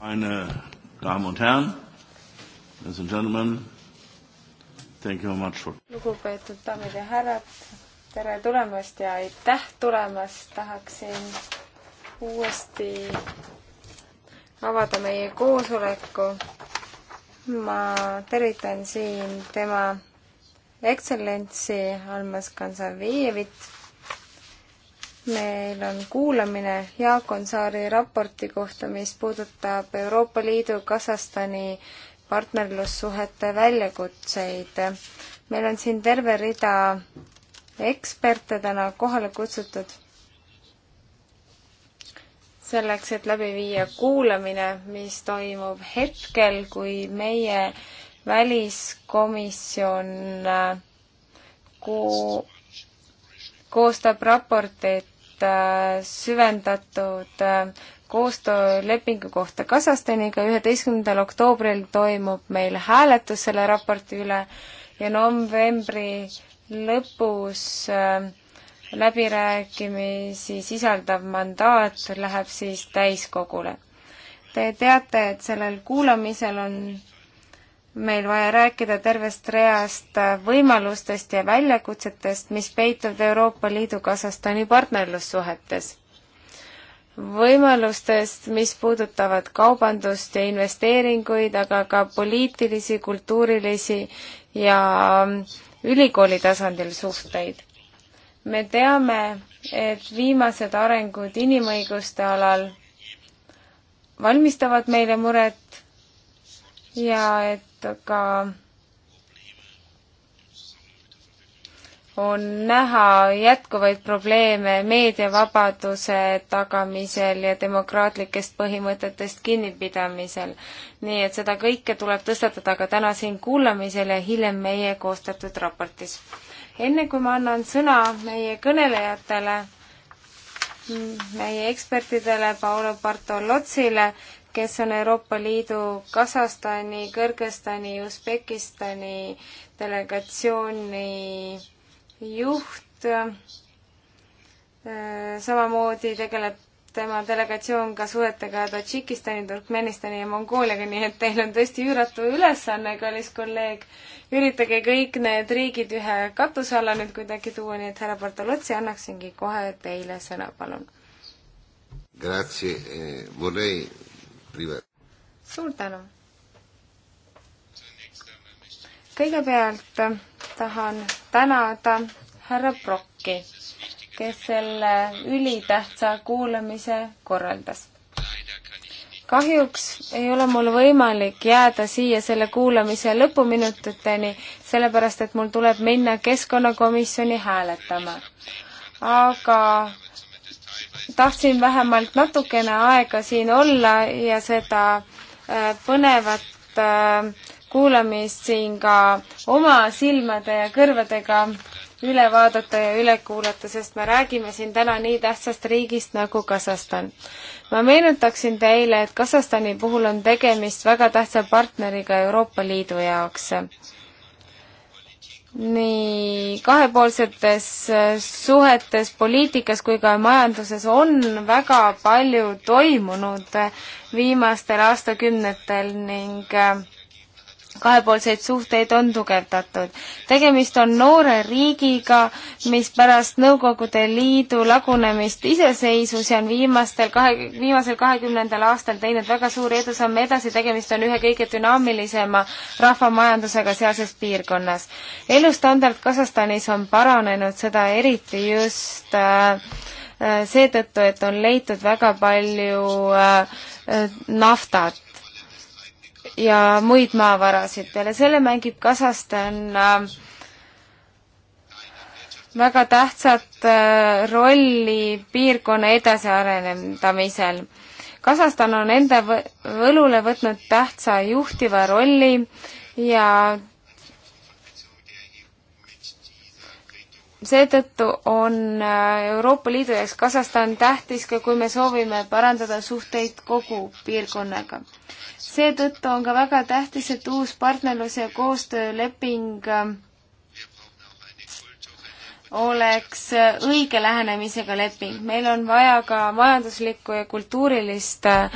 Meine Damen und Herren, ladies and gentlemen, thank you very much for lugupeetud daamid ja härrad, tere tulemast ja aitäh tulemast, tahaksin uuesti avada meie koosoleku. ma tervitan siin tema ekstsellentsi Almas Kansavievit meil on kuulamine Jaakon Saari raporti kohta, mis puudutab Euroopa Liidu Kasahstani partnerlussuhete väljakutseid. meil on siin terve rida eksperte täna kohale kutsutud selleks, et läbi viia kuulamine, mis toimub hetkel, kui meie väliskomisjon äh, ku- koostab raportit Äh, süvendatud äh, koostöölepingu kohta Kasahstaniga, üheteistkümnendal oktoobril toimub meil hääletus selle raporti üle ja novembri lõpus äh, läbirääkimisi sisaldav mandaat läheb siis täiskogule. Te teate, et sellel kuulamisel on meil vaja rääkida tervest reast võimalustest ja väljakutsetest, mis peituvad Euroopa Liidu Kasahstani partnerlussuhetes. võimalustest, mis puudutavad kaubandust ja investeeringuid, aga ka poliitilisi, kultuurilisi ja ülikooli tasandil suhteid. me teame, et viimased arengud inimõiguste alal valmistavad meile muret ja et ka on näha jätkuvaid probleeme meediavabaduse tagamisel ja demokraatlikest põhimõtetest kinnipidamisel. nii et seda kõike tuleb tõstatada ka täna siin kuulamisel ja hiljem meie koostatud raportis. enne kui ma annan sõna meie kõnelejatele, meie ekspertidele, Paolo Bartolotsile, kes on Euroopa Liidu Kasahstani, Kõrgõzstani, Usbekistani delegatsiooni juht. Äh, samamoodi tegeleb tema delegatsioon ka suhetega Tadžikistani, Turkmenistani ja Mongooliaga, nii et teil on tõesti üüratu ülesanne, kallis kolleeg. üritage kõik need riigid ühe katuse alla nüüd kuidagi tuua, nii et härra Bartolotsi annaksingi kohe teile sõna, palun. Grazie eh,, vorrei River. suur tänu! kõigepealt äh, tahan tänada härra Brocki, kes selle ülitähtsa kuulamise korraldas. kahjuks ei ole mul võimalik jääda siia selle kuulamise lõpuminutiteni, sellepärast et mul tuleb minna keskkonnakomisjoni hääletama. aga tahtsin vähemalt natukene aega siin olla ja seda äh, põnevat äh, kuulamist siin ka oma silmade ja kõrvadega üle vaadata ja üle kuulata, sest me räägime siin täna nii tähtsast riigist nagu Kasahstan. ma meenutaksin teile, et Kasahstani puhul on tegemist väga tähtsa partneriga Euroopa Liidu jaoks nii kahepoolsetes äh, suhetes, poliitikas kui ka majanduses on väga palju toimunud äh, viimastel aastakümnetel ning äh, kahepoolseid suhteid on tugevdatud. tegemist on noore riigiga, mis pärast Nõukogude Liidu lagunemist iseseisvus ja on viimastel kahe, viimasel kahekümnendal aastal teinud väga suuri edusamme edasi, tegemist on ühe kõige dünaamilisema rahvamajandusega sealses piirkonnas. elustandard Kasahstanis on paranenud, seda eriti just äh, äh seetõttu, et on leitud väga palju äh, äh naftat ja muid maavarasid. peale selle mängib Kasahstan äh, väga tähtsat äh, rolli piirkonna edasiarendamisel. Kasahstan on enda õlule võtnud tähtsa juhtiva rolli ja seetõttu on äh, Euroopa Liidu jaoks Kasahstan tähtis ka, kui me soovime parandada suhteid kogu piirkonnaga seetõttu on ka väga tähtis, et uus partnerlus- ja koostööleping ähm, oleks äh, õige lähenemisega leping. meil on vaja ka majanduslikku ja kultuurilist äh,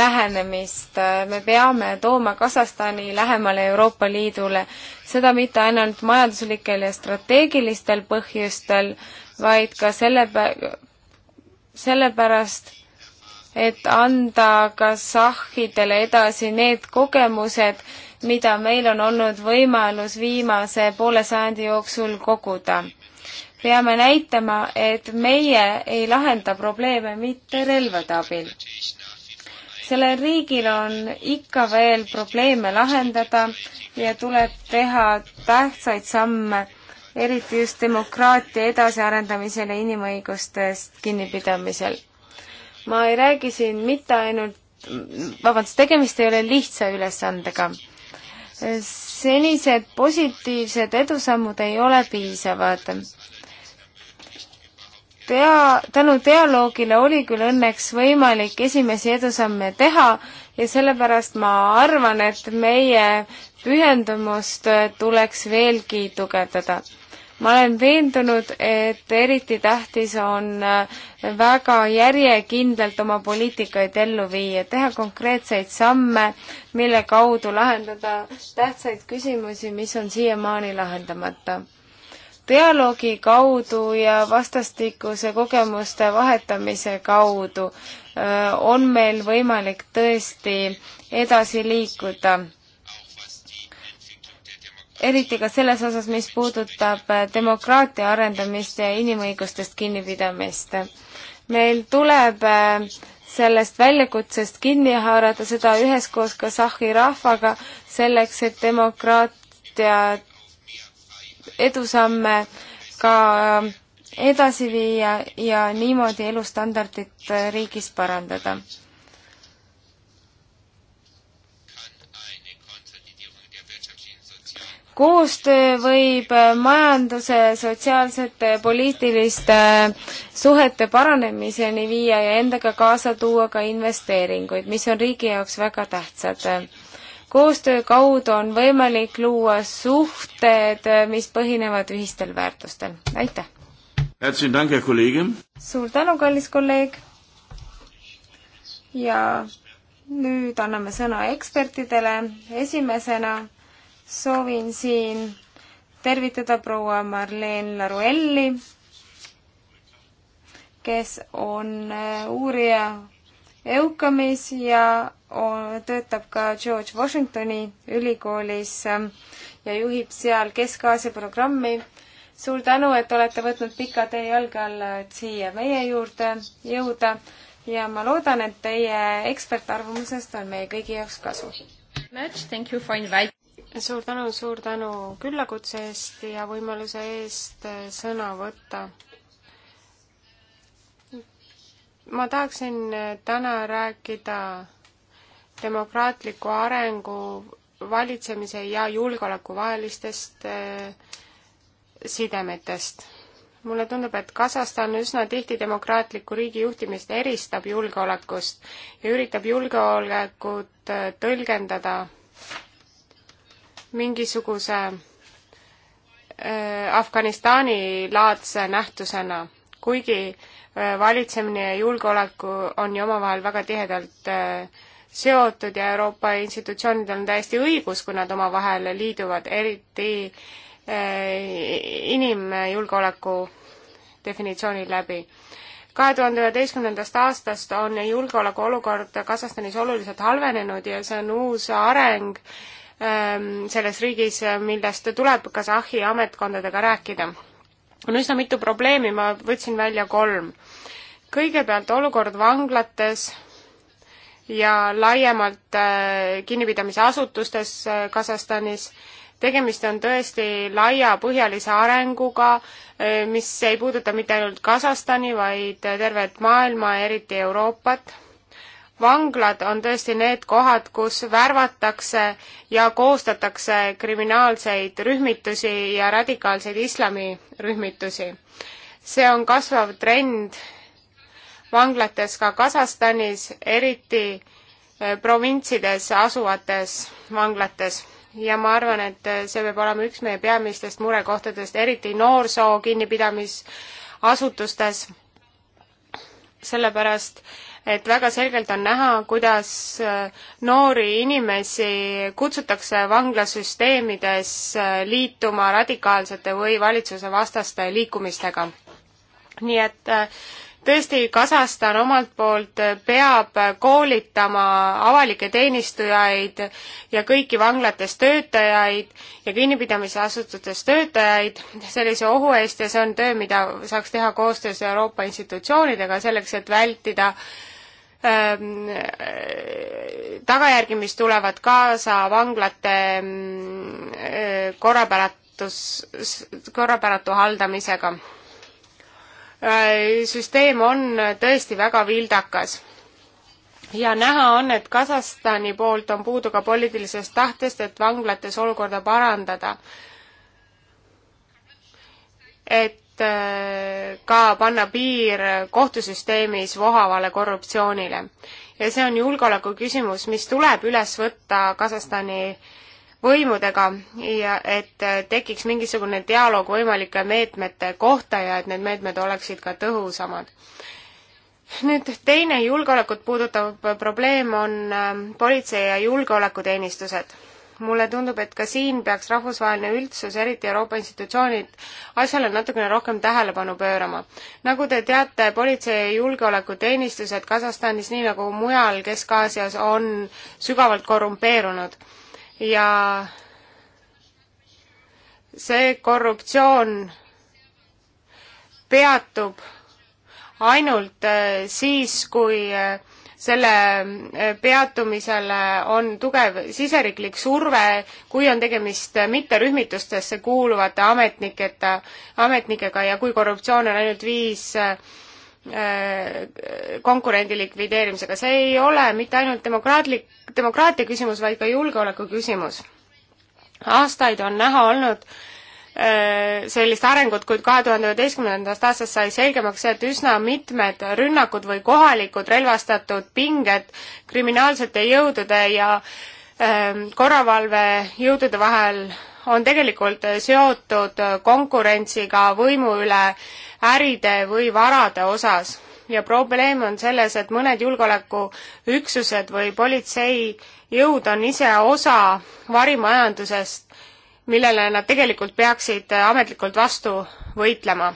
lähenemist. me peame tooma Kasahstani lähemale Euroopa Liidule, seda mitte ainult majanduslikel ja strateegilistel põhjustel, vaid ka selle, sellepärast, et anda kasahhidele edasi need kogemused, mida meil on olnud võimalus viimase poole sajandi jooksul koguda. peame näitama, et meie ei lahenda probleeme mitte relvade abil. sellel riigil on ikka veel probleeme lahendada ja tuleb teha tähtsaid samme, eriti just demokraatia edasiarendamisel ja inimõigustest kinnipidamisel ma ei räägi siin mitte ainult, vabandust, tegemist ei ole lihtsa ülesandega. senised positiivsed edusammud ei ole piisavad. Tea-, tänu dialoogile oli küll õnneks võimalik esimesi edusamme teha ja sellepärast ma arvan, et meie pühendumust tuleks veelgi tugevdada ma olen veendunud, et eriti tähtis on äh, väga järjekindlalt oma poliitikaid ellu viia, teha konkreetseid samme, mille kaudu lahendada tähtsaid küsimusi, mis on siiamaani lahendamata. dialoogi kaudu ja vastastikuse kogemuste vahetamise kaudu äh, on meil võimalik tõesti edasi liikuda eriti ka selles osas, mis puudutab äh, demokraatia arendamist ja inimõigustest kinnipidamist. meil tuleb äh, sellest väljakutsest kinni haarata, seda üheskoos Kasahhi rahvaga, selleks et demokraatia edusamme ka äh, edasi viia ja niimoodi elustandardit riigis parandada koostöö võib äh, majanduse, sotsiaalsete ja poliitiliste äh, suhete paranemiseni viia ja endaga kaasa tuua ka investeeringuid, mis on riigi jaoks väga tähtsad. koostöö kaudu on võimalik luua suhted, äh, mis põhinevad ühistel väärtustel. aitäh! suur tänu, kallis kolleeg! ja nüüd anname sõna ekspertidele. esimesena soovin siin tervitada proua Marleen Laruelli, kes on äh, uurija EUCAMis ja töötab ka George Washingtoni ülikoolis ähm, ja juhib seal Kesk-Aasia programmi. suur tänu, et olete võtnud pika tee jalge alla, et siia meie juurde jõuda ja ma loodan, et teie ekspertarvamusest on meie kõigi jaoks kasu suur tänu, suur tänu küllakutse eest ja võimaluse eest eh, sõna võtta. ma tahaksin eh, täna rääkida demokraatliku arengu, valitsemise ja julgeoleku vahelistest eh, sidemetest. mulle tundub, et Kasahstan üsna tihti demokraatliku riigi juhtimist eristab julgeolekust ja üritab julgeolekut tõlgendada mingisuguse äh, Afganistani laadse nähtusena, kuigi äh, valitsemine ja julgeoleku on ju omavahel väga tihedalt äh, seotud ja Euroopa institutsioonidel on täiesti õigus, kui nad omavahel liiduvad, eriti inimjulgeoleku definitsiooni läbi. kahe tuhande üheteistkümnendast aastast on julgeolekuolukord Kasahstanis oluliselt halvenenud ja see on uus areng, Ähm, selles riigis, millest tuleb Kasahhi ametkondadega rääkida. on üsna mitu probleemi, ma võtsin välja kolm. kõigepealt olukord vanglates ja laiemalt äh, kinnipidamise asutustes äh, Kasahstanis tegemist on tõesti laiapõhjalise arenguga, äh, mis ei puuduta mitte ainult Kasahstani, vaid tervet maailma, eriti Euroopat vanglad on tõesti need kohad, kus värvatakse ja koostatakse kriminaalseid rühmitusi ja radikaalseid islamirühmitusi. see on kasvav trend vanglates ka Kasahstanis, eriti eh, provintsides asuvates vanglates ja ma arvan, et eh, see peab olema üks meie peamistest murekohtadest, eriti noorsoo kinnipidamisasutustes, sellepärast et väga selgelt on näha, kuidas äh, noori inimesi kutsutakse vanglasüsteemides äh, liituma radikaalsete või valitsuse vastaste liikumistega. nii et äh, tõesti, Kasahstan omalt poolt peab koolitama avalikke teenistujaid ja kõiki vanglates töötajaid ja kinnipidamisasutustes töötajaid sellise ohu eest ja see on töö, mida saaks teha koostöös Euroopa institutsioonidega selleks, et vältida äh, Ähm, tagajärgi, mis tulevad kaasa vanglate mm, äh, korrapäratus, korrapäratu haldamisega. Äh, süsteem on tõesti väga vildakas ja näha on, et Kasahstani poolt on puudu ka poliitilisest tahtest, et vanglates olukorda parandada. et Äh, ka panna piir kohtusüsteemis vohavale korruptsioonile. ja see on julgeoleku küsimus, mis tuleb üles võtta Kasahstani võimudega ja et äh, tekiks mingisugune dialoog võimalike meetmete kohta ja et need meetmed oleksid ka tõhusamad. nüüd teine julgeolekut puudutav probleem on äh, politsei ja julgeolekuteenistused mulle tundub, et ka siin peaks rahvusvaheline üldsus, eriti Euroopa institutsioonid, asjale natukene rohkem tähelepanu pöörama. nagu te teate, politsei ja julgeolekuteenistused Kasahstanis, nii nagu mujal Kesk-Aasias, on sügavalt korrumpeerunud ja see korruptsioon peatub ainult äh, siis, kui äh, selle äh, peatumisele on tugev siseriiklik surve, kui on tegemist mitterühmitustesse kuuluvate ametniketa, ametnikega ja kui korruptsioon on ainult viis äh, äh, konkurendi likvideerimisega, see ei ole mitte ainult demokraatlik, demokraatia küsimus, vaid ka julgeoleku küsimus. aastaid on näha olnud, Äh, sellist arengut, kuid kahe tuhande üheteistkümnendast aastast sai selgemaks see, et üsna mitmed rünnakud või kohalikud relvastatud pinged kriminaalsete jõudude ja ähm, korravalvejõudude vahel on tegelikult seotud konkurentsiga võimu üle äride või varade osas ja probleem on selles, et mõned julgeolekuüksused või politseijõud on ise osa varimajandusest millele nad tegelikult peaksid ametlikult vastu võitlema.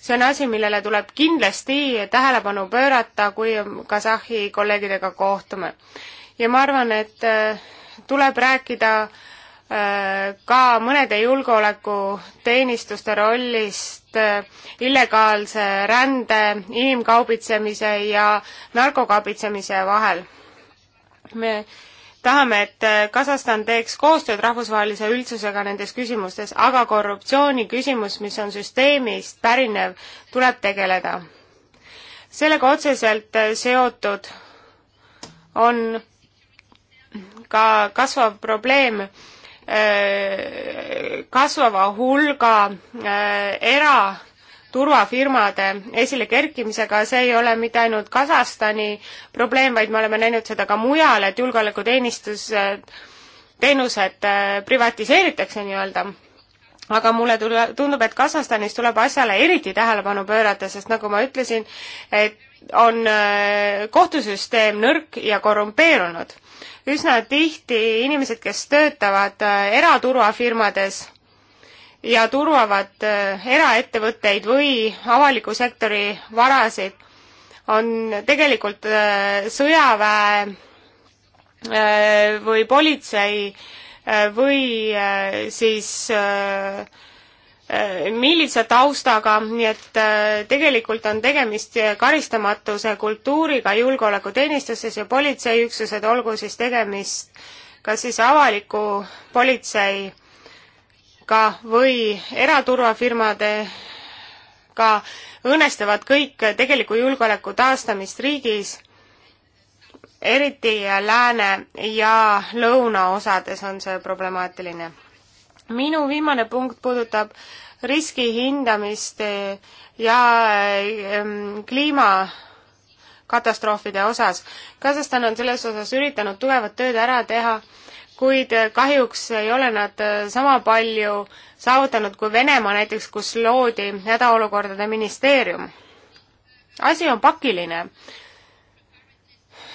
see on asi, millele tuleb kindlasti tähelepanu pöörata, kui Kasahhi kolleegidega kohtume. ja ma arvan, et äh, tuleb rääkida äh, ka mõnede julgeolekuteenistuste rollist äh, illegaalse rände, inimkaubitsemise ja narkokaubitsemise vahel. me tahame, et äh, Kasahstan teeks koostööd rahvusvahelise üldsusega nendes küsimustes, aga korruptsiooni küsimus, mis on süsteemist pärinev, tuleb tegeleda. sellega otseselt äh, seotud on ka kasvav probleem äh, kasvava hulga era- turvafirmade esile kerkimisega, see ei ole mitte ainult Kasahstani probleem, vaid me oleme näinud seda ka mujal, et julgeolekuteenistus, teenused äh, privatiseeritakse nii-öelda aga mulle tule, tundub, et Kasahstanis tuleb asjale eriti tähelepanu pöörata, sest nagu ma ütlesin, et on äh, kohtusüsteem nõrk ja korrumpeerunud. üsna tihti inimesed, kes töötavad äh, eraturvafirmades, ja turvavad äh, eraettevõtteid või avaliku sektori varasid, on tegelikult äh, sõjaväe äh, või politsei või siis millise taustaga, nii et tegelikult on tegemist karistamatuse kultuuriga julgeolekuteenistustes ja politseiüksused, olgu siis tegemist kas siis avaliku politsei ka või eraturvafirmadega õõnestavad kõik tegeliku julgeoleku taastamist riigis, eriti lääne ja lõuna osades on see problemaatiline. minu viimane punkt puudutab riski hindamist ja ähm, kliima katastroofide osas. Kasahstan on selles osas üritanud tugevat tööd ära teha kuid äh, kahjuks ei ole nad äh, sama palju saavutanud kui Venemaa näiteks, kus loodi hädaolukordade ministeerium. asi on pakiline,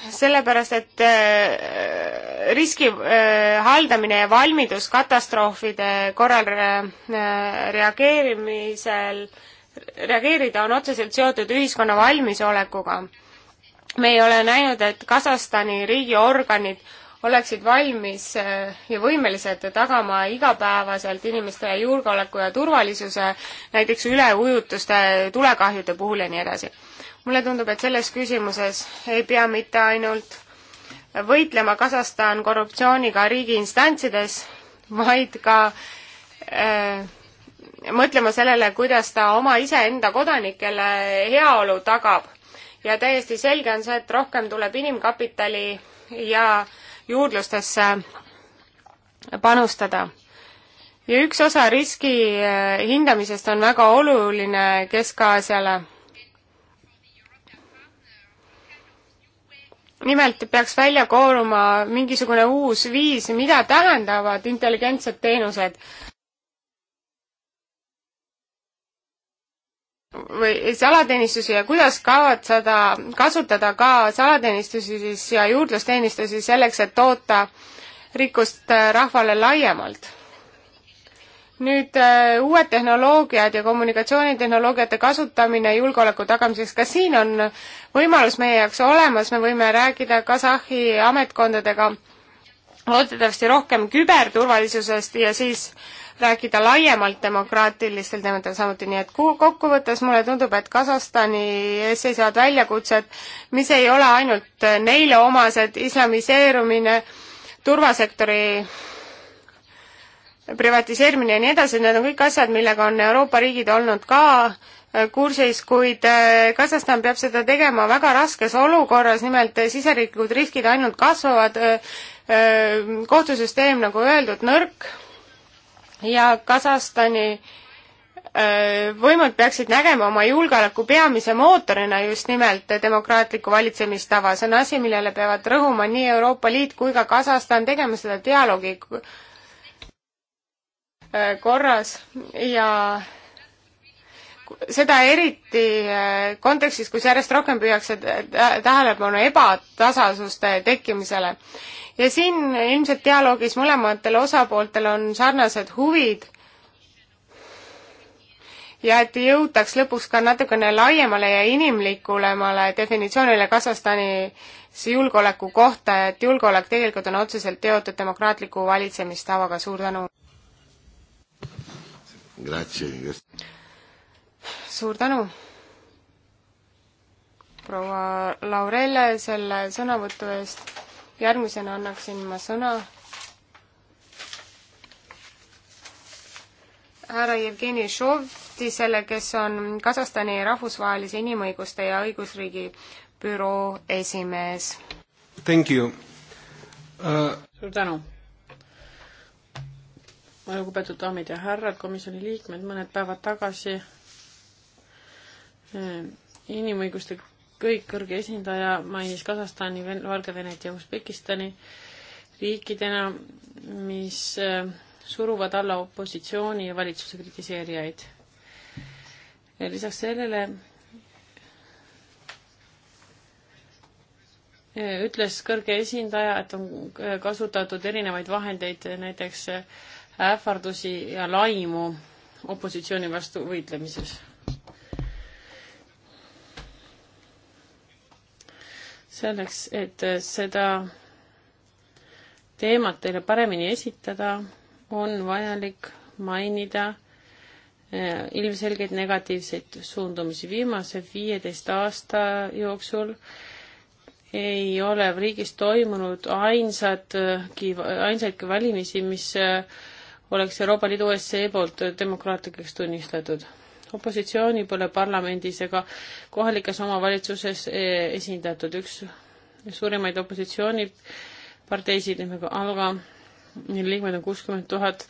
sellepärast et äh, riski haldamine ja valmidus katastroofide korral reageerimisel, reageerida on otseselt seotud ühiskonna valmisolekuga. me ei ole näinud, et Kasahstani riigiorganid oleksid valmis eh, ja võimelised tagama igapäevaselt inimeste julgeoleku ja turvalisuse, näiteks üleujutuste, tulekahjude puhul ja nii edasi. mulle tundub, et selles küsimuses ei pea mitte ainult võitlema Kasahstan korruptsiooniga riigiinstantsides, vaid ka äh, mõtlema sellele, kuidas ta oma iseenda kodanikele heaolu tagab. ja täiesti selge on see, et rohkem tuleb inimkapitali ja äh, juurdlustesse panustada. ja üks osa riski eh, hindamisest on väga oluline Kesk-Aasiale. nimelt peaks välja kooruma mingisugune uus viis, mida tähendavad intelligentsed teenused või salateenistusi ja kuidas kavatseda kasutada ka salateenistusi siis ja juurdlusteenistusi selleks, et toota rikkust äh, rahvale laiemalt? nüüd äh, uued tehnoloogiad ja kommunikatsioonitehnoloogiate kasutamine julgeoleku tagamiseks, kas siin on võimalus meie jaoks olemas, me võime rääkida Kasahhi ametkondadega loodetavasti rohkem küberturvalisusest ja siis äh, rääkida laiemalt demokraatilistel teemadel samuti, nii et kokkuvõttes mulle tundub, et Kasahstani ees seisavad väljakutsed, mis ei ole ainult neile omased, islamiseerumine, turvasektori privatiseerimine ja nii edasi, need on kõik asjad, millega on Euroopa riigid olnud ka äh, kursis, kuid äh, Kasahstan peab seda tegema väga raskes olukorras, nimelt äh, siseriiklikud riskid ainult kasvavad, kohtusüsteem, nagu öeldud, nõrk ja Kasahstani äh, võimud peaksid nägema oma julgeoleku peamise mootorina just nimelt demokraatlikku valitsemistava. see on asi, millele peavad rõhuma nii Euroopa Liit kui ka Kasahstan tegema seda dialoogi äh, korras ja seda eriti äh, kontekstis, kus järjest rohkem püüakse tähelepanu ebatasasuste tekkimisele ja siin ilmselt dialoogis mõlematel osapooltel on sarnased huvid ja et jõutaks lõpuks ka natukene laiemale ja inimlikulemale definitsioonile Kasahstanis julgeoleku kohta ja et julgeolek tegelikult on otseselt teotud demokraatliku valitsemistavaga, suur tänu! suur tänu, proua Laurele selle sõnavõtu eest järgmisena annaksin ma sõna härra Jevgeni Šovtisele, kes on Kasahstani rahvusvahelise inimõiguste ja õigusriigi büroo esimees. Thank you uh.... suur tänu. lugupeetud daamid ja härrad, komisjoni liikmed, mõned päevad tagasi eh, inimõiguste kõik kõrge esindaja mainis Kasahstani, Valgevenet ja Usbekistani riikidena, mis äh, suruvad alla opositsiooni ja valitsuse kritiseerijaid. lisaks sellele äh, ütles kõrge esindaja, et on äh, kasutatud erinevaid vahendeid, näiteks ähvardusi ja laimu opositsiooni vastu võitlemises selleks, et äh, seda teemat teile paremini esitada, on vajalik mainida äh, ilmselgeid negatiivseid suundumisi. viimase viieteist aasta jooksul ei ole riigis toimunud ainsadki, äh, ainsaidki valimisi, mis oleks Euroopa Liidu OSCE poolt demokraatlikuks tunnistatud opositsiooni pole parlamendis ega kohalikes omavalitsuses eh, esindatud. üks suurimaid opositsiooniparteisid nimega Alga, mille liikmed on kuuskümmend tuhat,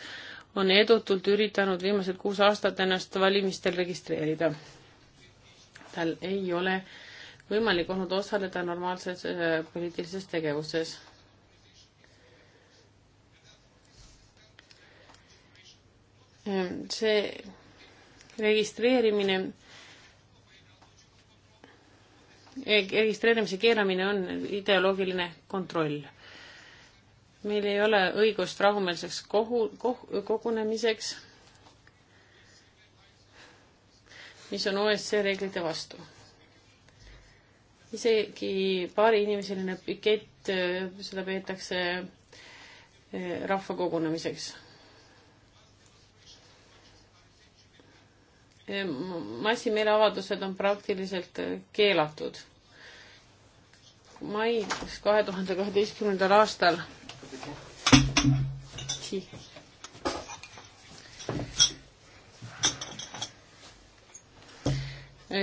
on edutult üritanud viimased kuus aastat ennast valimistel registreerida. tal ei ole võimalik olnud osaleda normaalses eh, poliitilises tegevuses eh, see registreerimine, registreerimise keeramine on ideoloogiline kontroll. meil ei ole õigust rahumeelseks kohu, kohu, kogunemiseks, mis on OSCE reeglite vastu. isegi paariinimeseline pikett, seda peetakse eh, rahvakogunemiseks massimeeleavaldused on praktiliselt äh, keelatud. mais kahe tuhande kaheteistkümnendal aastal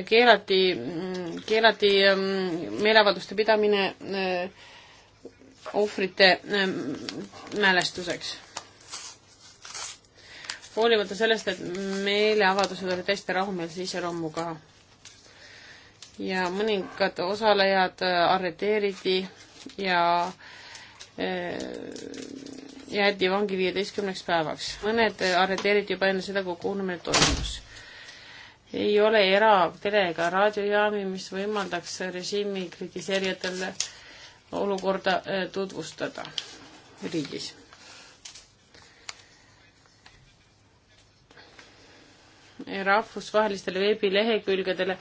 keelati, keelati ähm, meeleavalduste pidamine äh, ohvrite ähm, mälestuseks hoolimata sellest, et meeleavaldused olid hästi rahumeelse iseloomuga. ja mõningad osalejad äh, arreteeriti ja äh, jäeti vangi viieteistkümneks päevaks. mõned äh, arreteeriti juba enne seda, kui kuulamine toimus. ei ole eratele- ega raadiojaami, mis võimaldaks režiimi kritiseerijatele olukorda tutvustada riigis rahvusvahelistele veebilehekülgedele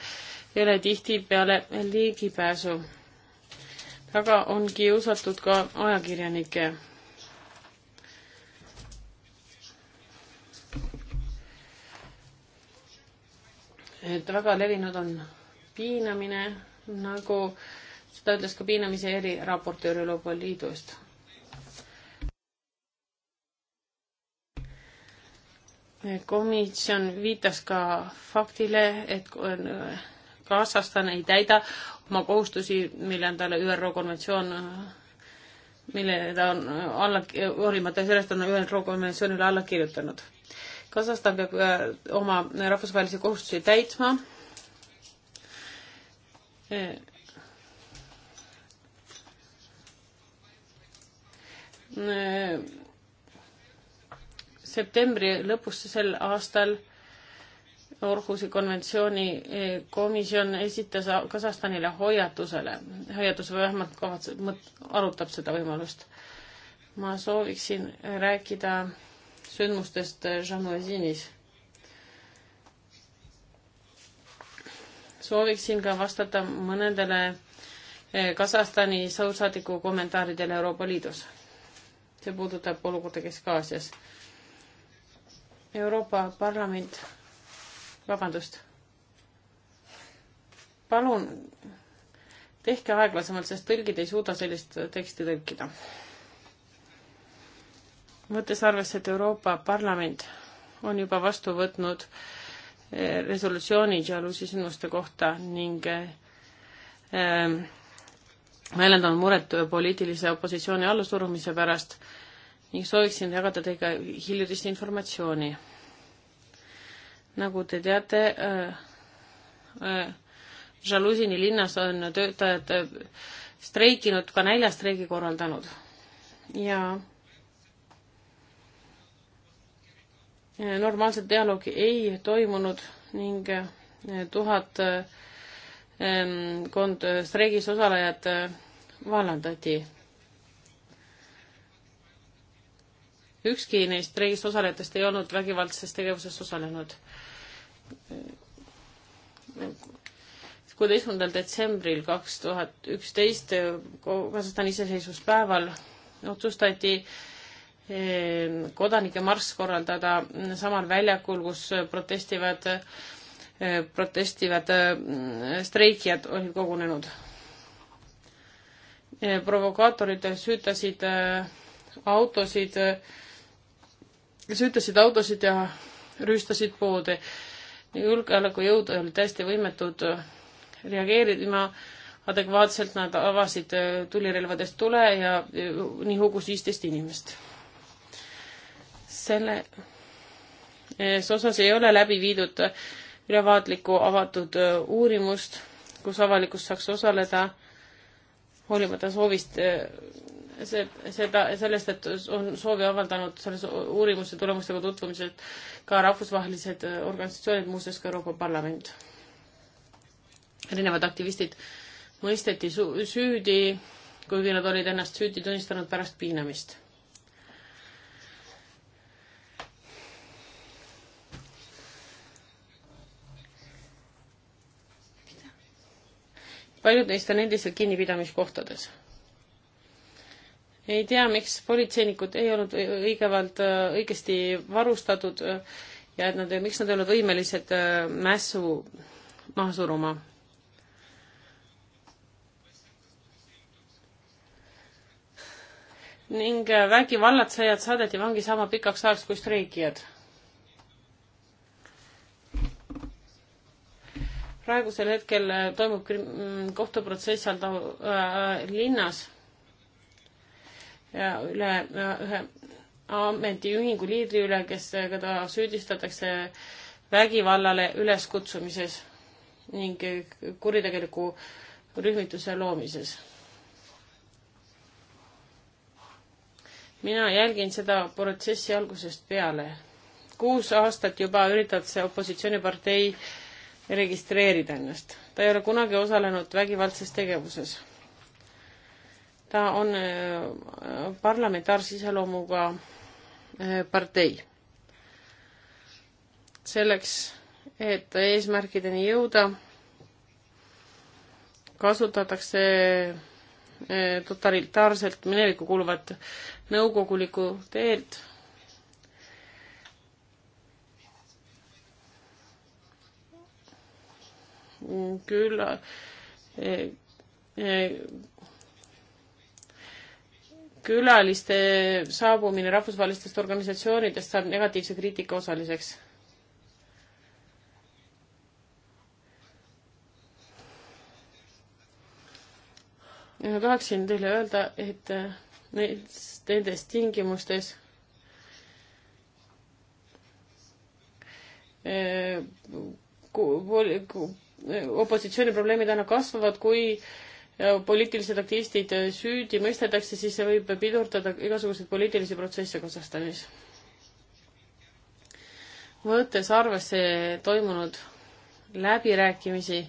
ei ole tihtipeale ligipääsu. taga on kiusatud ka ajakirjanikke. et väga levinud on piinamine, nagu seda ütles ka piinamise eriraportöör Euroopa Liidust komisjon viitas ka faktile, et äh, Kasahstan ei täida oma kohustusi, mille on talle ÜRO konventsioon, äh, mille ta on äh, alla, hoolimata sellest on ÜRO konventsioonile alla kirjutanud. Kasahstan peab oma rahvusvahelisi kohustusi täitma septembri lõpus sel aastal Orhusi konventsiooni eh, komisjon esitas Kasahstanile hoiatusele, hoiatus või vähemalt kavatseb, arutab seda võimalust. ma sooviksin rääkida sündmustest Žanuasinis. Eh, sooviksin ka vastata mõnedele eh, Kasahstani sõusaadiku kommentaaridele Euroopa Liidus. see puudutab olukorda Kesk-Aasias Euroopa Parlament, vabandust, palun tehke aeglasemalt, sest tõlgid ei suuda sellist teksti tõlkida. võttes arvesse, et Euroopa Parlament on juba vastu võtnud eh, resolutsiooni Jalusi sündmuste kohta ning eh, ehm, väljendanud muret poliitilise opositsiooni allasurumise pärast ning sooviksin jagada teiega hiljutist informatsiooni. nagu te teate äh,, äh, Žalusini linnas on töötajad äh, streikinud, ka näljastreigi korraldanud ja äh, normaalset dialoogi ei toimunud ning äh, tuhat äh, kond streigis osalejad vallandati ükski neist streigis osalejatest ei olnud vägivaldses tegevuses osalenud. kuueteistkümnendal detsembril kaks tuhat üksteist Kasahstani iseseisvuspäeval otsustati eh, kodanike marss korraldada samal väljakul, kus protestivad, eh, protestivad eh, streikijad olid kogunenud. provokaatorid süütasid autosid kes ütlesid autosid ja rüüstasid poode. julgeolekujõud olid täiesti võimetud reageerima adekvaatselt, nad avasid äh, tulirelvadest tule ja nii hukus viisteist inimest. selle osas ei ole läbi viidud ülevaatlikku avatud äh, uurimust, kus avalikkus saaks osaleda, hoolimata soovist äh, see, seda, sellest, et on soovi avaldanud selles uurimuse tulemustega tutvumisel ka rahvusvahelised äh, organisatsioonid, muuseas ka Euroopa Parlament. erinevad aktivistid mõisteti süüdi, kuigi nad olid ennast süüdi tunnistanud pärast piinamist paljud neist on endiselt kinnipidamiskohtades ei tea, miks politseinikud ei olnud õigevalt, äh, õigesti varustatud äh, ja et nad, miks nad ei olnud võimelised äh, mässu maha suruma. ning vägivallatsejad saadeti vangi sama pikaks ajaks kui streikijad praegusel hetkel toimub mm, kohtuprotsess seal ta- äh, linnas üle ühe ametiühingu liidri üle, kes, keda süüdistatakse vägivallale üleskutsumises ning kuritegeliku rühmituse loomises. mina jälgin seda protsessi algusest peale. kuus aastat juba üritab see opositsioonipartei registreerida ennast. ta ei ole kunagi osalenud vägivaldses tegevuses ta on äh, parlamentaarse iseloomuga äh, partei. selleks, et eesmärkideni jõuda, kasutatakse äh, totalitaarselt minevikku kuuluvat nõukogulikku teelt. küll külaliste saabumine rahvusvahelistest organisatsioonidest saab negatiivse kriitika osaliseks. ja ma tahaksin teile öelda, et äh, nendes, nendes tingimustes äh, opositsiooni probleemid aina kasvavad, kui äh, poliitilised aktivistid äh, süüdi mõistetakse, siis see võib pidurdada igasuguseid poliitilisi protsesse Kasahstanis. võttes arvesse toimunud läbirääkimisi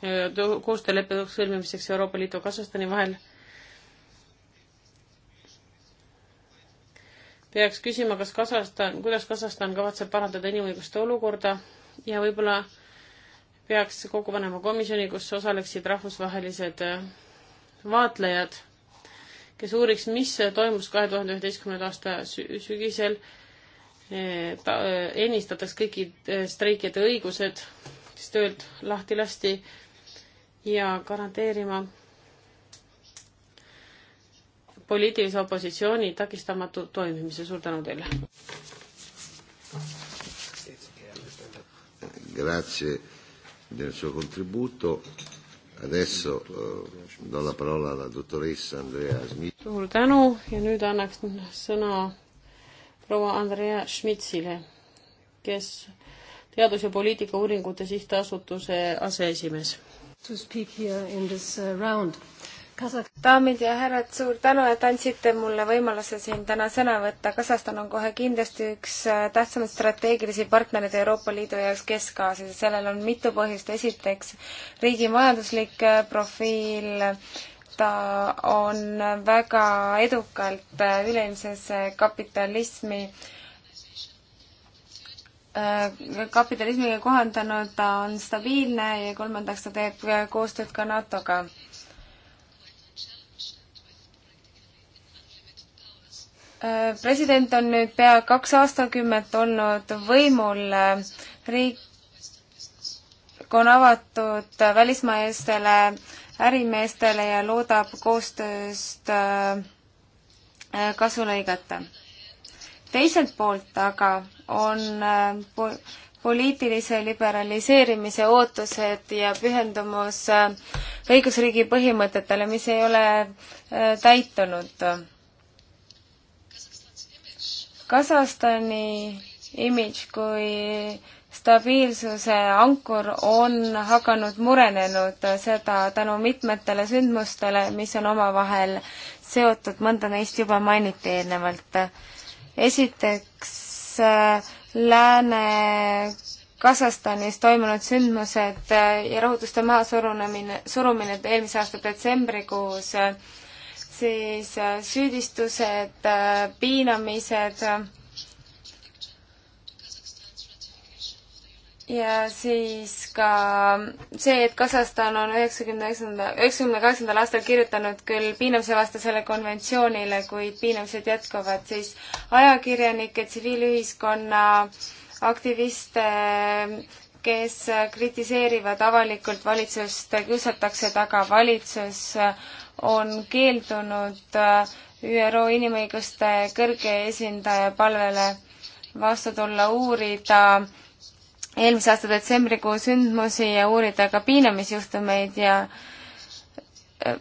äh, koostööleppe sõlmimiseks Euroopa Liidu ja Kasahstani vahel, peaks küsima, kas Kasahstan, kuidas Kasahstan kavatseb parandada inimõiguste olukorda ja võib-olla peaks kokku panema komisjoni, kus osaleksid rahvusvahelised äh, vaatlejad, kes uuriks, mis toimus kahe tuhande üheteistkümnenda aasta sügisel, äh, äh, ennistataks kõiki streikijate õigused, kes töölt lahti lasti ja garanteerima poliitilise opositsiooni takistamatu toimimise. suur tänu teile! Grazie del suo contributo. Adesso eh, do la parola alla dottoressa Andrea Smith. suur tänu ja nüüd annaks sõna proua Andrea Schmitzile, kes Teadus- ja poliitikauuringute sihtasutuse aseesimees. To speak here in this uh, round daamid ja härrad, suur tänu, et andsite mulle võimaluse siin täna sõna võtta. Kasahstan on kohe kindlasti üks äh, tähtsamaid strateegilisi partnereid Euroopa Liidu jaoks Kesk-Aasias ja sellel on mitu põhjust. esiteks, riigi majanduslik äh, profiil, ta on väga edukalt äh, üleilmses kapitalismi kapitalismiga kohandanud, ta on stabiilne ja kolmandaks ta teeb koostööd ka NATO-ga Äh, president on nüüd pea kaks aastakümmet olnud võimul, äh, riik on avatud välismaistele ärimeestele ja loodab koostööst äh, kasu lõigata. teiselt poolt aga on poliitilise liberaliseerimise ootused ja pühendumus õigusriigi põhimõtetele, mis ei ole täitunud Kasahstani imidž kui stabiilsuse ankur on hakanud murenenud, seda tänu mitmetele sündmustele, mis on omavahel seotud, mõnda neist juba mainiti eelnevalt. esiteks Lääne Kasahstanis toimunud sündmused ja rahutuste mahasurunemine, surumine eelmise aasta detsembrikuus äh, siis äh, süüdistused, äh, piinamised ja siis ka see, et Kasahstan on üheksakümne üheksanda, üheksakümne kaheksandal aastal kirjutanud küll piinamisevastasele konventsioonile, kuid piinamised jätkuvad, siis ajakirjanike, tsiviilühiskonna aktiviste, kes kritiseerivad avalikult valitsust, kiusatakse taga valitsus äh, on keeldunud äh, ÜRO inimõiguste kõrge esindaja palvele vastu tulla uurida eelmise aasta detsembrikuu sündmusi ja uurida ka piinamisjuhtumeid ja äh,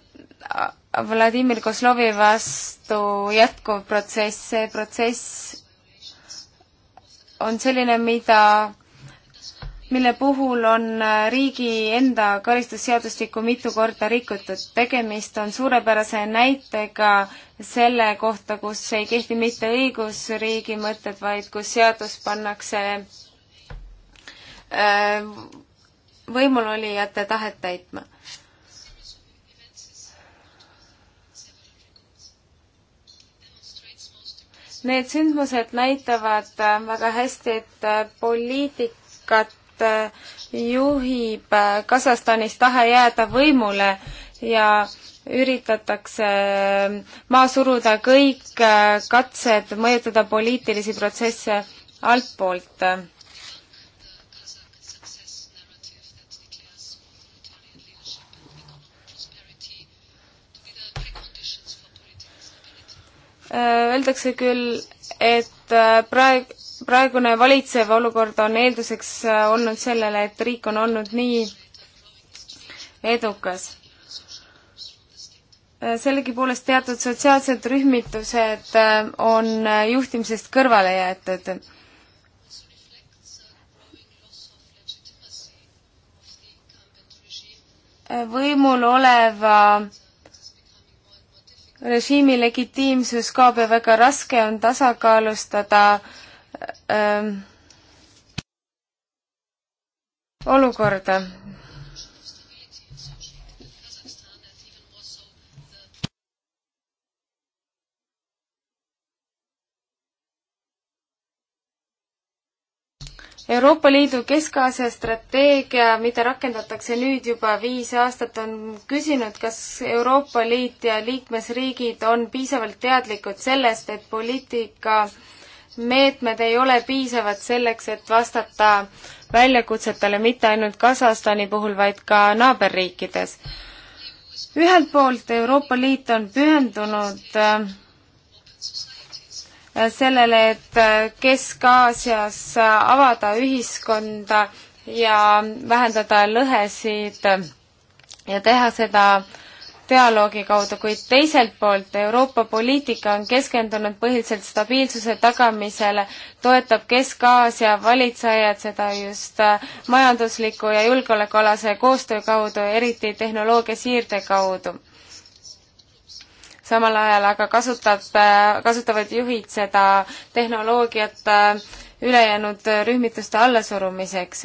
Vladimir Kozlovi vastu jätkuv protsess, see protsess on selline, mida mille puhul on äh, riigi enda karistusseadustikku mitu korda rikutud. tegemist on suurepärase näitega selle kohta, kus ei kehti mitte õigusriigi mõtted, vaid kus seadus pannakse äh, võimulolijate tahet täitma. Need sündmused näitavad äh, väga hästi, et poliitikat Äh, juhib äh, Kasahstanis tahe jääda võimule ja üritatakse äh, maha suruda kõik katsed mõjutada poliitilisi protsesse altpoolt. Öeldakse küll, et praegu praegune valitsev olukord on eelduseks äh, olnud sellele, et riik on olnud nii edukas. Äh, sellegipoolest teatud sotsiaalsed rühmitused äh, on juhtimisest kõrvale jäetud. võimul oleva režiimi legitiimsus kaob ja väga raske on tasakaalustada äh, ähm, olukorda. Euroopa Liidu Kesk-Aasia strateegia, mida rakendatakse nüüd juba viis aastat, on küsinud, kas Euroopa Liit ja liikmesriigid on piisavalt teadlikud sellest, et poliitika äh, meetmed ei ole piisavad selleks, et vastata väljakutsetele mitte ainult Kasahstani puhul, vaid ka naaberriikides. ühelt poolt Euroopa Liit on pühendunud äh, sellele, et äh, Kesk-Aasias avada ühiskonda ja vähendada lõhesid ja teha seda äh, dialoogi kaudu, kuid teiselt poolt Euroopa poliitika on keskendunud põhiliselt stabiilsuse tagamisele, toetab Kesk-Aasia valitsejad seda just äh, majandusliku ja julgeolekualase koostöö kaudu, eriti tehnoloogia siirde kaudu. samal ajal aga kasutab, äh, kasutavad juhid seda tehnoloogiat äh, ülejäänud rühmituste allasurumiseks.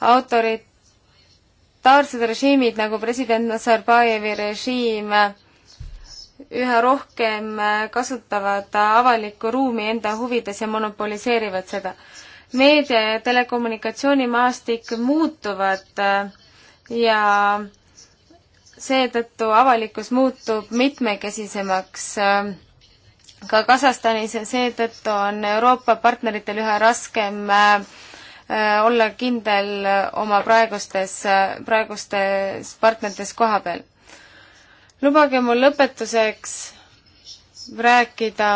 autorid autoritaarsed režiimid nagu president Nazarbajevi režiim üha rohkem äh, kasutavad avalikku ruumi enda huvides ja monopoliseerivad seda. meedia ja telekommunikatsioonimaastik muutuvad äh, ja seetõttu avalikkus muutub mitmekesisemaks äh, ka Kasahstanis ja seetõttu on Euroopa partneritel üha raskem äh, Äh, olla kindel oma praegustes, praegustes partnerites koha peal. lubage mul lõpetuseks rääkida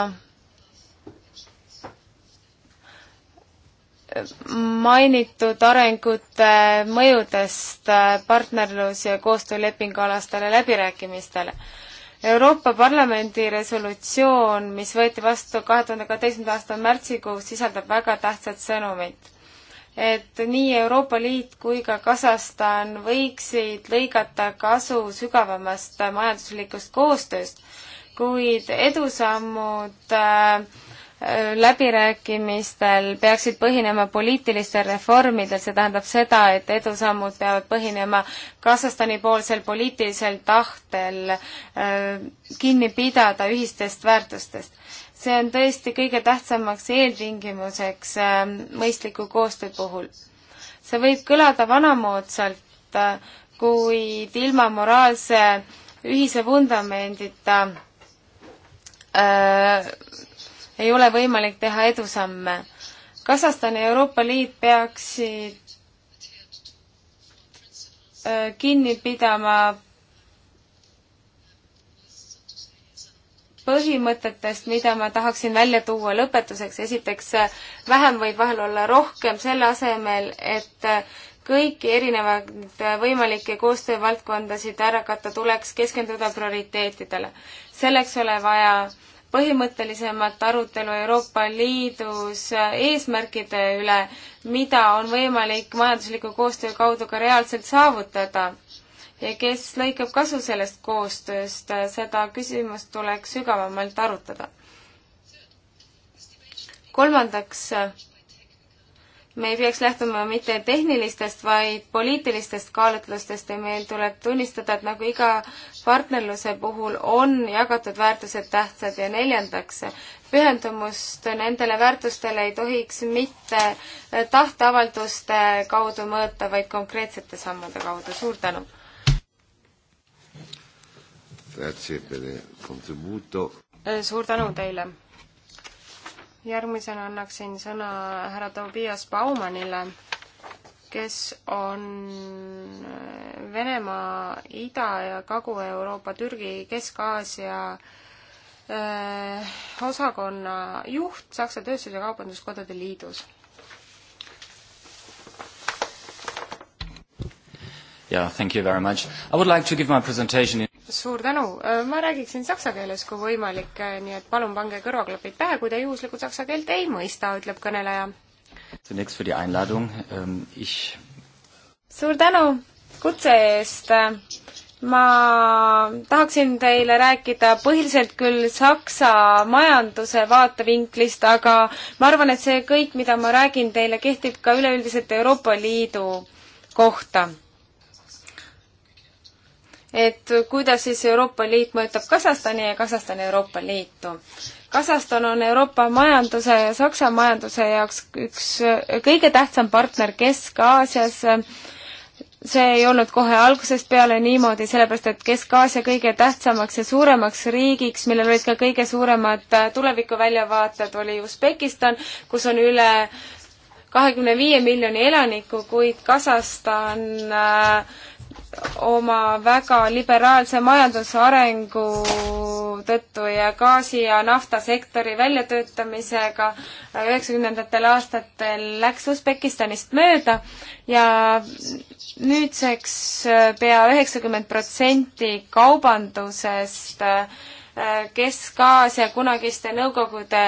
mainitud arengute mõjudest partnerlus- ja koostöölepingualastele läbirääkimistele. Euroopa Parlamendi resolutsioon, mis võeti vastu kahe tuhande kaheteistkümnenda aasta märtsikuus, sisaldab väga tähtsat sõnumit et nii Euroopa Liit kui ka Kasahstan võiksid lõigata kasu sügavamast majanduslikust koostööst, kuid edusammud äh, läbirääkimistel peaksid põhinema poliitilistel reformidel, see tähendab seda, et edusammud peavad põhinema Kasahstani poolsel poliitilisel tahtel äh, kinni pidada ühistest väärtustest see on tõesti kõige tähtsamaks eeltingimuseks ähm, mõistliku koostöö puhul. see võib kõlada vanamoodsalt, äh, kuid ilma moraalse ühise vundamendita äh, ei ole võimalik teha edusamme. Kasahstan ja Euroopa Liit peaksid äh, kinni pidama põhimõtetest, mida ma tahaksin välja tuua lõpetuseks. esiteks, äh, vähem võib vahel olla rohkem, selle asemel, et äh, kõiki erinevaid äh, võimalikke koostöövaldkondasid ära katta, tuleks keskenduda prioriteetidele. selleks ole vaja põhimõttelisemat arutelu Euroopa Liidus eesmärkide üle, mida on võimalik majandusliku koostöö kaudu ka reaalselt saavutada ja kes lõikab kasu sellest koostööst, seda küsimust tuleks sügavamalt arutada. kolmandaks, me ei peaks lähtuma mitte tehnilistest, vaid poliitilistest kaalutlustest ja meil tuleb tunnistada, et nagu iga partnerluse puhul on jagatud väärtused tähtsad ja neljandaks, pühendumust nendele väärtustele ei tohiks mitte tahteavalduste kaudu mõõta, vaid konkreetsete sammude kaudu. suur tänu! Eh, suur tänu teile! järgmisena annaksin sõna härra Tobias Baumanile, kes on eh, Venemaa, Ida- ja Kagu-Euroopa, Türgi, Kesk-Aasia eh, osakonna juht Saksa Tööstus- ja Kaubanduskodade Liidus. Yeah, thank you very much. I would like to give my presentation in suur tänu, äh, ma räägiksin saksa keeles, kui võimalik, äh, nii et palun pange kõrvaklapid pähe, kui te juhuslikult saksa keelt ei mõista, ütleb kõneleja. Ähm, ich... suur tänu kutse eest. ma tahaksin teile rääkida põhiliselt küll Saksa majanduse vaatevinklist, aga ma arvan, et see kõik, mida ma räägin teile, kehtib ka üleüldiselt Euroopa Liidu kohta et kuidas siis Euroopa Liit mõjutab Kasahstani ja Kasahstan Euroopa Liitu. Kasahstan on Euroopa majanduse ja Saksa majanduse jaoks üks kõige tähtsam partner Kesk-Aasias. see ei olnud kohe algusest peale niimoodi, sellepärast et Kesk-Aasia kõige tähtsamaks ja suuremaks riigiks, millel olid ka kõige suuremad äh, tulevikuväljavaated, oli Usbekistan, kus on üle kahekümne viie miljoni elaniku, kuid Kasahstan äh, oma väga liberaalse majandusarengu tõttu ja gaasi- ja naftasektori väljatöötamisega üheksakümnendatel aastatel läks Usbekistanist mööda ja nüüdseks pea üheksakümmend protsenti kaubandusest äh, Kesk-Aasia kunagiste Nõukogude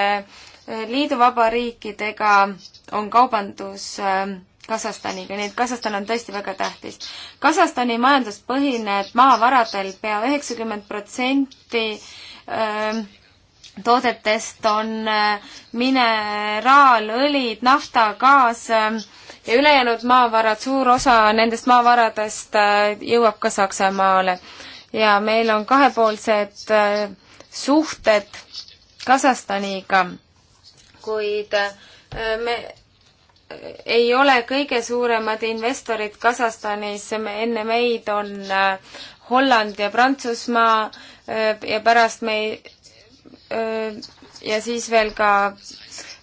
liiduvabariikidega on kaubandus äh, Kasahstaniga, nii et Kasahstan on tõesti väga tähtis. Kasahstani majandus põhineb maavaradel pea üheksakümmend protsenti toodetest on mineraalõlid, nafta, gaas ja ülejäänud maavarad, suur osa nendest maavaradest jõuab ka Saksamaale. ja meil on kahepoolsed suhted Kasahstaniga, kuid me ei ole kõige suuremad investorid Kasahstanis, enne meid on äh, Holland ja Prantsusmaa äh, ja pärast me äh, ja siis veel ka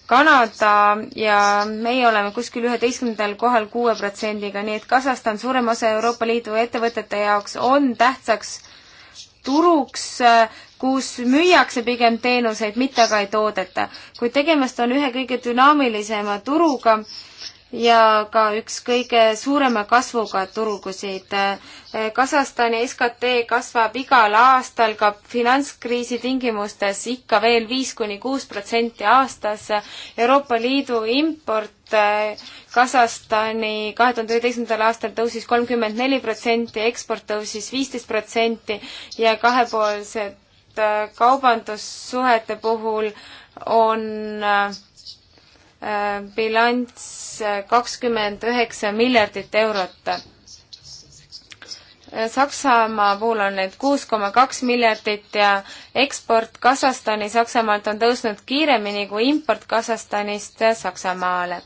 Kanada ja meie oleme kuskil üheteistkümnendal kohal kuue protsendiga, nii et Kasahstan suurema osa Euroopa Liidu ettevõtete jaoks on tähtsaks turuks, kus müüakse pigem teenuseid, mitte aga ei toodeta. kuid tegemist on ühe kõige dünaamilisema turuga ja ka üks kõige suurema kasvuga turgusid. Kasahstani SKT kasvab igal aastal ka finantskriisi tingimustes ikka veel viis kuni kuus protsenti aastas. Euroopa Liidu import äh, Kasahstani kahe tuhande üheteistkümnendal aastal tõusis kolmkümmend neli protsenti, eksport tõusis viisteist protsenti ja kahepoolsed et äh, kaubandussuhete puhul on äh, bilanss äh, kakskümmend üheksa miljardit eurot. Saksamaa puhul on need kuus koma kaks miljardit ja eksport Kasahstani Saksamaalt on tõusnud kiiremini kui import Kasahstanist Saksamaale.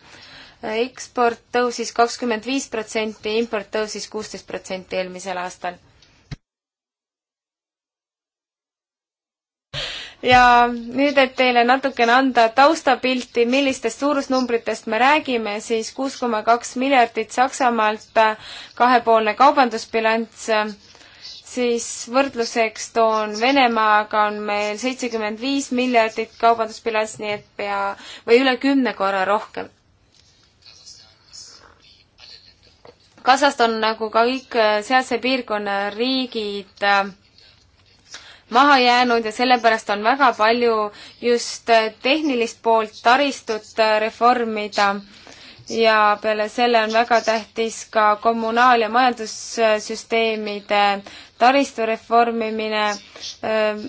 eksport tõusis kakskümmend viis protsenti, import tõusis kuusteist protsenti eelmisel aastal ja nüüd, et teile natukene anda taustapilti, millistest suurusnumbritest me räägime, siis kuus koma kaks miljardit Saksamaalt kahepoolne kaubandusbilanss, siis võrdluseks toon Venemaaga on meil seitsekümmend viis miljardit kaubandusbilanss, nii et pea või üle kümne korra rohkem. Kasahstan nagu ka kõik äh, sealse piirkonna riigid äh, maha jäänud ja sellepärast on väga palju just äh, tehnilist poolt taristut äh, reformida ja peale selle on väga tähtis ka kommunaal- ja majandussüsteemide taristu reformimine ähm,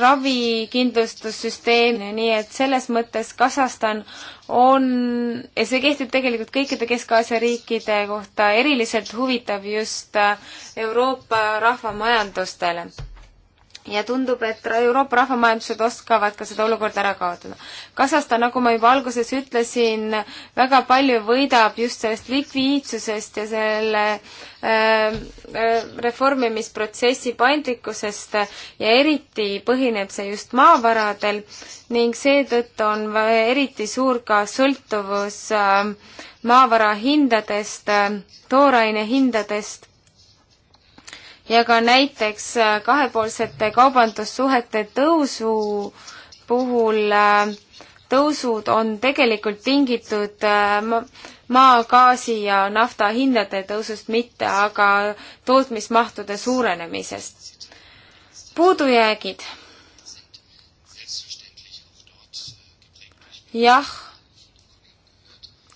ravikindlustussüsteem, nii et selles mõttes Kasahstan on, ja see kehtib tegelikult kõikide Kesk-Aasia riikide kohta, eriliselt huvitav just Euroopa rahvamajandustele ja tundub, et Euroopa rahvamajandused oskavad ka seda olukorda ära kaotada. Kasahstan, nagu ma juba alguses ütlesin, väga palju võidab just sellest likviidsusest ja selle ähm, äh, reformimisprotsessi paindlikkusest ja eriti põhineb see just maavaradel ning seetõttu on eriti suur ka sõltuvus ähm, äh, maavara hindadest äh,, tooraine hindadest ja ka näiteks äh, kahepoolsete kaubandussuhete tõusu puhul äh, tõusud on tegelikult tingitud äh, maagaasi ja nafta hindade tõusust, mitte aga tootmismahtude suurenemisest. puudujäägid. jah,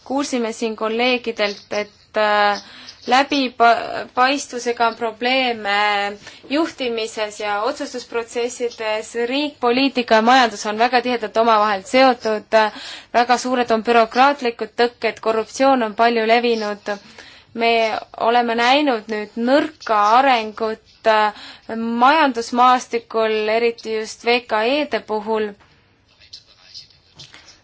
kuulsime siin kolleegidelt, et äh, läbipaistvusega on probleeme juhtimises ja otsustusprotsessides, riik, poliitika ja majandus on väga tihedalt omavahel seotud, väga suured on bürokraatlikud tõkked, korruptsioon on palju levinud, me oleme näinud nüüd nõrka arengut majandusmaastikul, eriti just VKE-de puhul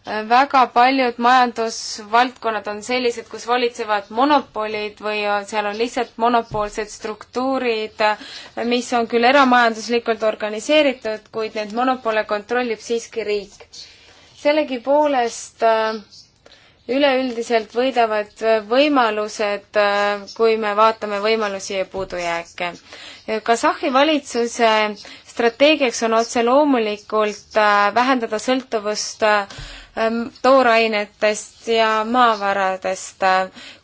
väga paljud majandusvaldkonnad on sellised, kus valitsevad monopolid või seal on lihtsalt monopoolsed struktuurid, mis on küll eramajanduslikult organiseeritud, kuid neid monopole kontrollib siiski riik. sellegipoolest äh, üleüldiselt võidavad äh, võimalused, äh, kui me vaatame võimalusi ja puudujääke. Kasahhi valitsuse strateegiaks on otse loomulikult vähendada sõltuvust Ähm, toorainetest ja maavaradest.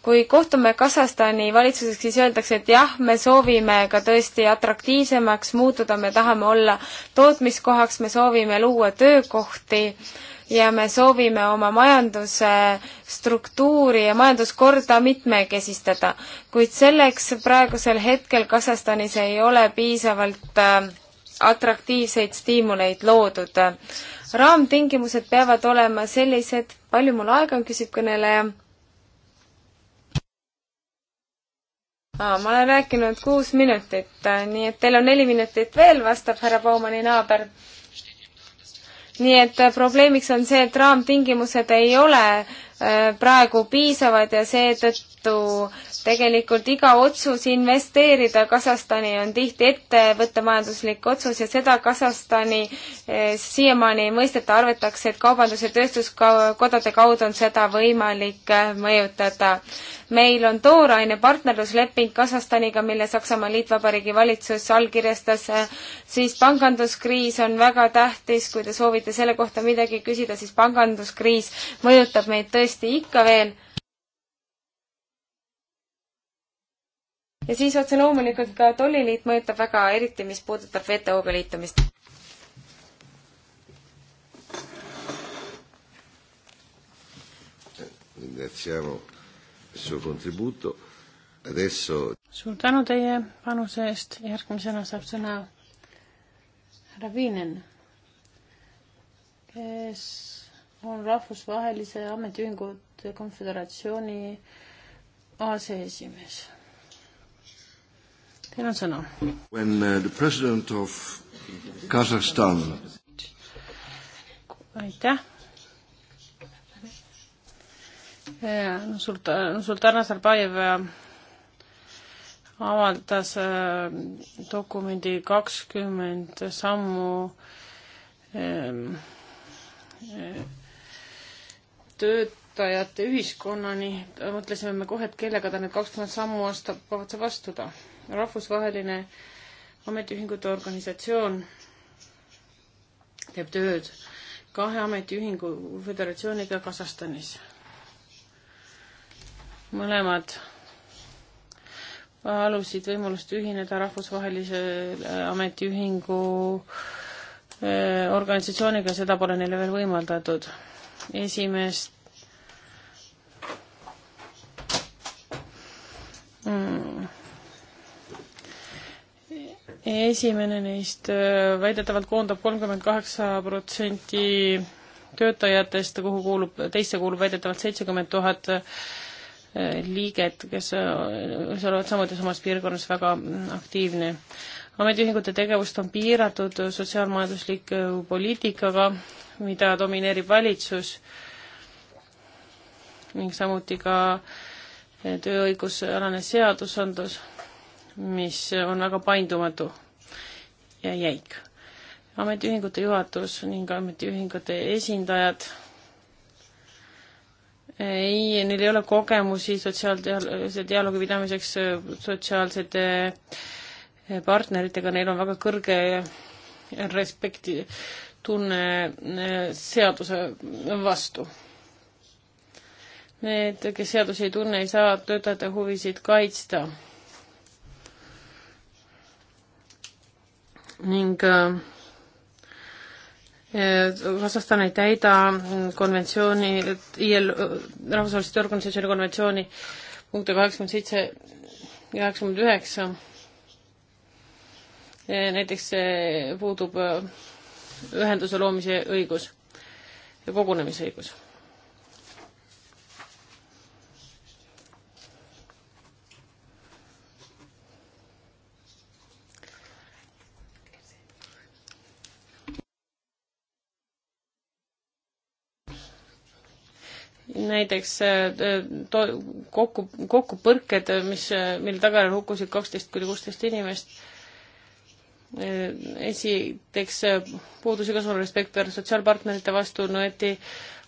kui kohtume Kasahstani valitsuseks, siis öeldakse, et jah, me soovime ka tõesti atraktiivsemaks muutuda, me tahame olla tootmiskohaks, me soovime luua töökohti ja me soovime oma majanduse struktuuri ja majanduskorda mitmekesistada. kuid selleks praegusel hetkel Kasahstanis ei ole piisavalt äh, atraktiivseid stiimuleid loodud raamtingimused peavad olema sellised, palju mul aega on, küsib kõneleja. Aa, ma olen rääkinud kuus minutit, nii et teil on neli minutit veel, vastab härra Baumani naaber. nii et probleemiks on see, et raamtingimused ei ole äh, Äh, praegu piisavad ja seetõttu tegelikult iga otsus investeerida Kasahstani on tihti ettevõttemajanduslik otsus ja seda Kasahstani äh, siiamaani ei mõisteta, arvatakse, et kaubandus- ja tööstuskodade kaudu on seda võimalik äh, mõjutada meil on tooraine partnerlusleping Kasahstaniga, mille Saksamaa Liitvabariigi valitsus allkirjastas, siis panganduskriis on väga tähtis, kui te soovite selle kohta midagi küsida, siis panganduskriis mõjutab meid tõesti ikka veel ja siis otse loomulikult ka tolliliit mõjutab väga, eriti mis puudutab WTO-ga liitumist. ringraziamo suur tänu teie panuse eest, järgmisena saab sõna härra Viinen, kes on Rahvusvahelise Ametiühingute Konföderatsiooni aseesimees. Teil on sõna. When uh, the president of Kazakhstan aitäh Sultan, sultan Nazarbajev äh, avaldas äh, dokumendi kakskümmend sammu ähm, äh, töötajate ühiskonnani, mõtlesime me kohe, et kellega ta need kakskümmend sammu aasta kavatseb astuda. rahvusvaheline ametiühingute organisatsioon teeb tööd kahe ametiühingu föderatsiooniga Kasahstanis mõlemad palusid võimalust ühineda rahvusvahelise äh, ametiühingu äh, organisatsiooniga, seda pole neile veel võimaldatud. esimest mm, esimene neist äh, väidetavalt koondab kolmkümmend kaheksa protsenti töötajatest, kuhu kuulub, teisse kuulub väidetavalt seitsekümmend tuhat liiget, kes, kes olevat samuti samas piirkonnas väga aktiivne. ametiühingute tegevust on piiratud sotsiaalmajandusliku poliitikaga, mida domineerib valitsus ning samuti ka tööõigusalane seadusandlus, mis on väga paindumatu ja jäik. ametiühingute juhatus ning ametiühingute esindajad ei, neil ei ole kogemusi sotsiaaldialoogse dialoogi pidamiseks äh, sotsiaalsete äh, partneritega, neil on väga kõrge respekti tunne äh, seaduse vastu. Need, kes seadusi ei tunne, ei saa töötajate huvisid kaitsta. ning äh, Kasahstan ei täida konventsiooni, IL, rahvusvahelise tööorganisatsiooni konventsiooni punkte kaheksakümmend seitse ja kaheksakümmend üheksa. näiteks puudub ühenduse loomise õigus ja kogunemisõigus näiteks äh, to-, kokku, kokkupõrked, mis, äh, mille tagajärjel hukkusid kaksteist kuni kuusteist inimest. Äh, esiteks puudus igasugune respekt sotsiaalpartnerite vastu, nõeti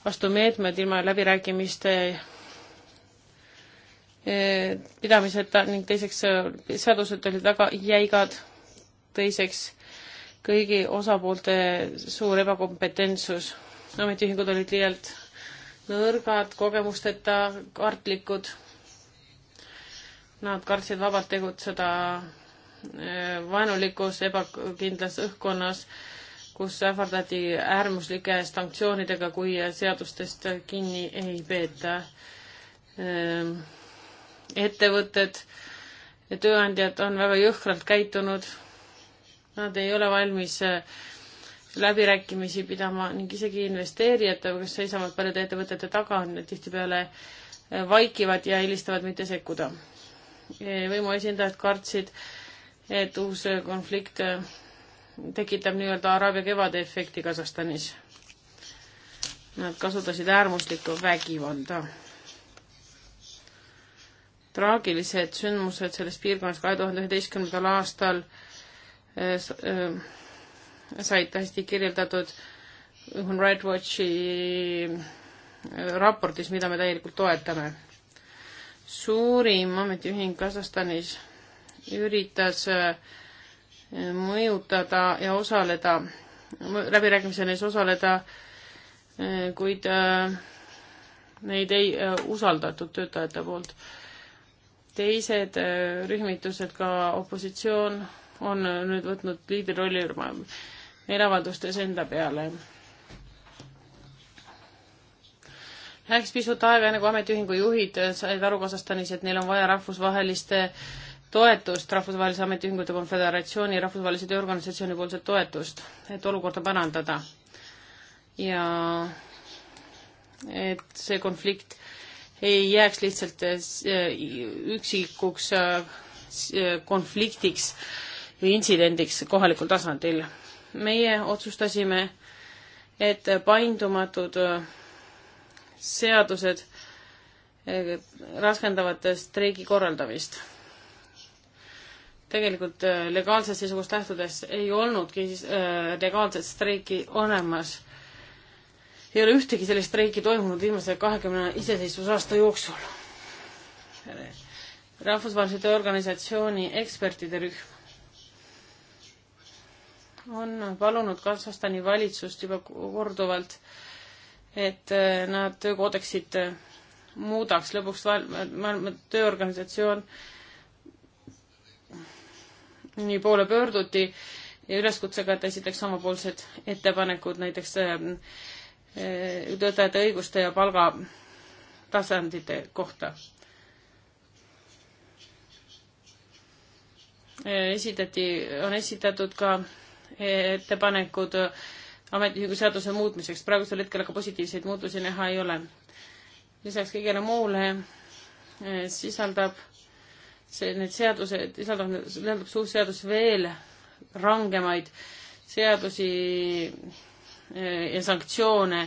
vastu meetmed ilma läbirääkimiste pidamiseta ning teiseks seadused olid väga jäigad, teiseks kõigi osapoolte suur ebakompetentsus, ametiühingud olid liialt nõrgad, kogemusteta, kartlikud. Nad kartsid vabalt tegutseda eh, vaenulikus ebakindlas õhkkonnas, kus ähvardati äärmuslike sanktsioonidega, kui seadustest kinni ei peeta. Ehm, ettevõtted ja tööandjad on väga jõhkralt käitunud. Nad ei ole valmis eh, läbirääkimisi pidama ning isegi investeerijate, kes seisavad paljude ettevõtete taga, on tihtipeale eh, vaikivad ja eelistavad mitte sekkuda. Eh, võimuesindajad kartsid, et uus eh, konflikt tekitab nii-öelda Araabia kevade efekti Kasahstanis. Nad kasutasid äärmuslikku vägivalda. traagilised sündmused selles piirkonnas kahe tuhande üheteistkümnendal aastal said hästi kirjeldatud Human Rights Watchi äh, raportis, mida me täielikult toetame. suurim ametiühing Kasahstanis üritas äh, mõjutada ja osaleda, läbirääkimisel neis osaleda, äh, kuid neid ei usaldatud töötajate poolt. teised rühmitused, ka opositsioon, on nüüd võtnud liidrirolli meeleavaldustes enda peale. Läks pisut aega, enne kui ametiühingu juhid said aru Kasahstanis, et neil on vaja rahvusvaheliste toetust, Rahvusvahelise Ametiühingute Konföderatsiooni ja Rahvusvahelise Tööorganisatsiooni poolset toetust, et olukorda parandada. ja et see konflikt ei jääks lihtsalt eh, üksikuks eh, konfliktiks või intsidendiks kohalikul tasandil meie otsustasime, et paindumatud äh, seadused äh, raskendavad streigi korraldamist. tegelikult äh, legaalsest seisukust lähtudes ei olnudki legaalset streiki olemas. ei ole ühtegi sellist streiki toimunud viimase kahekümne iseseisvusaasta jooksul. rahvusvaheliste organisatsiooni ekspertide rühm on palunud Kasahstani valitsust juba korduvalt, et äh, nad töökoodeksid äh, muudaks lõpuks maailma tööorganisatsioon nii poole pöörduti ja üleskutsega, et esitaks omapoolsed ettepanekud näiteks äh, töötajate õiguste ja palgatasandite kohta. esitati, on esitatud ka ettepanekud ametiühingu seaduse muutmiseks. praegusel hetkel aga positiivseid muutusi näha ei ole. lisaks kõigele muule eh, sisaldab see, need seadused, sisaldab, sisaldab suur seadus veel rangemaid seadusi eh, ja sanktsioone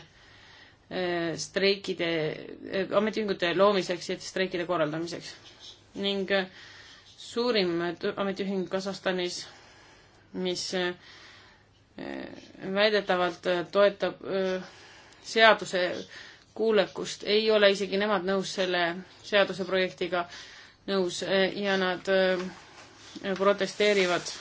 eh, streikide, ametiühingute loomiseks ja streikide korraldamiseks. ning suurim ametiühing Kasahstanis, mis väidetavalt äh, toetab äh, seaduse kuulekust, ei ole isegi nemad nõus selle seaduseprojektiga nõus äh, ja nad protesteerivad.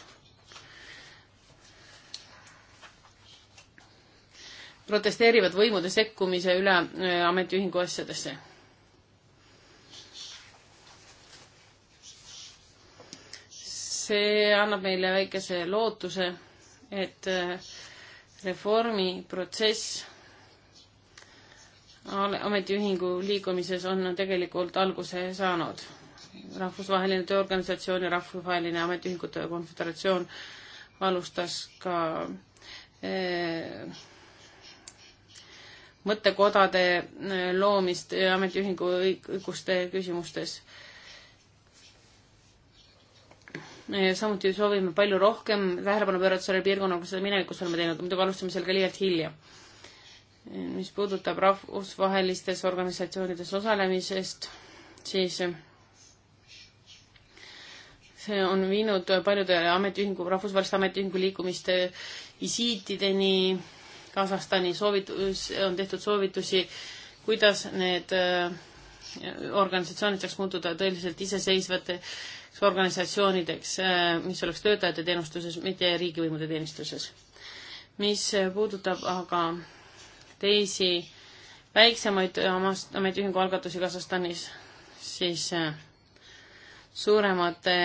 protesteerivad võimude sekkumise üle ametiühingu asjadesse. see annab meile väikese lootuse et äh, reformiprotsess ametiühingu liikumises on tegelikult alguse saanud. rahvusvaheline Tööorganisatsioon ja Rahvusvaheline Ametiühingute Konföderatsioon alustas ka äh, mõttekodade äh, loomist ametiühingu õiguste küsimustes samuti soovime palju rohkem tähelepanu pöörata sellele piirkonnale, kus seda minevikus oleme teinud, muidugi alustame sellega liialt hilja. mis puudutab rahvusvahelistes organisatsioonides osalemisest, siis see on viinud paljude ametiühingu, rahvusvaheliste ametiühingu liikumiste visiitideni Kasahstani soovitus, on tehtud soovitusi, kuidas need äh, organisatsioonid saaks muutuda tõeliselt iseseisvate organisatsioonideks, äh, mis oleks töötajate teenistuses, mitte riigivõimude teenistuses. mis puudutab aga teisi väiksemaid ametiühingu algatusi Kasahstanis, siis äh, suuremate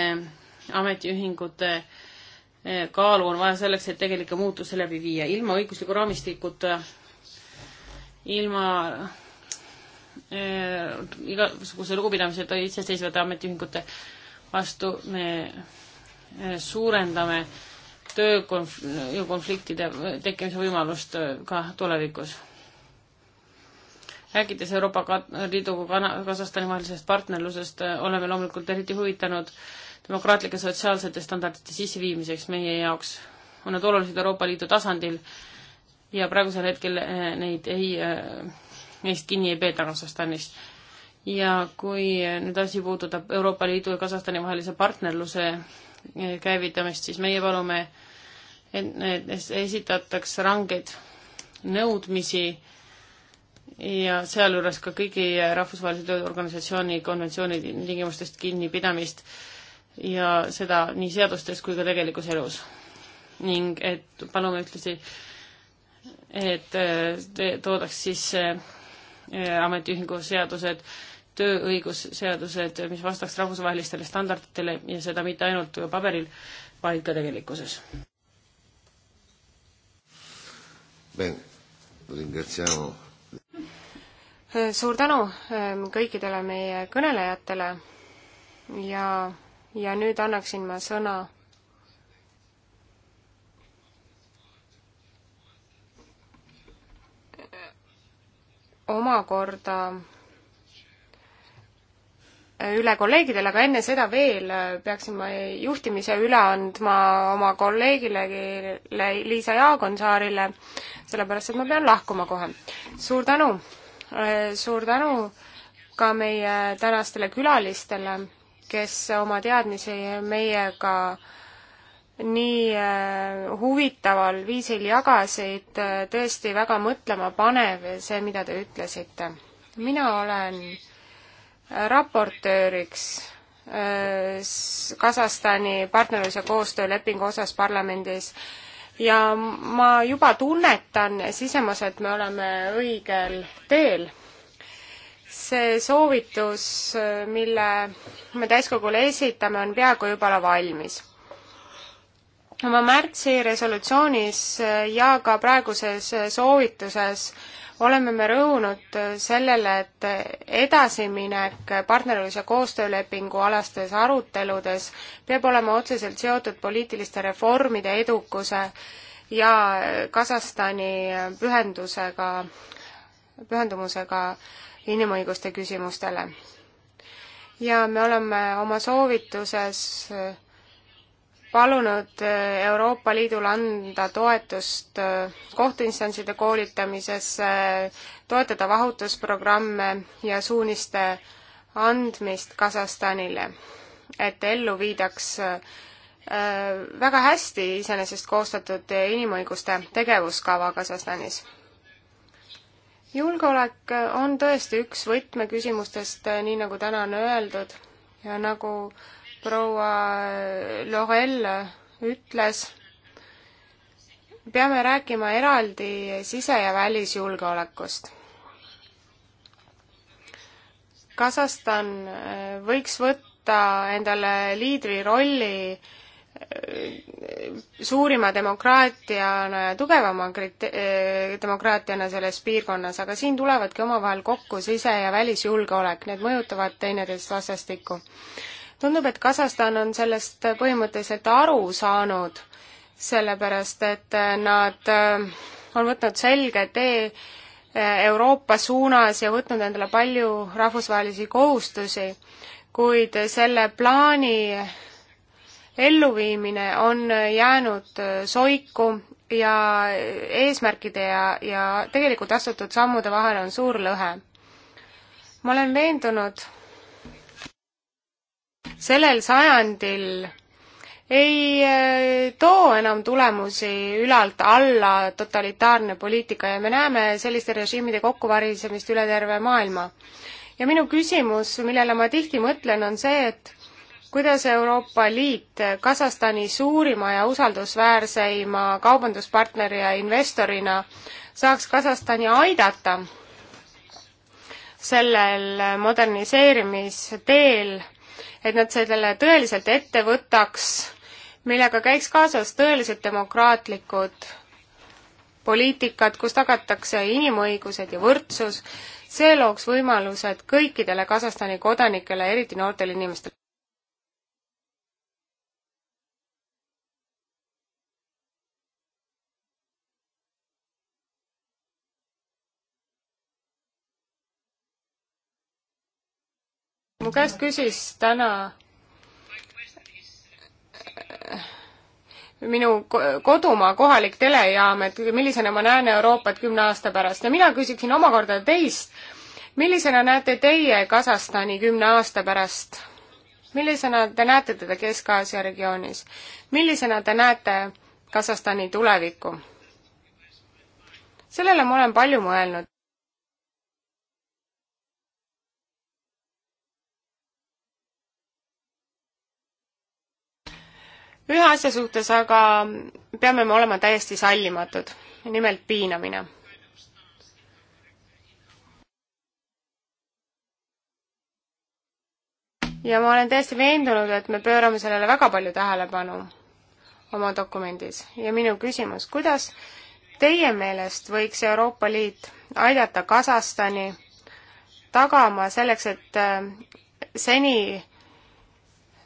ametiühingute äh, kaalu on vaja selleks, et tegelikke muutusi läbi viia. ilma õigusliku raamistikuta, ilma igasuguse lugupidamise iseseisvate ametiühingute äh, vastu me suurendame töökonf-, konfliktide tekkimise võimalust äh, ka tulevikus. rääkides Euroopa Liidu kui Kasahstani vahelisest partnerlusest, äh, oleme loomulikult eriti huvitanud demokraatlike sotsiaalsete standardite sisseviimiseks meie jaoks. on nad olulised Euroopa Liidu tasandil ja praegusel hetkel äh, neid ei, neist kinni ei peeta Kasahstanis ja kui nüüd asi puudutab Euroopa Liidu ja Kasahstani vahelise partnerluse eh, käivitamist, siis meie palume, et esitataks rangeid nõudmisi ja sealjuures ka kõigi Rahvusvahelise Tööorganisatsiooni konventsiooni tingimustest kinnipidamist ja seda nii seadustes kui ka tegelikus elus. ning et palume ühtlasi, et eh, toodaks sisse eh, ametiühingu seadused tööõigusseadused, mis vastaks rahvusvahelistele standarditele ja seda mitte ainult paberil, vaid ka tegelikkuses. suur tänu ehm, kõikidele meie kõnelejatele ja, ja nüüd annaksin ma sõna omakorda üle kolleegidele, aga enne seda veel äh, peaksin ma juhtimise üle andma oma kolleegile Liisa Jaagonsaarile, sellepärast et ma pean lahkuma kohe. suur tänu, äh, suur tänu ka meie tänastele külalistele, kes oma teadmisi meiega nii äh, huvitaval viisil jagasid, tõesti väga mõtlemapanev see, mida te ütlesite. mina olen raportööriks äh, Kasahstani partnerluse koostöölepingu osas parlamendis ja ma juba tunnetan sisemas, et me oleme õigel teel. see soovitus, mille me täiskogule esitame, on peaaegu juba valmis. oma märtsi resolutsioonis ja ka praeguses soovituses oleme me rõhunud sellele, et edasiminek partnerluse koostöölepingu alastes aruteludes peab olema otseselt seotud poliitiliste reformide edukuse ja Kasahstani pühendusega, pühendumusega inimõiguste küsimustele. ja me oleme oma soovituses palunud äh, Euroopa Liidul anda toetust äh, kohtuinstantside koolitamisesse, toetada vahutusprogramme ja suuniste andmist Kasahstanile, et ellu viidaks äh, väga hästi iseenesest koostatud inimõiguste tegevuskava Kasahstanis. julgeolek on tõesti üks võtmeküsimustest, nii nagu täna on öeldud ja nagu äh, proua Lorel ütles, peame rääkima eraldi sise- ja välisjulgeolekust. Kasahstan eh, võiks võtta endale liidri rolli eh, suurima demokraatiana ja tugevama krite-, eh, demokraatiana selles piirkonnas, aga siin tulevadki omavahel kokku sise- ja välisjulgeolek, need mõjutavad teineteist vastastikku tundub, et Kasahstan on sellest põhimõtteliselt aru saanud, sellepärast et äh, nad äh, on võtnud selge tee äh, Euroopa suunas ja võtnud endale palju rahvusvahelisi kohustusi, kuid selle plaani elluviimine on jäänud soiku ja eesmärkide ja, ja tegelikult astutud sammude vahel on suur lõhe. ma olen veendunud, sellel sajandil ei eh, too enam tulemusi ülalt alla totalitaarne poliitika ja me näeme selliste režiimide kokkuvarisemist üle terve maailma. ja minu küsimus, millele ma tihti mõtlen, on see, et kuidas Euroopa Liit Kasahstani suurima ja usaldusväärseima kaubanduspartneri ja investorina saaks Kasahstani aidata sellel moderniseerimisteel et nad selle tõeliselt ette võtaks, millega käiks kaasas tõeliselt demokraatlikud poliitikad, kus tagatakse inimõigused ja võrdsus, see looks võimalused kõikidele Kasahstani kodanikele, eriti noortele inimestele. mu käest küsis täna minu kodumaa kohalik telejaam, et millisena ma näen Euroopat kümne aasta pärast ja mina küsiksin omakorda teist, millisena näete teie Kasahstani kümne aasta pärast? millisena te näete teda Kesk-Aasia regioonis? millisena te näete Kasahstani tulevikku? sellele ma olen palju mõelnud. ühe asja suhtes aga peame me olema täiesti sallimatud, nimelt piinamine ja ma olen täiesti veendunud, et me pöörame sellele väga palju tähelepanu oma dokumendis ja minu küsimus, kuidas teie meelest võiks Euroopa Liit aidata Kasahstani tagama selleks, et äh, seni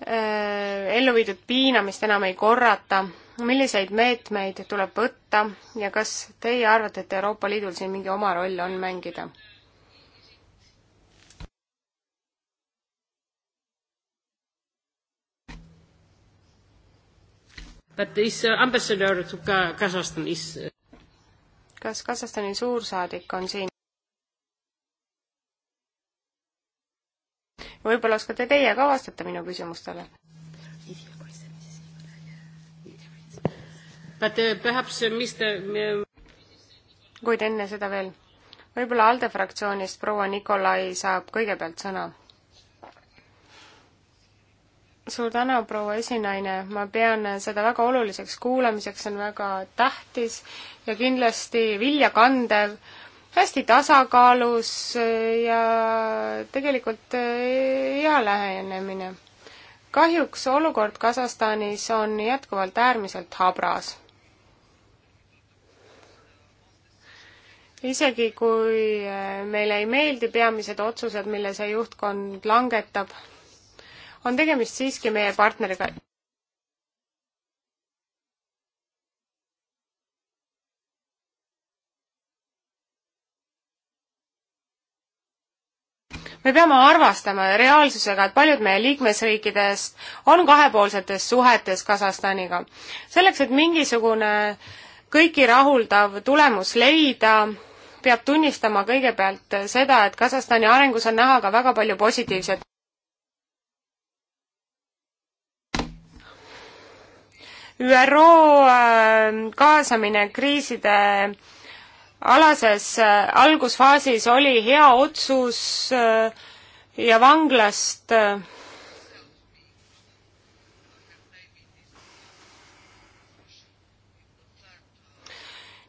Äh, ellu viidud piinamist enam ei korrata, milliseid meetmeid tuleb võtta ja kas teie arvate, et Euroopa Liidul siin mingi oma roll on mängida? But this uh, ambassador to Kazakhstan is uh, kas Kasahstani suursaadik on siin? võib-olla oskate teie ka vastata minu küsimustele. Uh, uh, uh, kuid enne seda veel, võib-olla ALDE fraktsioonist proua Nikolai saab kõigepealt sõna suur tänu, proua esinaine, ma pean seda väga oluliseks kuulamiseks, see on väga tähtis ja kindlasti viljakandev hästi tasakaalus äh, ja tegelikult äh, hea lähenemine. kahjuks olukord Kasahstanis on jätkuvalt äärmiselt habras isegi kui äh, meile ei meeldi peamised otsused, mille see juhtkond langetab, on tegemist siiski meie partneriga. me peame arvestama reaalsusega, et paljud meie liikmesriikidest on kahepoolsetes suhetes Kasahstaniga. selleks, et mingisugune kõiki rahuldav tulemus leida, peab tunnistama kõigepealt seda, et Kasahstani arengus on näha ka väga palju positiivset. ÜRO äh, kaasamine kriiside alases äh, algusfaasis oli hea otsus äh, ja vanglast äh,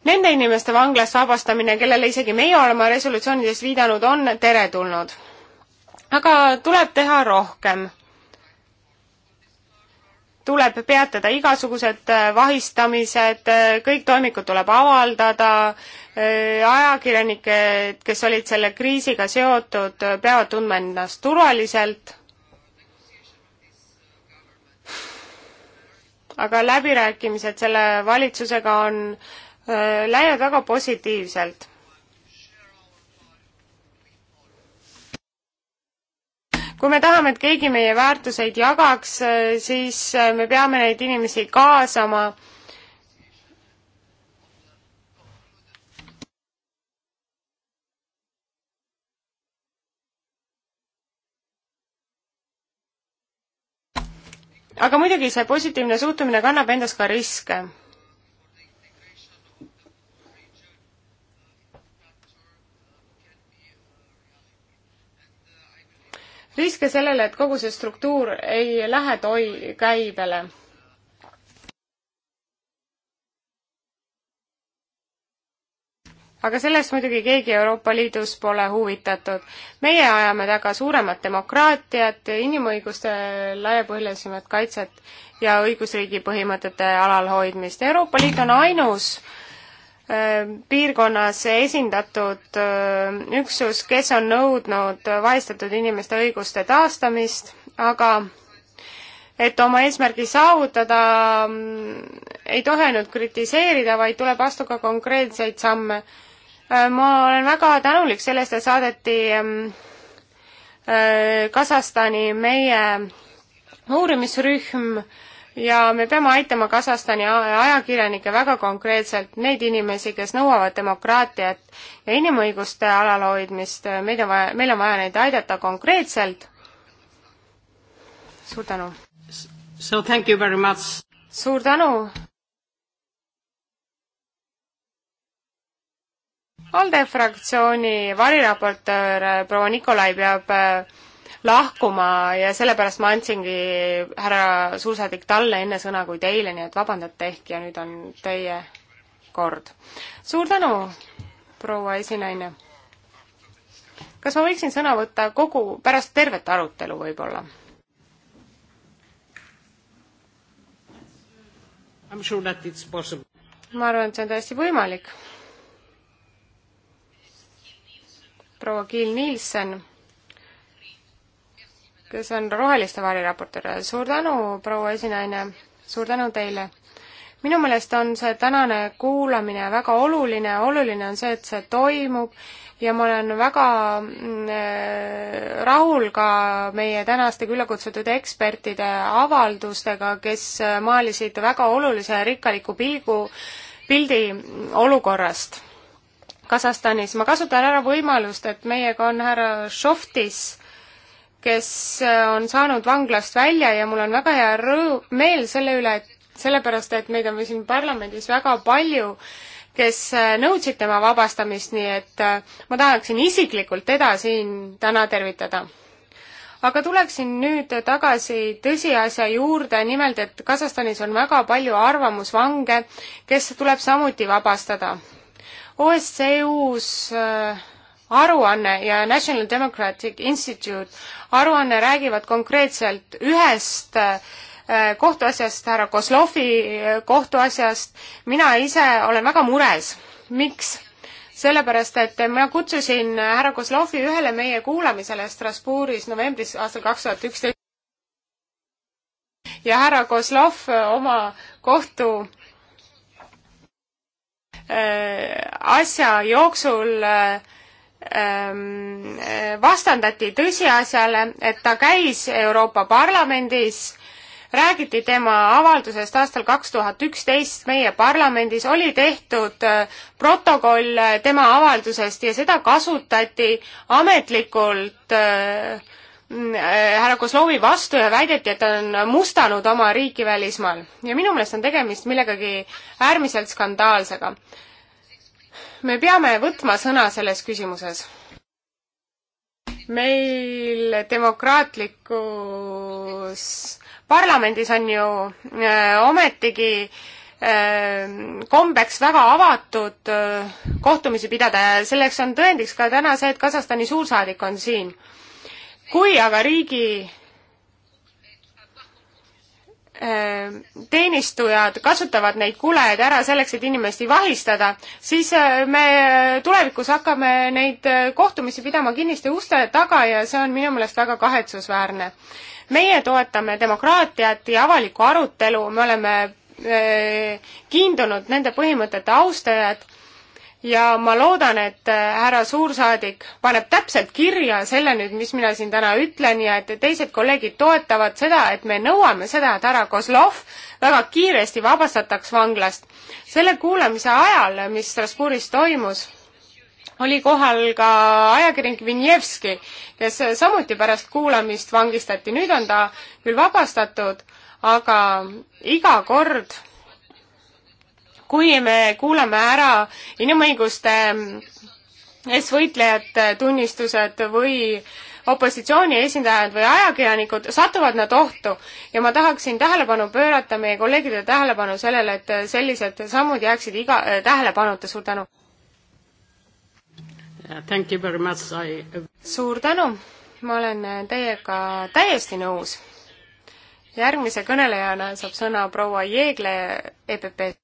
Nende inimeste vanglast vabastamine, kellele isegi meie oleme resolutsioonides viidanud, on teretulnud. aga tuleb teha rohkem tuleb peatada igasugused vahistamised, kõik toimikud tuleb avaldada, Äh, ajakirjanikud, kes olid selle kriisiga seotud, peavad tundma ennast turvaliselt. aga läbirääkimised selle valitsusega on äh, läinud väga positiivselt. kui me tahame, et keegi meie väärtuseid jagaks, äh, siis me peame neid inimesi kaasama aga muidugi see positiivne suhtumine kannab endas ka riske. riske sellele, et kogu see struktuur ei lähe toi-, käibele aga sellest muidugi keegi Euroopa Liidus pole huvitatud. meie ajame taga suuremat demokraatiat, inimõiguste laiapõhjalisemat kaitset ja õigusriigi põhimõtete alalhoidmist. Euroopa Liit on ainus äh, piirkonnas esindatud äh, üksus, kes on nõudnud vahistatud inimeste õiguste taastamist, aga et oma eesmärgi saavutada mm, ei tohi ainult kritiseerida, vaid tuleb astuda konkreetseid samme Äh, ma olen väga tänulik selle eest, et saadeti ähm, äh, Kasahstani meie uurimisrühm ja me peame aitama Kasahstani ajakirjanikke väga konkreetselt, neid inimesi, kes nõuavad demokraatiat ja inimõiguste alalhoidmist, meid on vaja, meil on vaja neid aidata konkreetselt. suur tänu! suur tänu! ALDE fraktsiooni variraportöör proua Nikolai peab äh, lahkuma ja sellepärast ma andsingi härra suursaadik talle enne sõna kui teile, nii et vabandate ehk ja nüüd on teie kord. suur tänu, proua esinaine. kas ma võiksin sõna võtta kogu, pärast tervet arutelu võib-olla? Sure ma arvan, et see on täiesti võimalik proua Kiil Nielsen, kes on Roheliste variraportöör. suur tänu, proua esinaine, suur tänu teile! minu meelest on see tänane kuulamine väga oluline, oluline on see, et see toimub ja ma olen väga mm, äh, rahul ka meie tänaste küllakutsutud ekspertide avaldustega, kes äh, maalisid väga olulise ja rikkaliku pilgu, pildi olukorrast Kasahstanis. ma kasutan ära võimalust, et meiega on härra Šoftis, kes äh, on saanud vanglast välja ja mul on väga hea rõõm, meel selle üle, et sellepärast, et meid on siin parlamendis väga palju, kes äh, nõudsid tema vabastamist, nii et äh, ma tahaksin isiklikult teda siin täna tervitada aga tuleksin nüüd tagasi tõsiasja juurde, nimelt et Kasahstanis on väga palju arvamusvange, kes tuleb samuti vabastada. OSCE-s äh, aruanne ja National Democratic Institute aruanne räägivad konkreetselt ühest äh, kohtuasjast, härra Kozlovi äh, kohtuasjast. mina ise olen väga mures. miks? sellepärast, et ma kutsusin härra Kozlovi ühele meie kuulamisele Strasbourgis novembris aastal kaks tuhat üksteist. ja härra Kozlov oma kohtu Äh, asja jooksul äh, ähm, äh, vastandati tõsiasjale, et ta käis Euroopa Parlamendis, räägiti tema avaldusest aastal kaks tuhat üksteist meie parlamendis, oli tehtud protokoll tema avaldusest ja seda kasutati ametlikult äh, Mm, äh, härra Kozlovi vastu ja väideti, et ta on mustanud oma riiki välismaal. ja minu meelest on tegemist millegagi äärmiselt skandaalsega. me peame võtma sõna selles küsimuses. meil demokraatlikus parlamendis on ju öö, äh, ometigi äh, kombeks väga avatud kohtumisi pidada ja selleks on tõendiks ka täna see, et Kasahstani suursaadik on siin kui aga riigi äh, teenistujad kasutavad neid kulejaid ära selleks, et inimesi vahistada, siis äh, me äh, tulevikus hakkame neid kohtumisi pidama kinniste uste taga ja see on minu meelest väga kahetsusväärne. meie toetame demokraatiat ja avalikku arutelu, me oleme kiindunud nende põhimõtete austajad ja ma loodan, et äh, härra suursaadik paneb täpselt kirja selle nüüd, mis mina siin täna ütlen ja et teised kolleegid toetavad seda, et me nõuame seda, et härra Kozlov väga kiiresti vabastataks vanglast. selle kuulamise ajal, mis Strasbourgis toimus, oli kohal ka ajakirjanik Vinjevski, kes samuti pärast kuulamist vangistati. nüüd on ta küll vabastatud, aga iga kord kui me kuulame ära inimõiguste eesvõitlejate tunnistused või opositsiooni esindajad või ajakirjanikud, satuvad nad ohtu. ja ma tahaksin tähelepanu pöörata, meie kolleegide tähelepanu sellele, et sellised sammud jääksid iga, äh, tähelepanuta, suur tänu! I... Uh, suur tänu, ma olen äh, teiega täiesti nõus. järgmise kõnelejana saab sõna proua Jeegle EPP-st.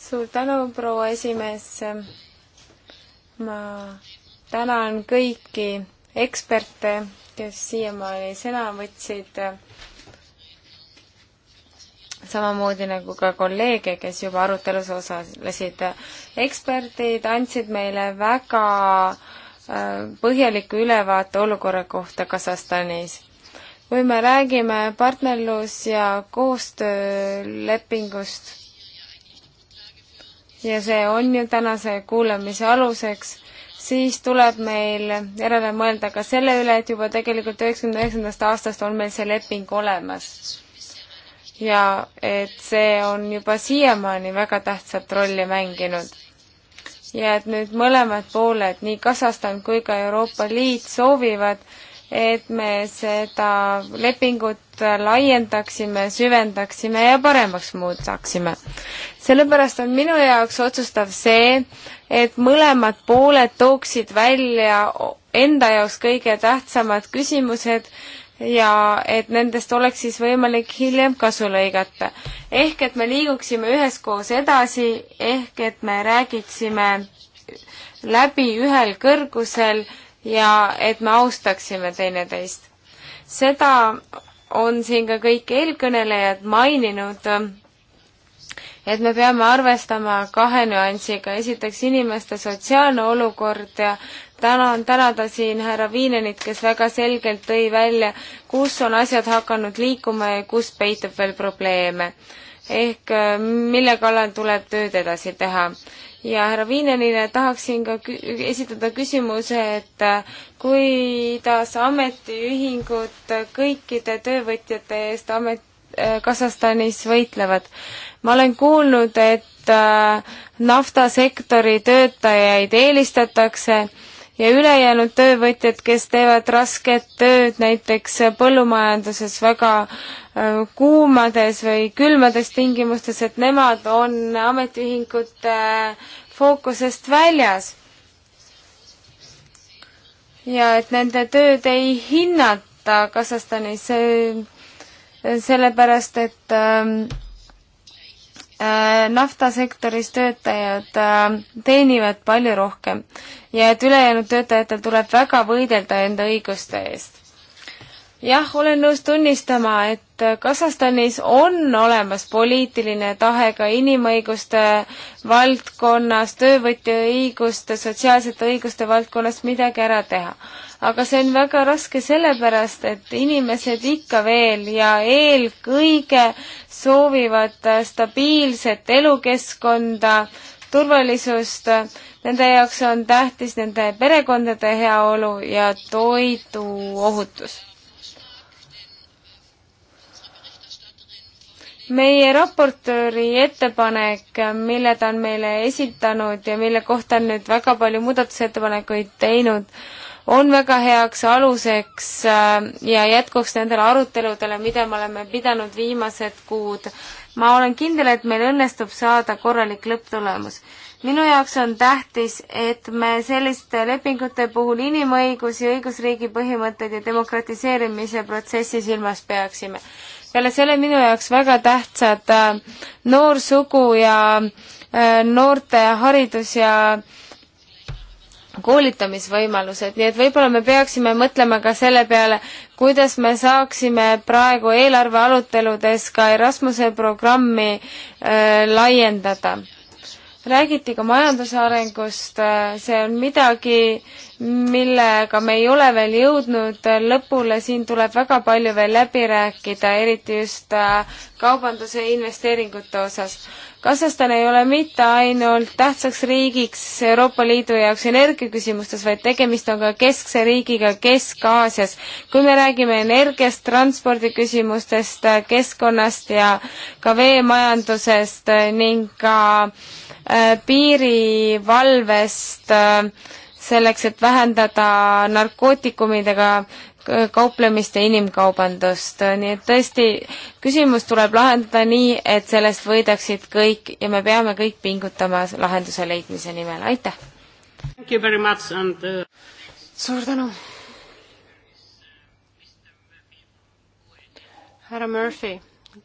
suur tänu, proua esimees. ma tänan kõiki eksperte, kes siiamaani sõna võtsid. samamoodi nagu ka kolleege, kes juba arutelus osalesid. eksperdid andsid meile väga äh, põhjaliku ülevaate olukorra kohta Kasahstanis kui me räägime partnerlus- ja koostöölepingust ja see on ju tänase kuulamise aluseks, siis tuleb meil järele mõelda ka selle üle, et juba tegelikult üheksakümne üheksandast aastast on meil see leping olemas. ja et see on juba siiamaani väga tähtsat rolli mänginud. ja et nüüd mõlemad pooled, nii Kasahstan kui ka Euroopa Liit soovivad, et me seda lepingut laiendaksime, süvendaksime ja paremaks muudaksime. sellepärast on minu jaoks otsustav see, et mõlemad pooled tooksid välja enda jaoks kõige tähtsamad küsimused ja et nendest oleks siis võimalik hiljem kasu lõigata. ehk et me liiguksime üheskoos edasi, ehk et me räägiksime läbi ühel kõrgusel ja et me austaksime teineteist. seda on siin ka kõik eelkõnelejad maininud, et me peame arvestama kahe nüansiga, esiteks inimeste sotsiaalne olukord ja tänan tänada siin härra Viinenit, kes väga selgelt tõi välja, kus on asjad hakanud liikuma ja kus peitub veel probleeme. ehk mille kallal tuleb tööd edasi teha ja härra Viinenile tahaksin ka kü esitada küsimuse, et äh, kuidas ametiühingud kõikide töövõtjate eest amet, äh, Kasahstanis võitlevad. ma olen kuulnud, et äh, naftasektori töötajaid eelistatakse ja ülejäänud töövõtjad, kes teevad rasket tööd näiteks põllumajanduses väga äh, kuumades või külmades tingimustes, et nemad on ametiühingute fookusest väljas. ja et nende tööd ei hinnata Kasahstanis sellepärast, et ähm, äh, naftasektoris töötajad äh, teenivad palju rohkem ja et ülejäänud töötajatel tuleb väga võidelda enda õiguste eest. jah, olen nõus tunnistama, et Kasahstanis on olemas poliitiline tahe ka inimõiguste valdkonnas, töövõtja õiguste, sotsiaalsete õiguste valdkonnas midagi ära teha. aga see on väga raske sellepärast, et inimesed ikka veel ja eelkõige soovivad stabiilset elukeskkonda, turvalisust Nende jaoks on tähtis nende perekondade heaolu ja toiduohutus. meie raportööri ettepanek, mille ta on meile esitanud ja mille kohta on nüüd väga palju muudatusettepanekuid teinud, on väga heaks aluseks äh, ja jätkuks nendele aruteludele, mida me oleme pidanud viimased kuud. ma olen kindel, et meil õnnestub saada korralik lõpptulemus minu jaoks on tähtis, et me selliste lepingute puhul inimõigusi, õigusriigi põhimõtteid ja demokratiseerimise protsessi silmas peaksime. peale selle minu jaoks väga tähtsad äh, noorsugu ja äh, noorte haridus ja koolitamisvõimalused, nii et võib-olla me peaksime mõtlema ka selle peale, kuidas me saaksime praegu eelarve aruteludes ka Erasmuse programmi öö, äh, laiendada räägiti ka majanduse arengust, see on midagi, millega me ei ole veel jõudnud lõpule, siin tuleb väga palju veel läbi rääkida, eriti just äh, kaubanduse investeeringute osas. Kasahstan ei ole mitte ainult tähtsaks riigiks Euroopa Liidu jaoks energiaküsimustes, vaid tegemist on ka keskse riigiga Kesk-Aasias. kui me räägime energiast, transpordiküsimustest, keskkonnast ja ka veemajandusest ning ka äh, Äh, piirivalvest äh, selleks, et vähendada narkootikumidega kauplemist ja inimkaubandust, nii et tõesti, küsimus tuleb lahendada nii, et sellest võidaksid kõik ja me peame kõik pingutama lahenduse leidmise nimel, aitäh! And... Uh, suur tänu! härra Murphy,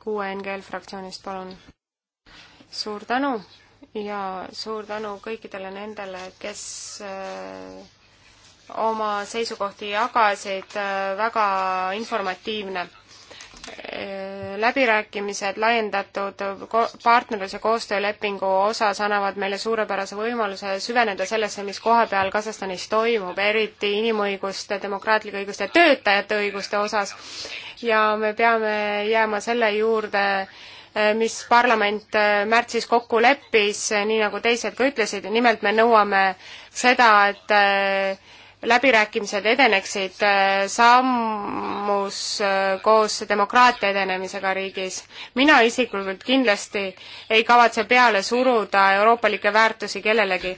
QNGL fraktsioonist, palun! suur tänu! ja suur tänu kõikidele nendele, kes äh, oma seisukohti jagasid, äh, väga informatiivne äh, läbirääkimised laiendatud partnerlus- ja koostöölepingu osas annavad meile suurepärase võimaluse süveneda sellesse, mis kohapeal Kasahstanis toimub, eriti inimõiguste, demokraatlike õiguste ja töötajate õiguste osas. ja me peame jääma selle juurde, Äh, mis parlament äh, märtsis kokku leppis, äh, nii nagu teised ka ütlesid, nimelt me nõuame seda, et läbirääkimised edeneksid sammus koos demokraatia edenemisega riigis. mina isiklikult kindlasti ei kavatse peale suruda euroopalikke väärtusi kellelegi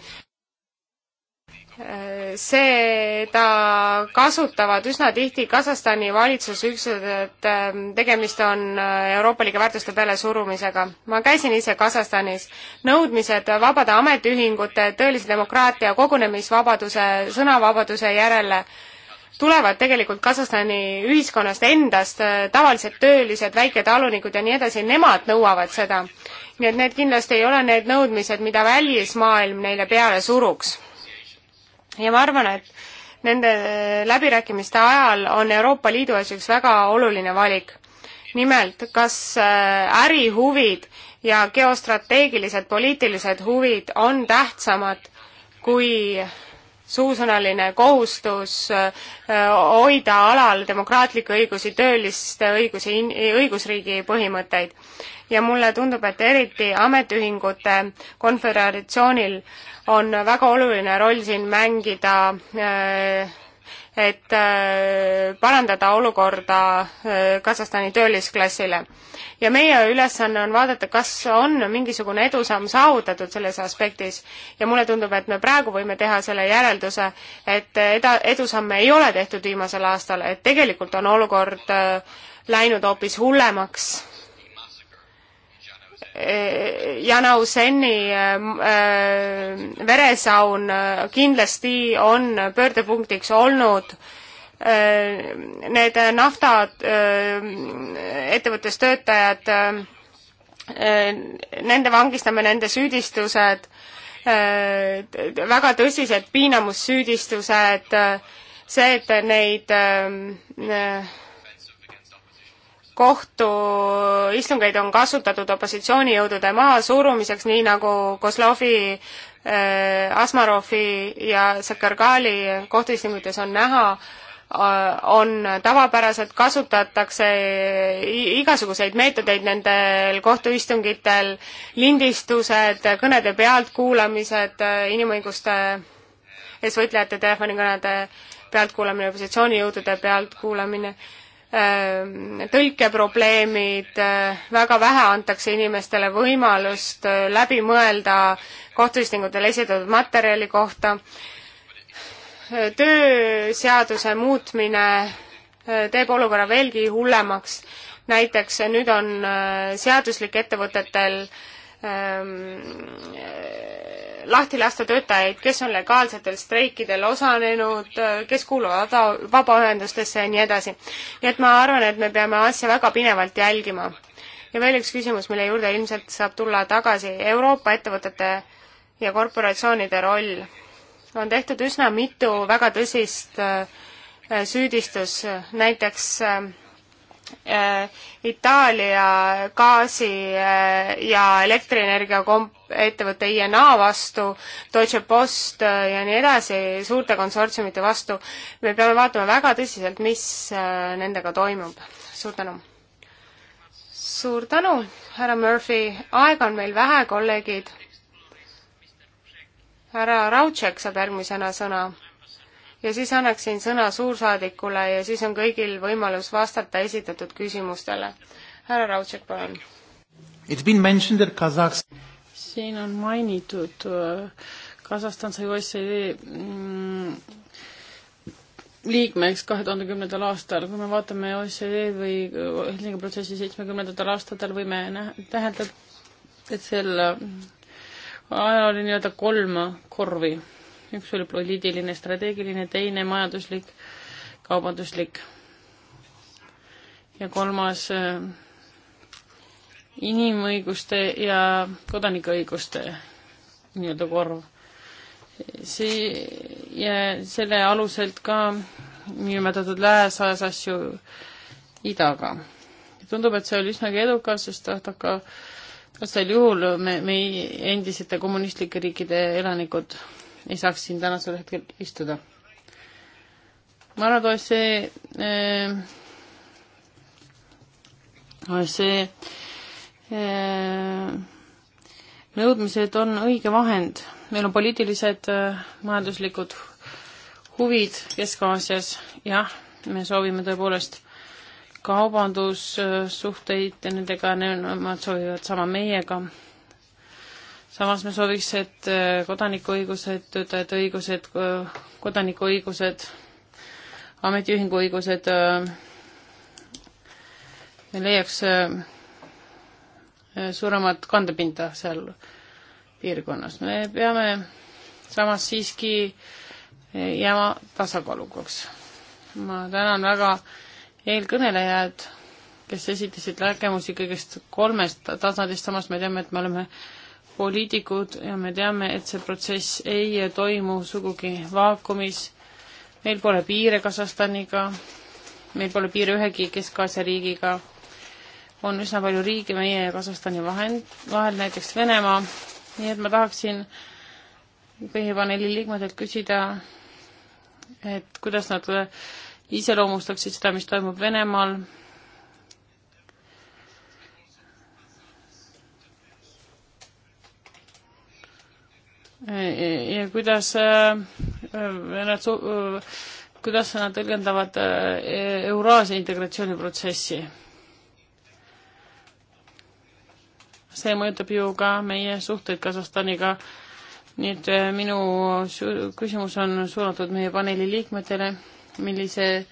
seda kasutavad üsna tihti Kasahstani valitsusüksused, ähm, tegemist on äh, euroopalike väärtuste pealesurumisega. ma käisin ise Kasahstanis, nõudmised vabade ametiühingute, tõelise demokraatia, kogunemisvabaduse, sõnavabaduse järele tulevad tegelikult Kasahstani ühiskonnast endast, äh, tavalised töölised, väiketalunikud ja nii edasi, nemad nõuavad seda. nii et need kindlasti ei ole need nõudmised, mida välismaailm neile peale suruks ja ma arvan, et nende läbirääkimiste ajal on Euroopa Liidu ees üks väga oluline valik. nimelt, kas äh, ärihuvid ja geostrateegilised poliitilised huvid on tähtsamad kui suusõnaline kohustus äh, hoida alal demokraatlikke õigusi, tööliste õigusi, õigusriigi põhimõtteid. ja mulle tundub, et eriti ametiühingute konföderatsioonil on väga oluline roll siin mängida äh, et äh, parandada olukorda äh, Kasahstani töölisklassile. ja meie ülesanne on vaadata, kas on mingisugune edusamm saavutatud selles aspektis ja mulle tundub, et me praegu võime teha selle järelduse, et äh, eda-, edusamme ei ole tehtud viimasel aastal, et tegelikult on olukord läinud hoopis hullemaks Jan Auseni äh, äh, veresaun äh, kindlasti on pöördepunktiks olnud need nafta ettevõttes töötajad, nende vangistamine, nende süüdistused, väga tõsised piinamussüüdistused, see, et neid kohtuistungeid on kasutatud opositsioonijõudude mahasurumiseks, nii nagu Kozlovi äh,, Asmarovi ja Sakargali kohtuistungutes on näha äh,, on tavapärased, kasutatakse igasuguseid meetodeid nendel kohtuistungitel, lindistused, kõnede pealtkuulamised, äh, inimõiguste eesvõitlejate telefonikõnede pealtkuulamine, opositsioonijõudude pealtkuulamine äh,, Äh, tõlkeprobleemid, äh, väga vähe antakse inimestele võimalust äh, läbi mõelda kohtuistingutel esitatud materjali kohta. tööseaduse muutmine teeb olukorra veelgi hullemaks. näiteks nüüd on seaduslik ettevõtetel ähm, lahti lasta töötajaid, kes on legaalsetel streikidel osalenud, kes kuuluvad vabaühendustesse ja nii edasi. nii et ma arvan, et me peame asja väga pinevalt jälgima. ja veel üks küsimus, mille juurde ilmselt saab tulla tagasi, Euroopa ettevõtete ja korporatsioonide roll. on tehtud üsna mitu väga tõsist äh, süüdistus, näiteks äh, Äh, Itaalia gaasi- äh, ja elektrienergia komp-, ettevõtte INA vastu, Deutsche Post äh, ja nii edasi, suurte konsortsiumite vastu, me peame vaatama väga tõsiselt, mis nendega toimub. suur tänu! suur tänu, härra Murphy, aega on meil vähe, kolleegid. härra Raudšek saab järgmisena sõna ja siis annaksin sõna suursaadikule ja siis on kõigil võimalus vastata esitatud küsimustele. härra Raudšek, palun. siin on mainitud äh, Kasahstan sai OSCE mm, liikmeks kahe tuhande kümnendal aastal, kui me vaatame OSCE või äh, Helsingi protsessi seitsmekümnendatel aastatel, võime täheldada, et seal äh, ajal oli nii-öelda kolm korvi üks oli poliitiline, strateegiline, teine majanduslik, kaubanduslik ja kolmas äh, inimõiguste ja kodanikuõiguste nii-öelda korv. see ja selle aluselt ka niinimetatud lääs ajas asju idaga. tundub, et see oli üsnagi edukas, sest tahtaka vastasel juhul me, me endisete kommunistlike riikide elanikud ei saaks siin tänasel hetkel istuda. ma arvan, et OSCE äh,, OSCE äh, nõudmised on õige vahend. meil on poliitilised äh, majanduslikud huvid Kesk-Aasias, jah, me soovime tõepoolest kaubandussuhteid nendega, nemad soovivad sama meiega samas me sooviks, et äh, kodanikuõigused, töötajate õigused, kodanikuõigused, ametiühingu õigused äh, leiaks äh, suuremat kandepinda seal piirkonnas. me peame samas siiski jääma tasakaalukaks. ma tänan väga eelkõnelejad, kes esitasid nägemusi kõigest kolmest tasandist, samas me teame, et me oleme poliitikud ja me teame, et see protsess ei toimu sugugi vaakumis. meil pole piire Kasahstaniga, meil pole piire ühegi Kesk-Aasia riigiga. on üsna palju riike meie ja Kasahstani vahend, vahel, näiteks Venemaa. nii et ma tahaksin põhipaneeli liikmetelt küsida, et kuidas nad iseloomustaksid seda, mis toimub Venemaal Äh, ja kuidas äh, äh, nad kuidas nad tõlgendavad Euraasia integratsiooniprotsessi. see mõjutab ju ka meie suhteid Kasahstaniga. nii et minu küsimus on suunatud meie paneeli liikmetele, millise,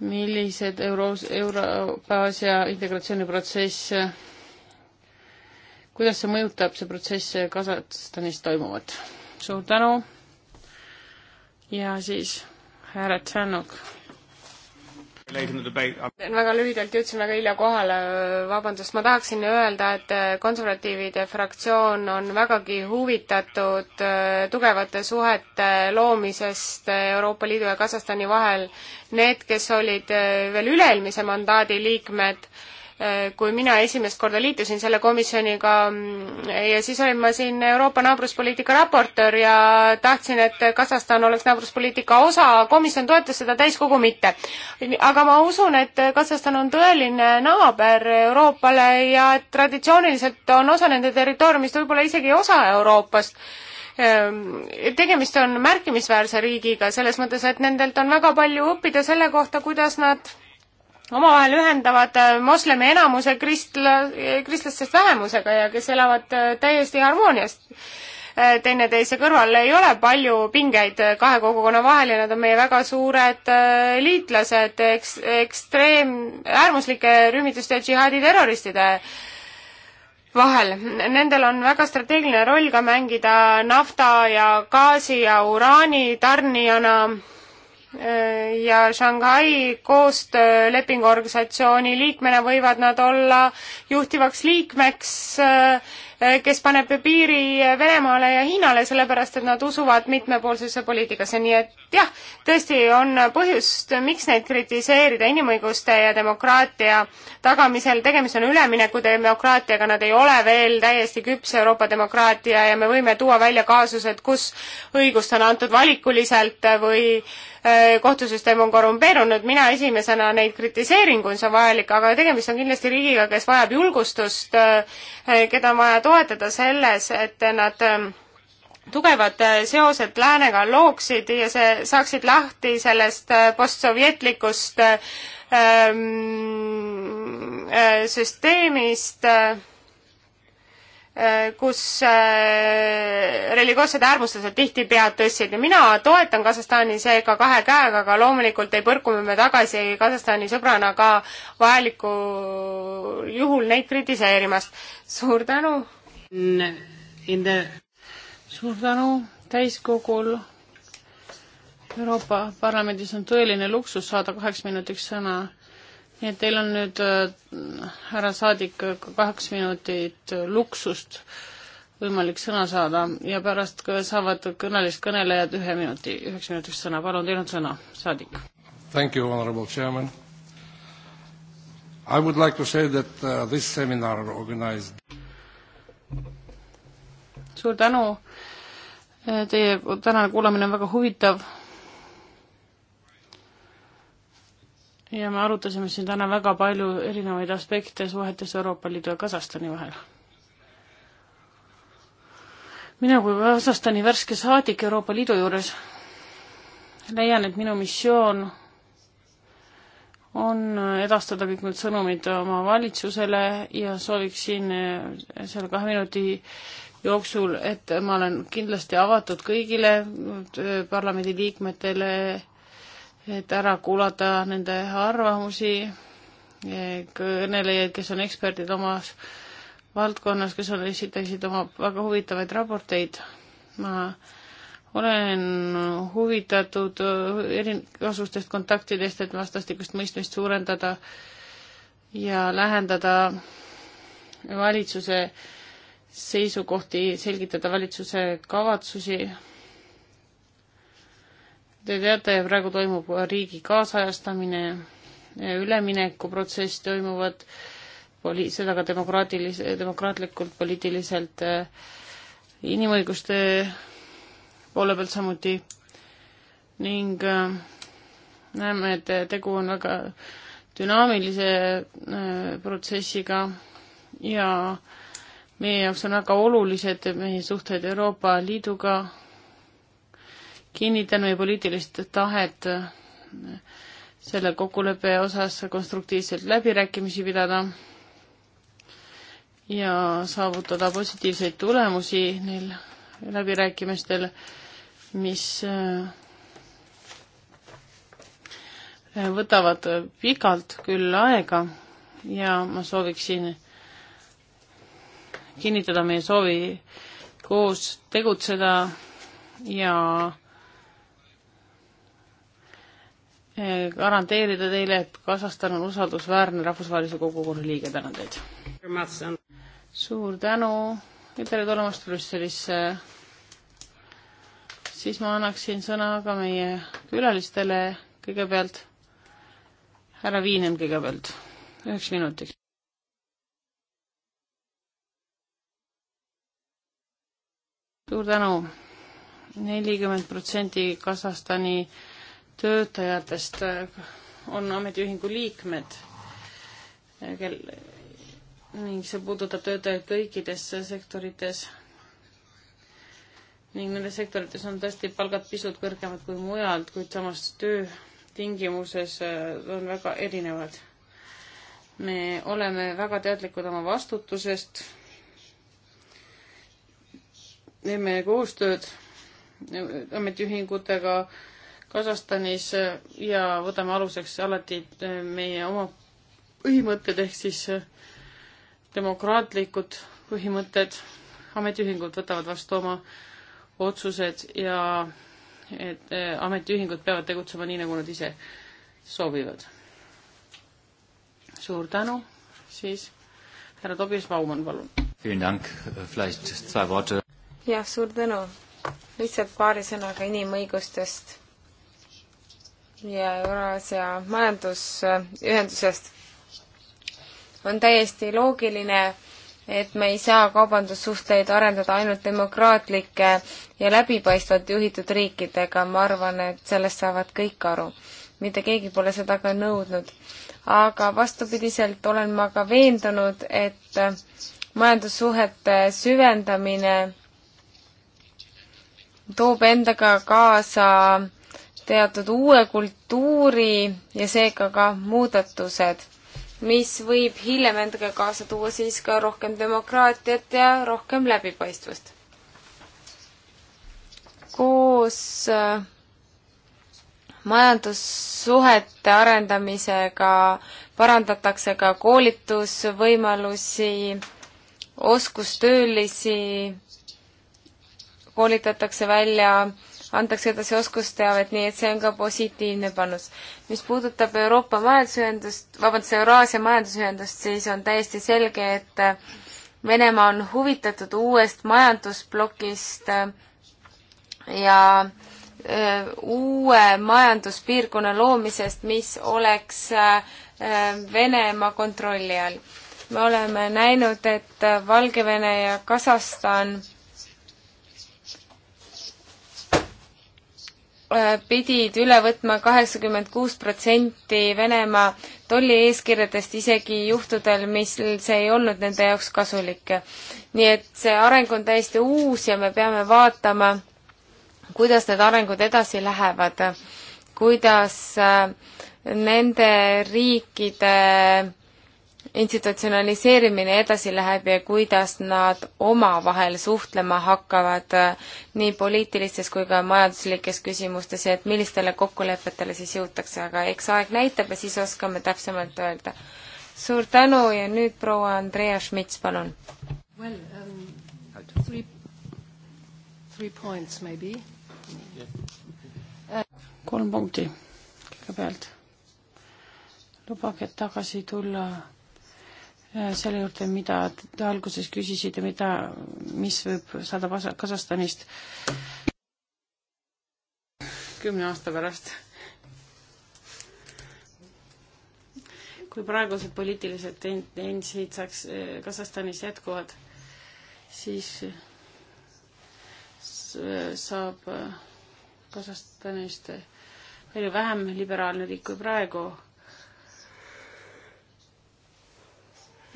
millised Euro-, Euroopa Aasia integratsiooniprotsess kuidas see mõjutab, see protsess Kasahstanis toimuvat? suur tänu ja siis härra Tšernok teen väga lühidalt, jõudsin väga hilja kohale, vabandust, ma tahaksin öelda, et konservatiivide fraktsioon on vägagi huvitatud äh, tugevate suhete loomisest Euroopa Liidu ja Kasahstani vahel. Need, kes olid äh, veel üle-eelmise mandaadi liikmed, Äh, kui mina esimest korda liitusin selle komisjoniga mm, ja siis olin ma siin Euroopa naabruspoliitika raportöör ja tahtsin, et Kasahstan oleks naabruspoliitika osa, komisjon toetas seda täiskogu mitte. aga ma usun, et Kasahstan on tõeline naaber Euroopale ja et traditsiooniliselt on osa nende territooriumist võib-olla isegi osa Euroopast ähm, tegemist on märkimisväärse riigiga selles mõttes, et nendelt on väga palju õppida selle kohta, kuidas nad omavahel ühendavad äh, moslemi enamuse kristla-, kristlastest vähemusega ja kes elavad äh, täiesti harmoonias äh, teineteise kõrval. ei ole palju pingeid kahe kogukonna vahel ja nad on meie väga suured liitlased eks-, ekstreem, äärmuslike rühmituste džihaadi terroristide vahel. Nendel on väga strateegiline roll ka mängida nafta ja gaasi ja uraani tarnijana ja Shanghai koostöölepingu organisatsiooni liikmena võivad nad olla juhtivaks liikmeks, äh, kes paneb piiri Venemaale ja Hiinale, sellepärast et nad usuvad mitmepoolsuse poliitikasse, nii et jah, tõesti on põhjust, miks neid kritiseerida inimõiguste ja demokraatia tagamisel, tegemist on ülemineku demokraatiaga, nad ei ole veel täiesti küps Euroopa demokraatia ja me võime tuua välja kaasused, kus õigust on antud valikuliselt või äh, Äh, kohtusüsteem on korrumpeerunud, mina esimesena neid kritiseerin, kui see on vajalik, aga tegemist on kindlasti riigiga, kes vajab julgustust, äh, keda on vaja toetada selles, et nad ähm, tugevad äh, seosed läänega looksid ja see, saaksid lahti sellest postsovjetlikust ähm, süsteemist äh, Äh, kus äh, religioossed äärmuslased tihti pead tõstsid ja mina toetan Kasahstani seega kahe käega, aga loomulikult ei põrku me tagasi Kasahstani sõbrana ka vajalikul juhul neid kritiseerimast. suur tänu! The... suur tänu täiskogul! Euroopa Parlamendis on tõeline luksus saada kaheks minutiks sõna nii et teil on nüüd, äh, härra saadik, kaheksa minutit luksust võimalik sõna saada ja pärast saavad kõnelised kõnelejad ühe minuti, üheks minutiks sõna. palun, teil on sõna, saadik. Thank you, honorable chairman. I would like to say that uh, this seminar organized suur tänu, teie tänane kuulamine on väga huvitav ja me arutasime siin täna väga palju erinevaid aspekte suhetes Euroopa Liidu ja Kasahstani vahel. mina kui Kasahstani värske saadik Euroopa Liidu juures leian, et minu missioon on edastada kõik need sõnumid oma valitsusele ja sooviksin selle kahe minuti jooksul, et ma olen kindlasti avatud kõigile parlamendiliikmetele, et ära kuulata nende arvamusi, kõnelejaid, kes on eksperdid omas valdkonnas, kes on, esitasid oma väga huvitavaid raporteid. ma olen huvitatud erinevatest kontaktidest, et vastastikust mõistmist suurendada ja lähendada valitsuse seisukohti, selgitada valitsuse kavatsusi Te teate, praegu toimub riigi kaasajastamine, üleminekuprotsess toimuvad, poli-, seda ka demokraatilis-, demokraatlikult, poliitiliselt, eh, inimõiguste poole pealt samuti ning eh, näeme, et tegu on väga dünaamilise eh, protsessiga ja meie jaoks on väga olulised meie suhted Euroopa Liiduga kinnitan meie poliitilist tahet selle kokkuleppe osas konstruktiivselt läbirääkimisi pidada ja saavutada positiivseid tulemusi neil läbirääkimistel, mis äh, võtavad pikalt küll aega ja ma sooviksin kinnitada meie soovi koos tegutseda ja Eh, garanteerida teile, et Kasahstan on usaldusväärne rahvusvahelise kogukonna liige, tänan teid. suur tänu ja tere tulemast Brüsselisse. siis ma annaksin sõna ka meie külalistele kõigepealt. härra Viinem kõigepealt, üheks minutiks. suur tänu. nelikümmend protsenti Kasahstani töötajatest äh, on ametiühingu liikmed, äh, kel ning see puudutab töötajaid kõikides sektorites. ning nendes sektorites on tõesti palgad pisut kõrgemad kui mujal, kuid samas töötingimuses äh, on väga erinevad. me oleme väga teadlikud oma vastutusest teeme koostööd ametiühingutega, Kasahstanis ja võtame aluseks alati äh, meie oma põhimõtted ehk siis äh, demokraatlikud põhimõtted. ametiühingud võtavad vastu oma otsused ja et äh, ametiühingud peavad tegutsema nii, nagu nad ise soovivad. suur tänu, siis härra Tobias Baumann, palun. jah, suur tänu. lihtsalt paari sõnaga inimõigustest ja Euraasia majandusühendusest, on täiesti loogiline, et me ei saa kaubandussuhteid arendada ainult demokraatlike ja läbipaistvalt juhitud riikidega, ma arvan, et sellest saavad kõik aru. mitte keegi pole seda ka nõudnud. aga vastupidiselt olen ma ka veendunud, et majandussuhete süvendamine toob endaga kaasa teatud uue kultuuri ja seega ka muudatused, mis võib hiljem endaga kaasa tuua siis ka rohkem demokraatiat ja rohkem läbipaistvust. koos äh, majandussuhete arendamisega parandatakse ka koolitusvõimalusi, oskustöölisi, koolitatakse välja äh, antakse edasi oskusteavet, nii et see on ka positiivne panus. mis puudutab Euroopa majandusühendust, vabandust, Euraasia majandusühendust, siis on täiesti selge, et äh, Venemaa on huvitatud uuest majandusplokist äh, ja äh, uue majanduspiirkonna loomisest, mis oleks Venemaa kontrolli all. me oleme näinud, et Valgevene ja Kasahstan Äh, pidid üle võtma kaheksakümmend kuus protsenti Venemaa tollieeskirjadest, isegi juhtudel, mis see ei olnud nende jaoks kasulik. nii et see areng on täiesti uus ja me peame vaatama, kuidas need arengud edasi lähevad, kuidas äh, nende riikide institutsionaliseerimine edasi läheb ja kuidas nad omavahel suhtlema hakkavad äh, nii poliitilistes kui ka majanduslikes küsimustes ja et millistele kokkulepetele siis jõutakse, aga eks aeg näitab ja siis oskame täpsemalt öelda. suur tänu ja nüüd proua Andrea Schmitz, palun well,. Um, three, three points maybe uh,. kolm punkti kõigepealt lubage tagasi tulla Äh, selle juurde, mida te alguses küsisite, mida, mis võib saada Kasahstanist kümne aasta pärast. kui praegused poliitilised tendentsid saaks äh, Kasahstanis jätkuvad, siis äh, saab Kasahstanist palju vähem liberaalne riik kui praegu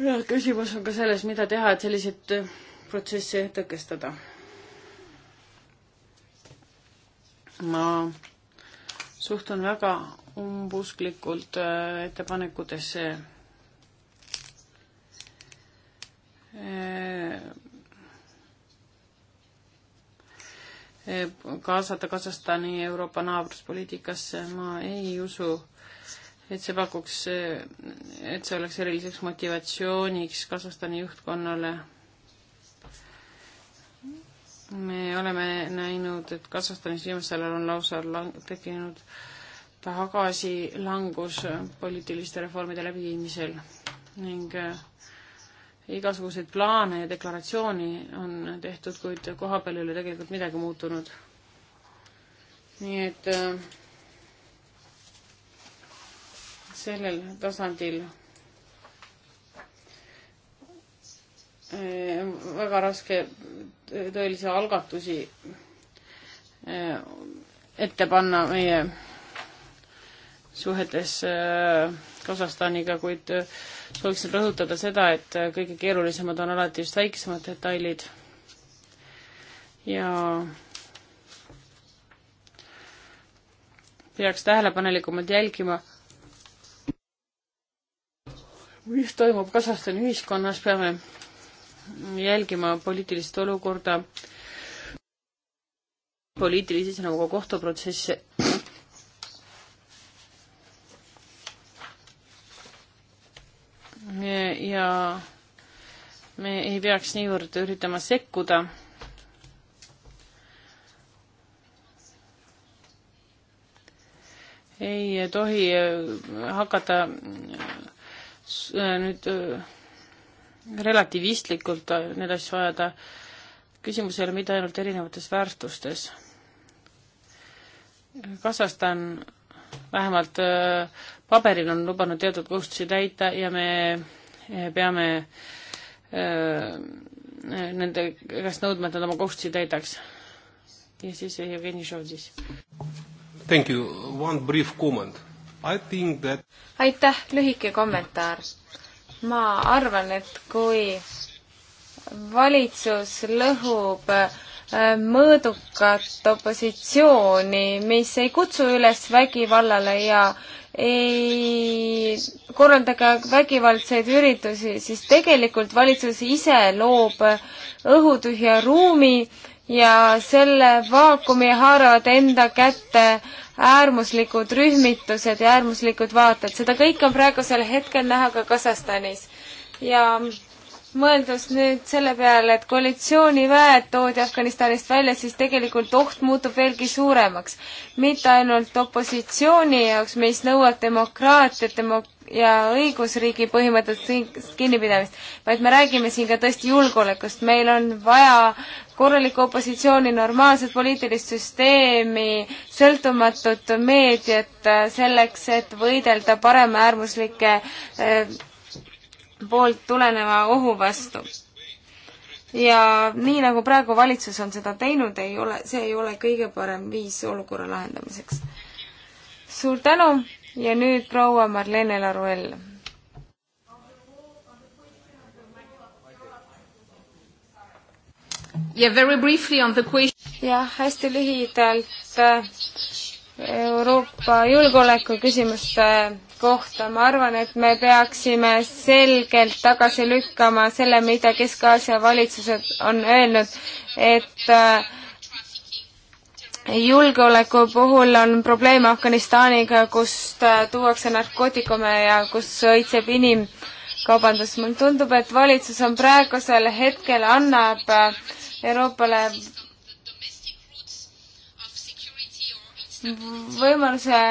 ja küsimus on ka selles, mida teha, et selliseid äh, protsesse tõkestada. ma suhtun väga umbusklikult äh, ettepanekutesse äh, kaasata Kasahstani Euroopa naabruspoliitikasse, ma ei usu, et see pakuks, et see oleks eriliseks motivatsiooniks Kasahstani juhtkonnale. me oleme näinud, et Kasahstanis viimasel ajal on lausa lang-, tekkinud tagasilangus poliitiliste reformide läbiviimisel ning äh, igasuguseid plaane ja deklaratsiooni on tehtud, kuid koha peal ei ole tegelikult midagi muutunud. nii et äh, sellel tasandil eh, väga raske tõelisi algatusi eh, ette panna meie suhetes eh, Kasahstaniga, kuid sooviksin rõhutada seda, et kõige keerulisemad on alati just väiksemad detailid ja peaks tähelepanelikumalt jälgima, mis toimub Kasahstani ühiskonnas, peame jälgima poliitilist olukorda, poliitilisi nagu ka kohtuprotsesse. ja me ei peaks niivõrd üritama sekkuda. ei tohi hakata Äh, nüüd äh, relativistlikult äh, neid asju ajada. küsimus ei ole mitte ainult erinevates väärtustes. Kasahstan vähemalt paberil on lubanud teatud kohustusi täita ja me peame nende käest nõudma, et nad oma kohustusi täidaks. ja siis Jevgeni Šovdis. Thank you, one brief comment That... aitäh, lühike kommentaar. ma arvan, et kui valitsus lõhub äh, mõõdukat opositsiooni, mis ei kutsu üles vägivallale ja ei korralda ka vägivaldseid üritusi, siis tegelikult valitsus ise loob õhutühja ruumi ja selle vaakumi haaravad enda kätte äärmuslikud rühmitused ja äärmuslikud vaated. seda kõike on praegusel hetkel näha ka Kasahstanis. ja mõeldes nüüd selle peale, et koalitsiooniväed toodi Afganistanist välja, siis tegelikult oht muutub veelgi suuremaks. mitte ainult opositsiooni jaoks, mis nõuab demokraatiat demok ja õigusriigi põhimõtetest kinnipidamist, vaid me räägime siin ka tõesti julgeolekust. meil on vaja korralikku opositsiooni, normaalset poliitilist süsteemi, sõltumatut meediat äh, selleks, et võidelda paremäärmuslike äh, poolt tuleneva ohu vastu. ja nii, nagu praegu valitsus on seda teinud, ei ole, see ei ole kõige parem viis olukorra lahendamiseks. suur tänu ja nüüd proua Marlene Laruell jah, hästi lühidalt äh, Euroopa julgeoleku küsimuste kohta, ma arvan, et me peaksime selgelt tagasi lükkama selle, mida Kesk-Aasia valitsused on öelnud, et äh, julgeoleku puhul on probleem Afganistaniga, kust äh, tuuakse narkootikume ja kus õitseb inim- äh, kaubandust. mulle tundub, et valitsus on praegusel hetkel, annab äh, Euroopale võimaluse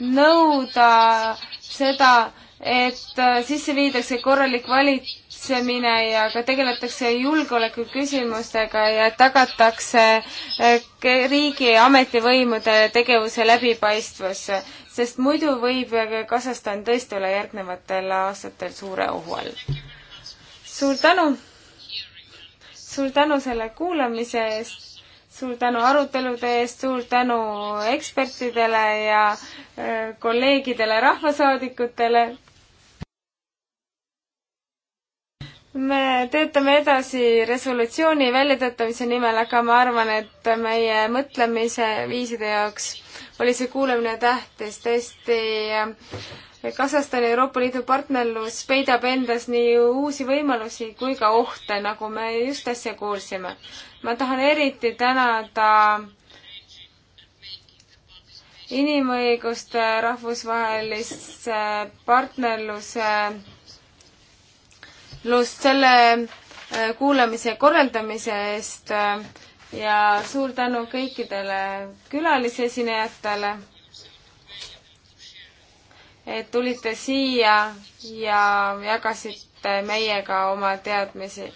nõuda seda, et äh, sisse viidakse korralik valitsemine ja ka tegeletakse julgeoleku küsimustega ja tagatakse äh, riigi ametivõimude tegevuse läbipaistvus sest muidu võib Kasahstan tõesti olla järgnevatel aastatel suure ohu all. suur tänu! suur tänu selle kuulamise eest, suur tänu arutelude eest, suur tänu ekspertidele ja äh, kolleegidele, rahvasaadikutele me töötame edasi resolutsiooni väljatöötamise nimel, aga ma arvan, et meie mõtlemise viiside jaoks oli see kuulamine tähtis, tõesti äh, Kasahstani Euroopa Liidu partnerlus peidab endas nii uusi võimalusi kui ka ohte, nagu me just äsja kuulsime. ma tahan eriti tänada inimõiguste rahvusvahelise partnerluse lust selle äh, kuulamise korraldamise eest äh, ja suur tänu kõikidele külalisesinejatele, et tulite siia ja jagasite meiega oma teadmisi.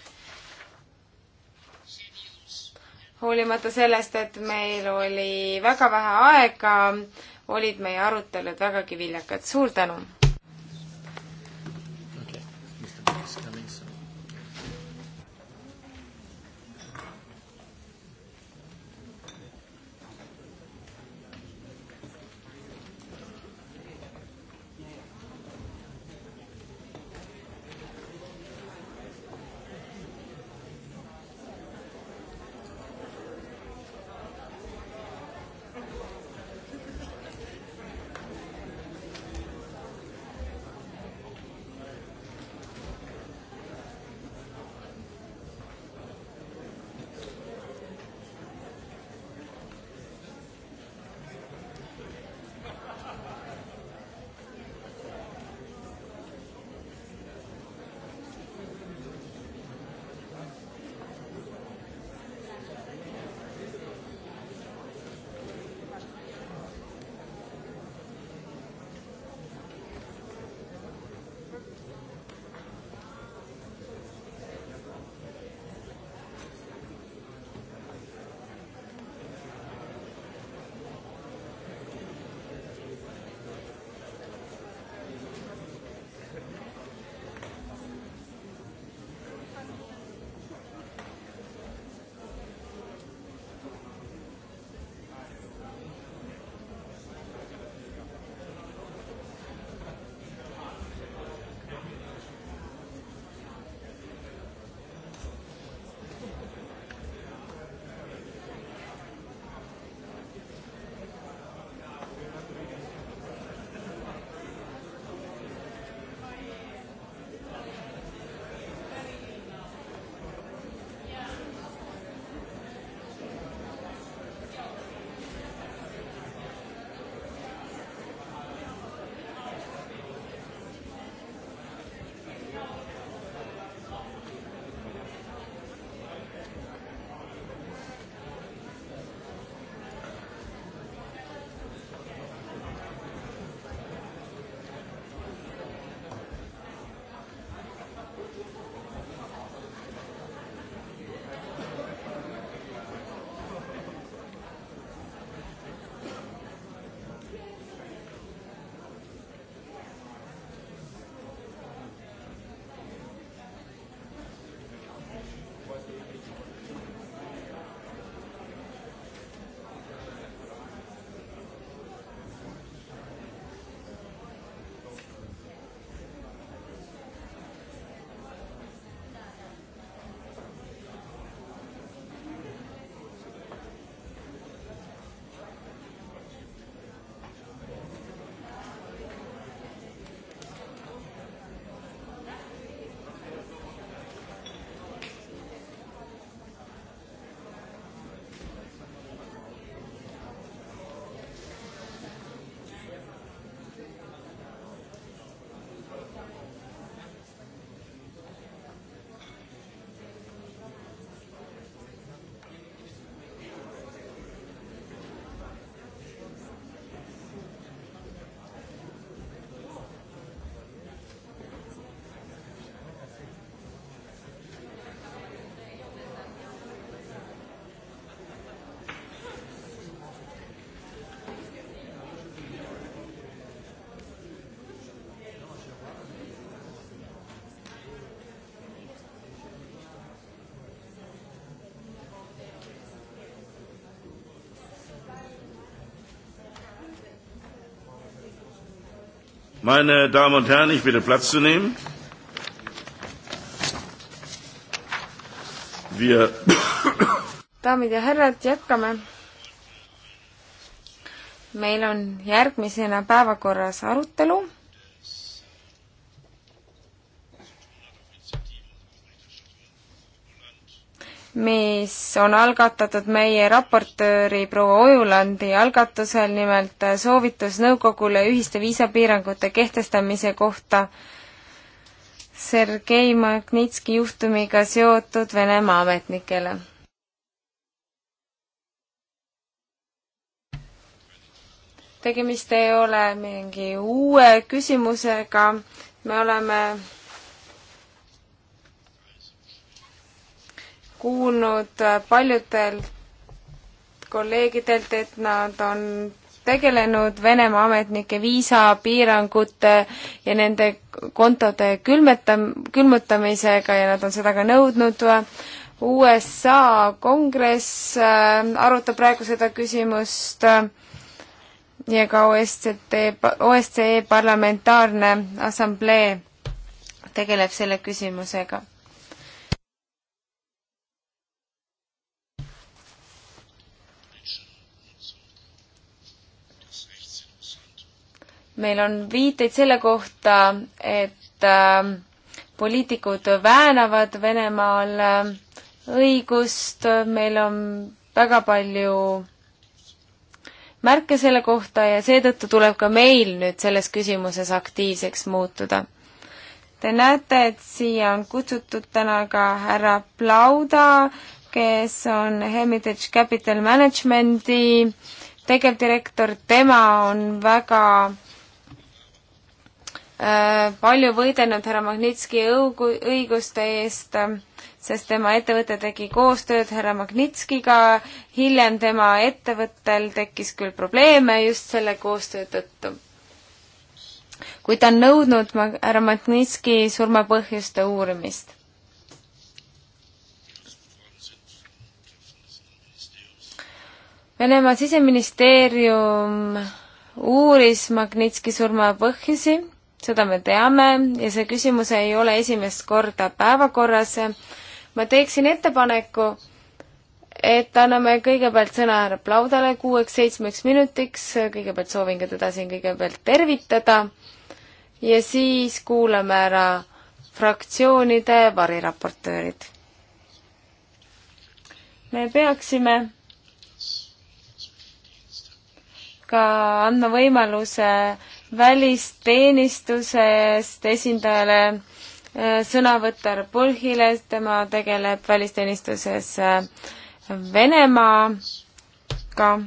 hoolimata sellest, et meil oli väga vähe aega, olid meie arutelud vägagi viljakad. suur tänu! Meine Damen und Herren, ich bitte Platz zu nehmen. Wir daamid ja härrad, jätkame. meil on järgmisena päevakorras arutelu on algatatud meie raportööri proua Ojulandi algatusel, nimelt soovitus nõukogule ühiste viisapiirangute kehtestamise kohta Sergei Magnitski juhtumiga seotud Venemaa ametnikele. tegemist ei ole mingi uue küsimusega, me oleme kuulnud paljudelt kolleegidelt, et nad on tegelenud Venemaa ametnike viisapiirangute ja nende kontode külmetam-, külmutamisega ja nad on seda ka nõudnud. USA kongress äh, arutab praegu seda küsimust ja ka OSCD, OSCE parlamentaarne assamblee tegeleb selle küsimusega meil on viiteid selle kohta, et äh, poliitikud väänavad Venemaal äh, õigust, meil on väga palju märke selle kohta ja seetõttu tuleb ka meil nüüd selles küsimuses aktiivseks muutuda. Te näete, et siia on kutsutud täna ka härra Plauda, kes on Hermitage Capital Managementi tegevdirektor, tema on väga Äh, palju võidelnud härra Magnitski õiguste eest, äh, sest tema ettevõte tegi koostööd härra Magnitskiga, hiljem tema ettevõttel tekkis küll probleeme just selle koostöö tõttu. kuid ta on nõudnud härra Magnitski surmapõhjuste uurimist. Venemaa siseministeerium uuris Magnitski surma põhjusi seda me teame ja see küsimus ei ole esimest korda päevakorras. ma teeksin ettepaneku, et anname kõigepealt sõna härra Plaudale kuueks-seitsmeks minutiks, kõigepealt soovin ka teda siin kõigepealt tervitada ja siis kuulame ära fraktsioonide variraportöörid. me peaksime ka andma võimaluse välisteenistusest esindajale äh, sõna võtta Repulhile, tema tegeleb välisteenistuses äh, Venemaaga.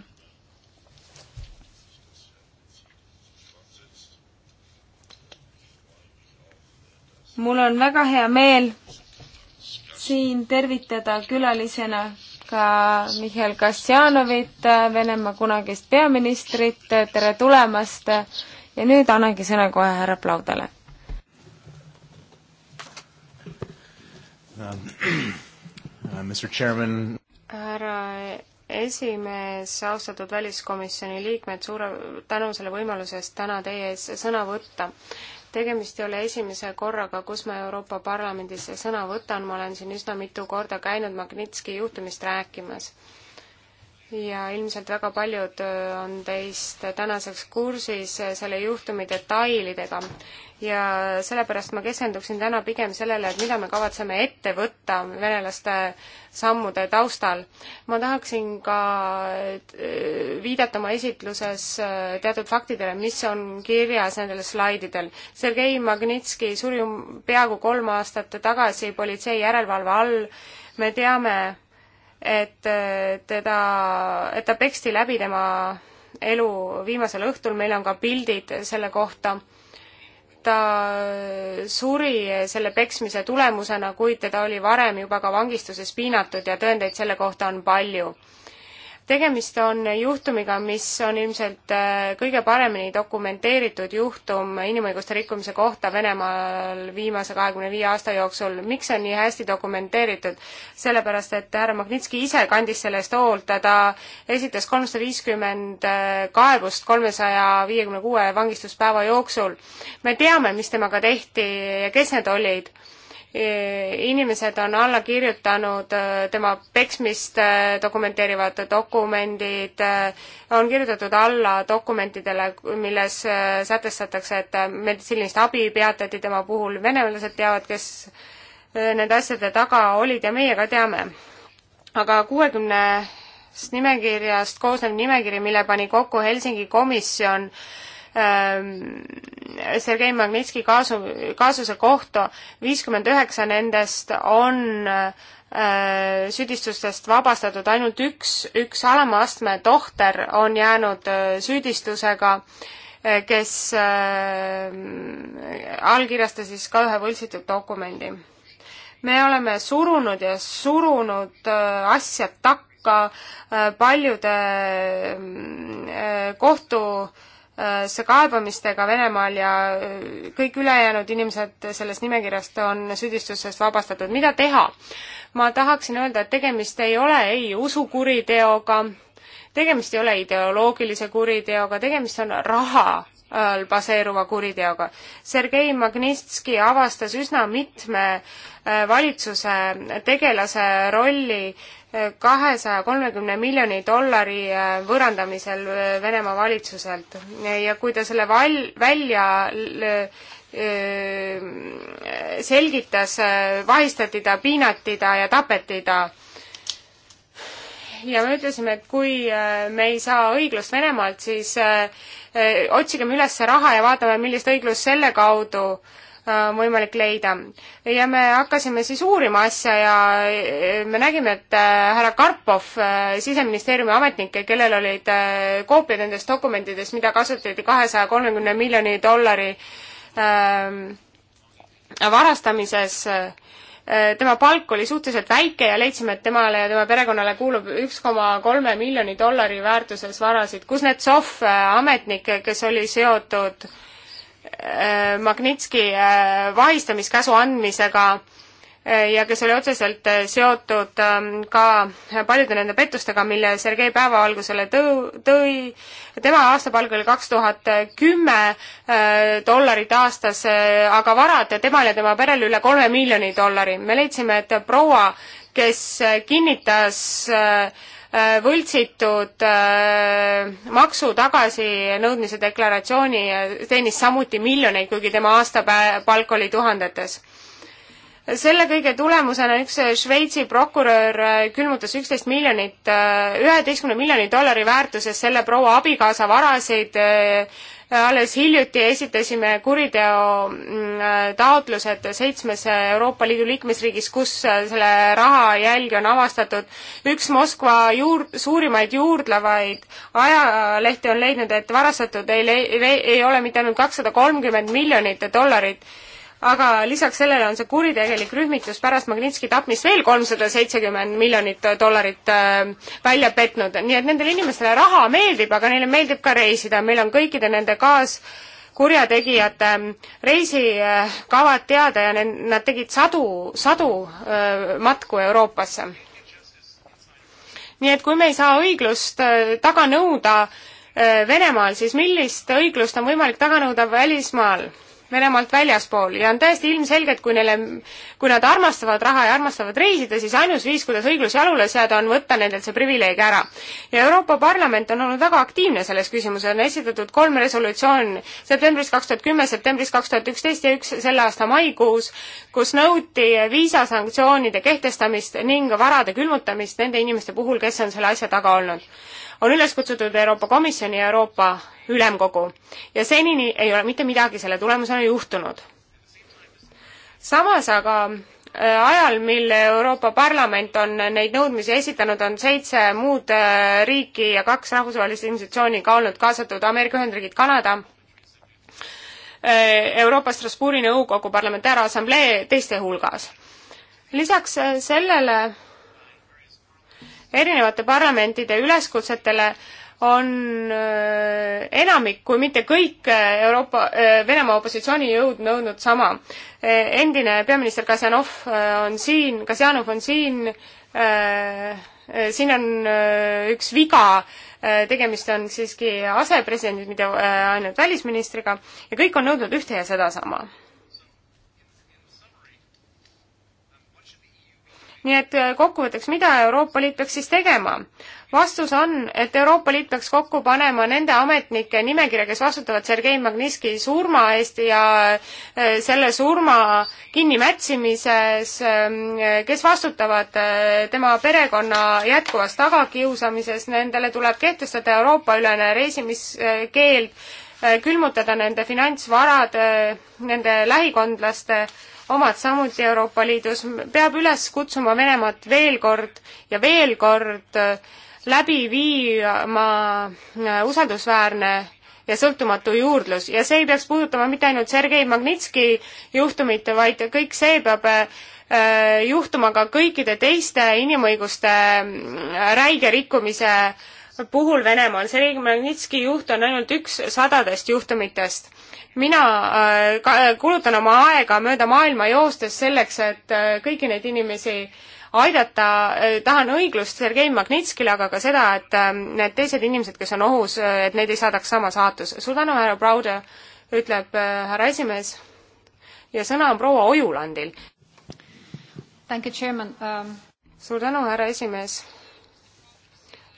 mul on väga hea meel siin tervitada külalisena ka Mihhail Kassjanovit, äh, Venemaa kunagist peaministrit, tere tulemast ja nüüd annangi sõna kohe härra Plaudale. Um, uh, härra esimees, austatud väliskomisjoni liikmed, suure tänu selle võimaluse eest täna teie ees sõna võtta tegemist ei ole esimese korraga, kus ma Euroopa Parlamendis sõna võtan, ma olen siin üsna mitu korda käinud Magnitski juhtumist rääkimas ja ilmselt väga paljud äh, on teist tänaseks kursis äh, selle juhtumi detailidega. ja sellepärast ma keskenduksin täna pigem sellele, et mida me kavatseme ette võtta venelaste sammude taustal. ma tahaksin ka äh, viidata oma esitluses teatud faktidele, mis on kirjas nendel slaididel. Sergei Magnitski suri peaaegu kolm aastat tagasi politsei järelevalve all, me teame, et äh, teda, et ta peksti läbi tema elu viimasel õhtul, meil on ka pildid selle kohta. ta suri selle peksmise tulemusena, kuid teda oli varem juba ka vangistuses piinatud ja tõendeid selle kohta on palju tegemist on juhtumiga, mis on ilmselt äh, kõige paremini dokumenteeritud juhtum inimõiguste rikkumise kohta Venemaal viimase kahekümne viie aasta jooksul. miks see on nii hästi dokumenteeritud? sellepärast, et härra Magnitski ise kandis selle eest hoolt, ta esitas kolmsada viiskümmend äh, kaebust kolmesaja viiekümne kuue vangistuspäeva jooksul. me teame, mis temaga tehti ja kes need olid Eh, inimesed on alla kirjutanud eh, tema peksmist eh, dokumenteerivad dokumendid, on kirjutatud alla dokumentidele, milles sätestatakse, et meditsiinilist abi peatati tema puhul, venelased teavad, kes nende asjade taga olid ja meie ka teame. aga kuuekümnest nimekirjast koosnev nimekiri, mille pani kokku Helsingi komisjon, Ähm, Sergei Magnitski kaasu, kaasuse kohta viiskümmend üheksa nendest on äh, süüdistustest vabastatud ainult üks, üks alama astme tohter on jäänud äh, süüdistusega, äh, kes allkirjastas siis ka ühe võltsitud dokumendi. me oleme surunud ja surunud asja takka paljude kohtu äh, Äh, see kaebamistega Venemaal ja äh, kõik ülejäänud inimesed sellest nimekirjast on süüdistusest vabastatud. mida teha? ma tahaksin öelda, et tegemist ei ole ei usukuriteoga, tegemist ei ole ideoloogilise kuriteoga, tegemist on raha baseeruva kuriteoga. Sergei Magnitski avastas üsna mitme äh, valitsuse tegelase rolli äh, kahesaja kolmekümne miljoni dollari äh, võõrandamisel Venemaa valitsuselt ja kui ta selle val-, välja selgitas, vahistati ta, piinati ta ja tapeti ta ja me ütlesime, et kui äh, me ei saa õiglust Venemaalt, siis äh, äh, otsigem üles raha ja vaatame, millist õiglust selle kaudu on võimalik leida. ja me hakkasime siis uurima asja ja me nägime, et härra Karpov, siseministeeriumi ametnik, kellel olid koopiad nendest dokumentidest, mida kasutati kahesaja kolmekümne miljoni dollari ähm, varastamises äh,, Äh, tema palk oli suhteliselt väike ja leidsime, et temale ja tema perekonnale kuulub üks koma kolme miljoni dollari väärtuses varasid. Kuznetsov, äh, ametnik, kes oli seotud äh, Magnitski vahistamiskäsu andmisega, Eh, ja kes oli otseselt eh, seotud ehm, ka paljude nende pettustega, mille Sergei päevavalgusele tõu-, tõi. tema aastapalk oli kaks tuhat kümme eh, dollarit aastas, aga varad temal ja tema perel üle kolme miljoni dollari. me leidsime, et proua, kes kinnitas võltsitud maksu tagasinõudmise deklaratsiooni, teenis samuti miljoneid, kuigi tema aastapalk oli tuhandetes selle kõige tulemusena üks äh, Šveitsi prokurör äh, külmutas üksteist miljonit, äh, üheteistkümne miljoni dollari väärtuses selle proua abikaasa varasid. alles hiljuti esitasime kuriteo mm, taotlused seitsmes Euroopa Liidu liikmesriigis, kus selle raha jälgi on avastatud. üks Moskva juur-, suurimaid juurdlevaid ajalehti on leidnud, et varastatud ei, ei ole mitte ainult kakssada kolmkümmend miljonit dollarit aga lisaks sellele on see kuritegelik rühmitus pärast Magnitski tapmist veel kolmsada seitsekümmend miljonit dollarit äh, välja petnud, nii et nendele inimestele raha meeldib, aga neile meeldib ka reisida, meil on kõikide nende kaas kurjategijate äh, reisikavad teada ja nad tegid sadu, sadu äh, matku Euroopasse. nii et kui me ei saa õiglust taga nõuda Venemaal, siis millist õiglust on võimalik taga nõuda välismaal? Venemaalt väljaspool ja on täiesti ilmselge, et kui neile, kui nad armastavad raha ja armastavad reisida, siis ainus viis, kuidas õiglus jalule seada, on võtta nendelt see privileeg ära. ja Euroopa Parlament on olnud väga aktiivne selles küsimuses, on esitatud kolm resolutsiooni septembris kaks tuhat kümme, septembris kaks tuhat üksteist ja üks selle aasta maikuus, kus nõuti viisasanktsioonide kehtestamist ning varade külmutamist nende inimeste puhul, kes on selle asja taga olnud on üles kutsutud Euroopa Komisjoni ja Euroopa Ülemkogu ja senini ei ole mitte midagi selle tulemusena juhtunud. samas aga äh, ajal, mil Euroopa Parlament on neid nõudmisi esitanud, on seitse muud äh, riiki ja kaks rahvusvahelist institutsiooni ka olnud kaasatud, Ameerika Ühendriigid, Kanada, äh, Euroopa Strasbourgi nõukogu parlamentaarassamblee teiste hulgas. lisaks sellele erinevate parlamentide üleskutsetele on äh, enamik, kui mitte kõik äh, Euroopa, äh, Venemaa opositsioonijõud nõudnud sama. endine peaminister Kasjanov on siin, Kasjanov on siin, siin on üks viga, tegemist on siiski asepresidendid, mitte ainult välisministriga, ja kõik on nõudnud ühte ja sedasama nii et äh, kokkuvõtteks, mida Euroopa Liit peaks siis tegema? vastus on, et Euroopa Liit peaks kokku panema nende ametnike nimekirja, kes vastutavad Sergei Magnitski surma eest ja äh, selle surma kinnimätsimises, ähm, kes vastutavad äh, tema perekonna jätkuvas tagakiusamises, nendele tuleb kehtestada Euroopa-ülene reisimiskeeld, külmutada nende finantsvarad, nende lähikondlaste äh, omad samuti Euroopa Liidus, peab üles kutsuma Venemaad veel kord ja veel kord äh, läbi viima äh, usaldusväärne ja sõltumatu juurdlus ja see ei peaks puudutama mitte ainult Sergei Magnitski juhtumit, vaid kõik see peab äh, juhtuma ka kõikide teiste inimõiguste räige rikkumise äh, puhul Venemaal. see Magnitski juht on ainult üks sadadest juhtumitest. mina äh, äh, kulutan oma aega mööda maailma joostes selleks, et äh, kõiki neid inimesi aidata äh,, tahan õiglust Sergei Magnitskile, aga ka seda, et ähm, need teised inimesed, kes on ohus, äh, et neid ei saadaks sama saatus. suur tänu, härra Browder, ütleb äh, härra esimees. ja sõna on proua Ojulandil. Um... suur tänu, härra esimees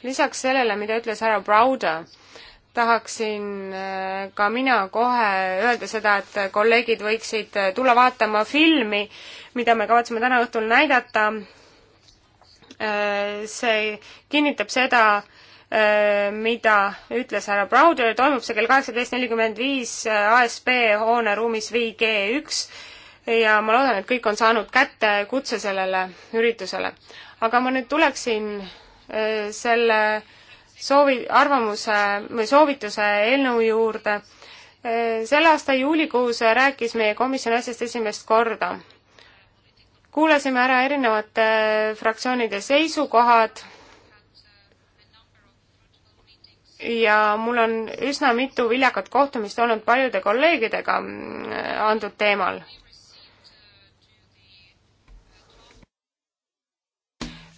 lisaks sellele, mida ütles härra Browder, tahaksin äh, ka mina kohe öelda seda, et kolleegid võiksid äh, tulla vaatama filmi, mida me kavatseme täna õhtul näidata. Äh, see kinnitab seda, mida ütles härra Browder, toimub see kell kaheksateist nelikümmend viis ASB hooneruumis 5G1 ja ma loodan, et kõik on saanud kätte kutse sellele üritusele. aga ma nüüd tuleksin selle soovi, arvamuse või soovituse eelnõu juurde. selle aasta juulikuus rääkis meie komisjon asjast esimest korda. kuulasime ära erinevate fraktsioonide seisukohad ja mul on üsna mitu viljakat kohtumist olnud paljude kolleegidega antud teemal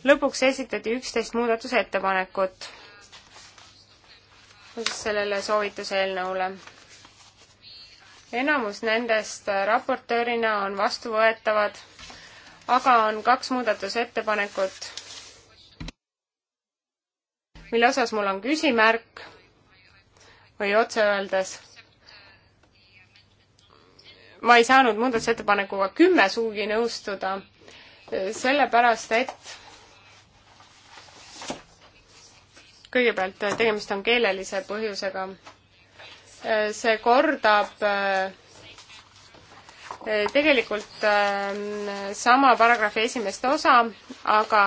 lõpuks esitati üksteist muudatusettepanekut sellele soovituse eelnõule. enamus nendest raportöörina on vastuvõetavad, aga on kaks muudatusettepanekut, mille osas mul on küsimärk või otse öeldes ma ei saanud muudatusettepanekuga kümme sugugi nõustuda, sellepärast et kõigepealt äh, tegemist on keelelise põhjusega. Äh, see kordab äh, tegelikult ähm, sama paragrahvi esimest osa, aga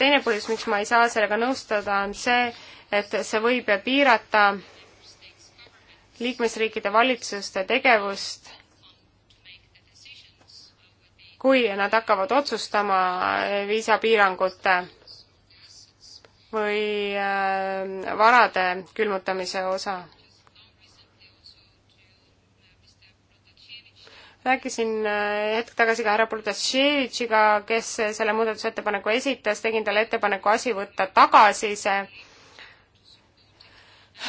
teine põhjus, miks ma ei saa sellega nõustuda, on see, et see võib piirata liikmesriikide valitsuste tegevust, kui nad hakkavad otsustama viisapiirangute või äh, varade külmutamise osa. rääkisin äh, hetk tagasi ka härra Protasevitšiga, kes selle muudatusettepaneku esitas, tegin talle ettepaneku asi võtta tagasi see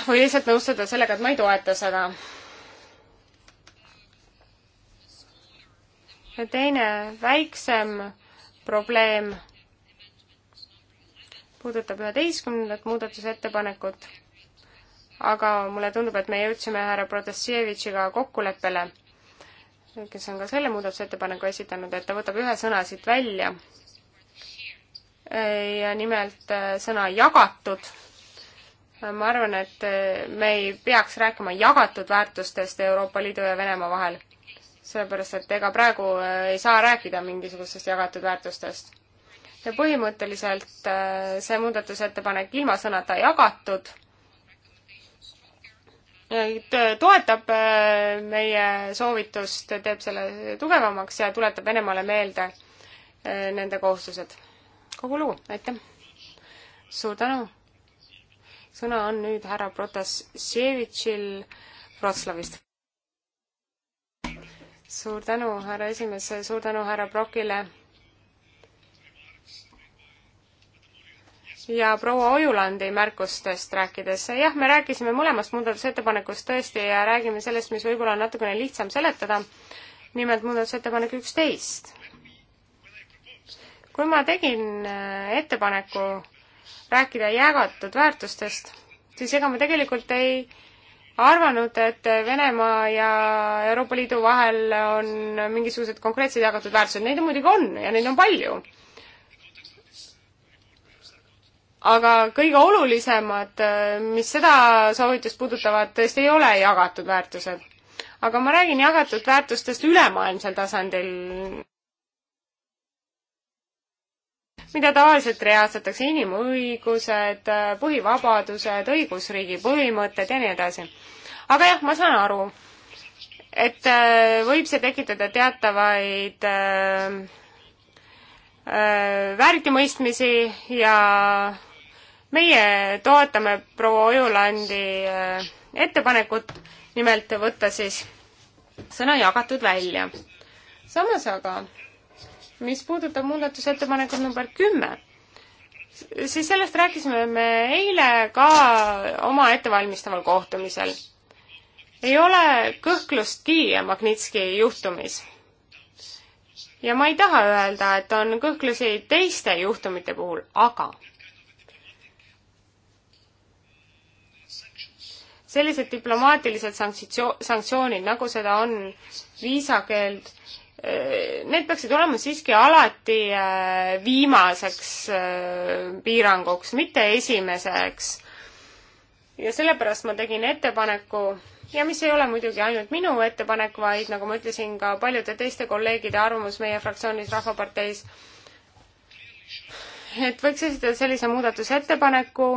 või lihtsalt nõustuda sellega, et ma ei toeta seda. ja teine, väiksem probleem puudutab üheteistkümnendat muudatusettepanekut, aga mulle tundub, et me jõudsime härra Protasevitšiga kokkuleppele, kes on ka selle muudatusettepaneku esitanud, et ta võtab ühe sõna siit välja ja nimelt äh, sõna jagatud. ma arvan, et äh, me ei peaks rääkima jagatud väärtustest Euroopa Liidu ja Venemaa vahel, sellepärast et ega praegu äh, ei saa rääkida mingisugustest jagatud väärtustest ja põhimõtteliselt äh, see muudatusettepanek ilma sõnata jagatud toetab äh, meie soovitust, teeb selle tugevamaks ja tuletab Venemaale meelde äh, nende kohustused. kogu lugu, aitäh! suur tänu! sõna on nüüd härra Protasevitšil Wroclawist. suur tänu, härra esimees, suur tänu härra Brokile ja proua Ojulandi märkustest rääkides, jah, me rääkisime mõlemast muudatusettepanekust tõesti ja räägime sellest, mis võib-olla on natukene lihtsam seletada, nimelt muudatusettepanek üksteist. kui ma tegin äh, ettepaneku rääkida jagatud väärtustest, siis ega ma tegelikult ei arvanud, et Venemaa ja Euroopa Liidu vahel on mingisugused konkreetsed jagatud väärtused, neid muidugi on ja neid on palju aga kõige olulisemad, äh, mis seda soovitust puudutavad, tõesti ei ole jagatud väärtused. aga ma räägin jagatud väärtustest ülemaailmsel tasandil, mida tavaliselt reaalsetakse, inimõigused, äh, põhivabadused, õigusriigi põhimõtted ja nii edasi. aga jah, ma saan aru, et äh, võib see tekitada teatavaid äh, äh, väärtimõistmisi ja meie toetame proua Ojulandi äh, ettepanekut, nimelt võtta siis sõna jagatud välja. samas aga, mis puudutab muudatusettepanekut number kümme, siis sellest rääkisime me eile ka oma ettevalmistaval kohtumisel. ei ole kõhklustki Magnitski juhtumis. ja ma ei taha öelda, et on kõhklusi teiste juhtumite puhul, aga sellised diplomaatilised sanktsioon, sanktsioonid, nagu seda on viisakeeld, eh, need peaksid olema siiski alati eh, viimaseks eh, piiranguks, mitte esimeseks. ja sellepärast ma tegin ettepaneku ja mis ei ole muidugi ainult minu ettepanek, vaid nagu ma ütlesin, ka paljude teiste kolleegide arvamus meie fraktsioonis Rahvaparteis, et võiks esitada sellise muudatusettepaneku,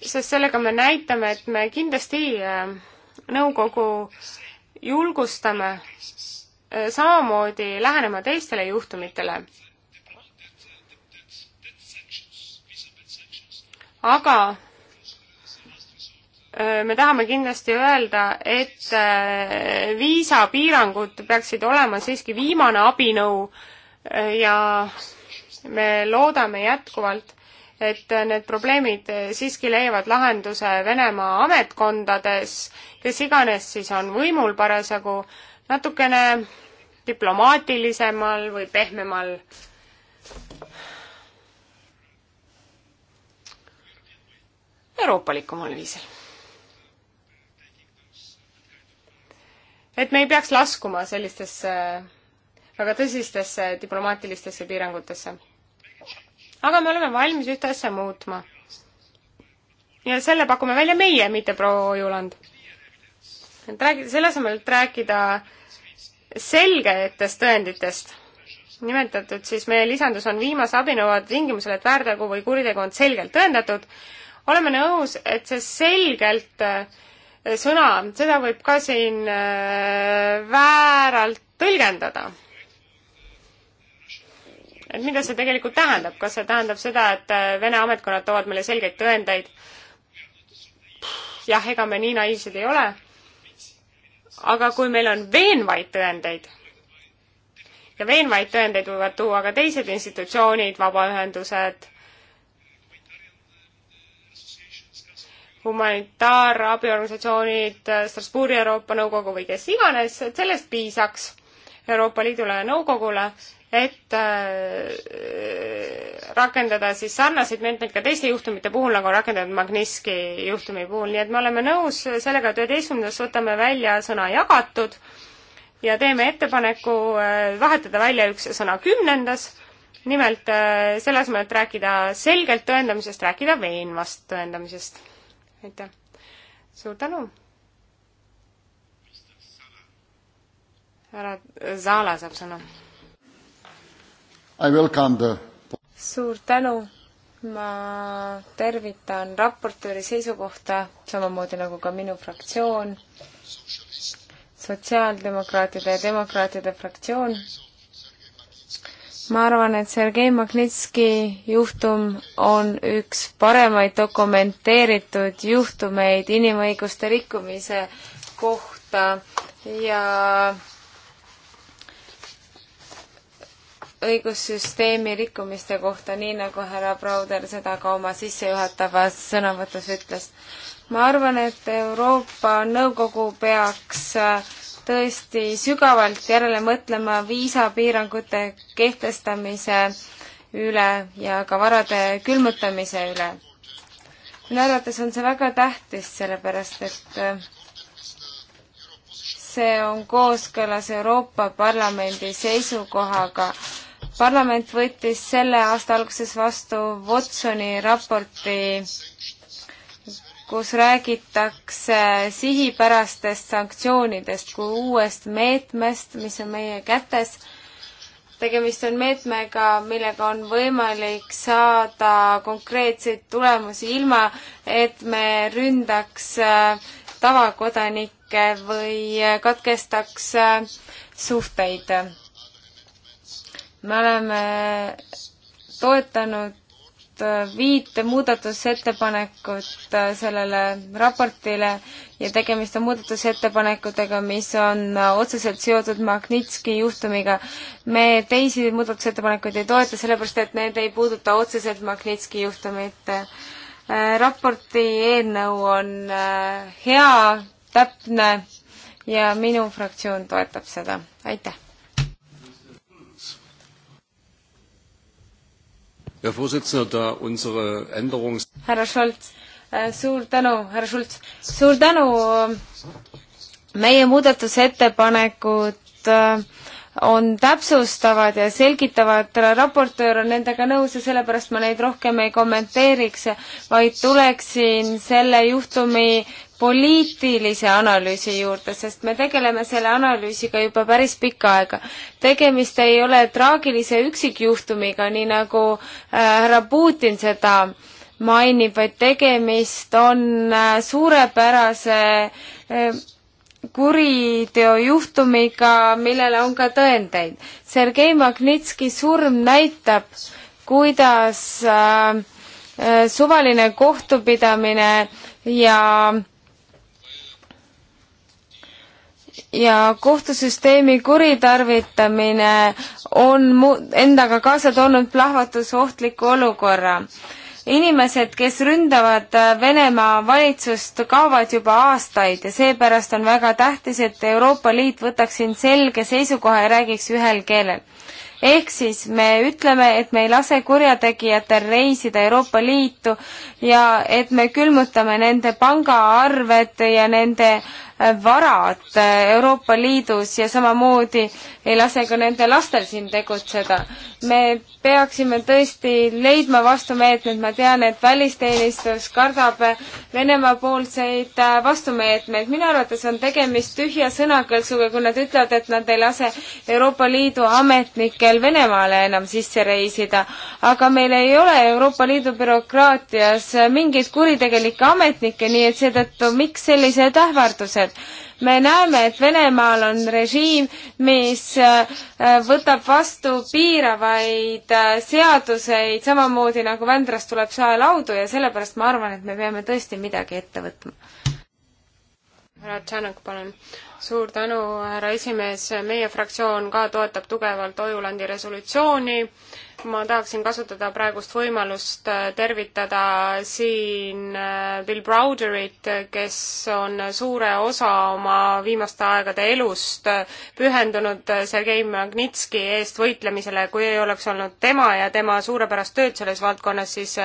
sest sellega me näitame, et me kindlasti äh, nõukogu julgustame äh, samamoodi lähenema teistele juhtumitele. aga äh, me tahame kindlasti öelda, et viisapiirangud peaksid olema siiski viimane abinõu ja me loodame jätkuvalt, et need probleemid siiski leiavad lahenduse Venemaa ametkondades, kes iganes siis on võimul parasjagu, natukene diplomaatilisemal või pehmemal euroopalikumal viisil. et me ei peaks laskuma sellistesse väga tõsistesse diplomaatilistesse piirangutesse aga me oleme valmis ühte asja muutma. ja selle pakume välja meie, mitte proua Ojuland. et räägida, selle asemel, et rääkida selgetest tõenditest, nimetatud siis meie lisandus on viimase abinõuva tingimusel, et väärtegu või kuritegu on selgelt tõendatud, oleme nõus, et see selgelt äh, sõna, seda võib ka siin äh, vääralt tõlgendada et mida see tegelikult tähendab, kas see tähendab seda, et äh, Vene ametkonnad toovad meile selgeid tõendeid? jah, ega me nii naiivsed ei ole. aga kui meil on veenvaid tõendeid ja veenvaid tõendeid võivad tuua ka teised institutsioonid, vabaühendused, humanitaarabiorganisatsioonid, äh, Strasbourgi Euroopa Nõukogu või kes iganes, et sellest piisaks Euroopa Liidule ja Nõukogule et äh, rakendada siis sarnaseid meetmeid ka teiste juhtumite puhul, nagu rakendatud Magnitski juhtumi puhul, nii et me oleme nõus sellega, et üheteistkümnendas võtame välja sõna jagatud ja teeme ettepaneku äh, vahetada välja üks sõna kümnendas, nimelt äh, selle asemel, et rääkida selgelt tõendamisest, rääkida veenvast tõendamisest. aitäh! suur tänu! härra Zala saab sõna The... suur tänu, ma tervitan raportööri seisukohta, samamoodi nagu ka minu fraktsioon, sotsiaaldemokraatide ja demokraatide fraktsioon. ma arvan, et Sergei Magnitski juhtum on üks paremaid dokumenteeritud juhtumeid inimõiguste rikkumise kohta ja õigussüsteemi rikkumiste kohta, nii nagu härra Browder seda ka oma sissejuhatavas sõnavõtus ütles. ma arvan, et Euroopa Nõukogu peaks äh, tõesti sügavalt järele mõtlema viisapiirangute kehtestamise üle ja ka varade külmutamise üle. minu arvates on see väga tähtis, sellepärast et äh, see on kooskõlas Euroopa Parlamendi seisukohaga parlament võttis selle aasta alguses vastu Watsoni raporti, kus räägitakse sihipärastest sanktsioonidest kui uuest meetmest, mis on meie kätes tegemist on meetmega, millega on võimalik saada konkreetseid tulemusi, ilma et me ründaks äh, tavakodanikke või katkestaks äh, suhteid me oleme toetanud äh, viite muudatusettepanekut äh, sellele raportile ja tegemist on muudatusettepanekutega, mis on äh, otseselt seotud Magnitski juhtumiga. me teisi muudatusettepanekuid ei toeta, sellepärast et need ei puuduta otseselt Magnitski juhtumit. raporti eelnõu on hea, täpne ja minu fraktsioon toetab seda. aitäh! härra Scholz, äh, suur tänu, härra Schultz, suur tänu. Ähm, meie muudatusettepanekud äh, on täpsustavad ja selgitavad, raportöör on nendega nõus ja sellepärast ma neid rohkem ei kommenteeriks, vaid tuleksin selle juhtumi poliitilise analüüsi juurde, sest me tegeleme selle analüüsiga juba päris pikka aega. tegemist ei ole traagilise üksikjuhtumiga, nii nagu äh, härra Putin seda mainib, vaid tegemist on äh, suurepärase äh, kuriteojuhtumiga, millele on ka tõendeid. Sergei Magnitski surm näitab, kuidas äh, äh, suvaline kohtupidamine ja ja kohtusüsteemi kuritarvitamine on mu-, endaga kaasa toonud plahvatusohtliku olukorra äh, inimesed, kes ründavad äh, Venemaa valitsust, kaovad juba aastaid ja seepärast on väga tähtis, et Euroopa Liit võtaks siin selge seisukoha ja räägiks ühel keelel. ehk siis me ütleme, et me ei lase kurjategijatel reisida Euroopa Liitu ja et me külmutame nende pangaarved ja nende äh, varad Euroopa Liidus ja samamoodi ei lase ka nende lastel siin tegutseda. me peaksime tõesti leidma vastumeetmed, ma tean, et välisteenistus kardab Venemaa poolseid vastumeetmeid. minu arvates on tegemist tühja sõnakõlksuga, kui nad ütlevad, et nad ei lase Euroopa Liidu ametnikel Venemaale enam sisse reisida. aga meil ei ole Euroopa Liidu bürokraatias mingeid kuritegelikke ametnikke, nii et seetõttu miks sellised ähvardused? küsimused. me näeme, et Venemaal on režiim, mis äh, võtab vastu piiravaid äh, seaduseid, samamoodi nagu Vändrast tuleb saelaudu ja sellepärast ma arvan, et me peame tõesti midagi ette võtma. härra Tšanõk, palun. suur tänu, härra esimees, meie fraktsioon ka toetab tugevalt Ojulandi resolutsiooni ma tahaksin kasutada praegust võimalust äh, tervitada siin äh, Bill Browderit, kes on suure osa oma viimaste aegade elust äh, pühendunud Sergei Magnitski eest võitlemisele. kui ei oleks olnud tema ja tema suurepärast tööd selles valdkonnas, siis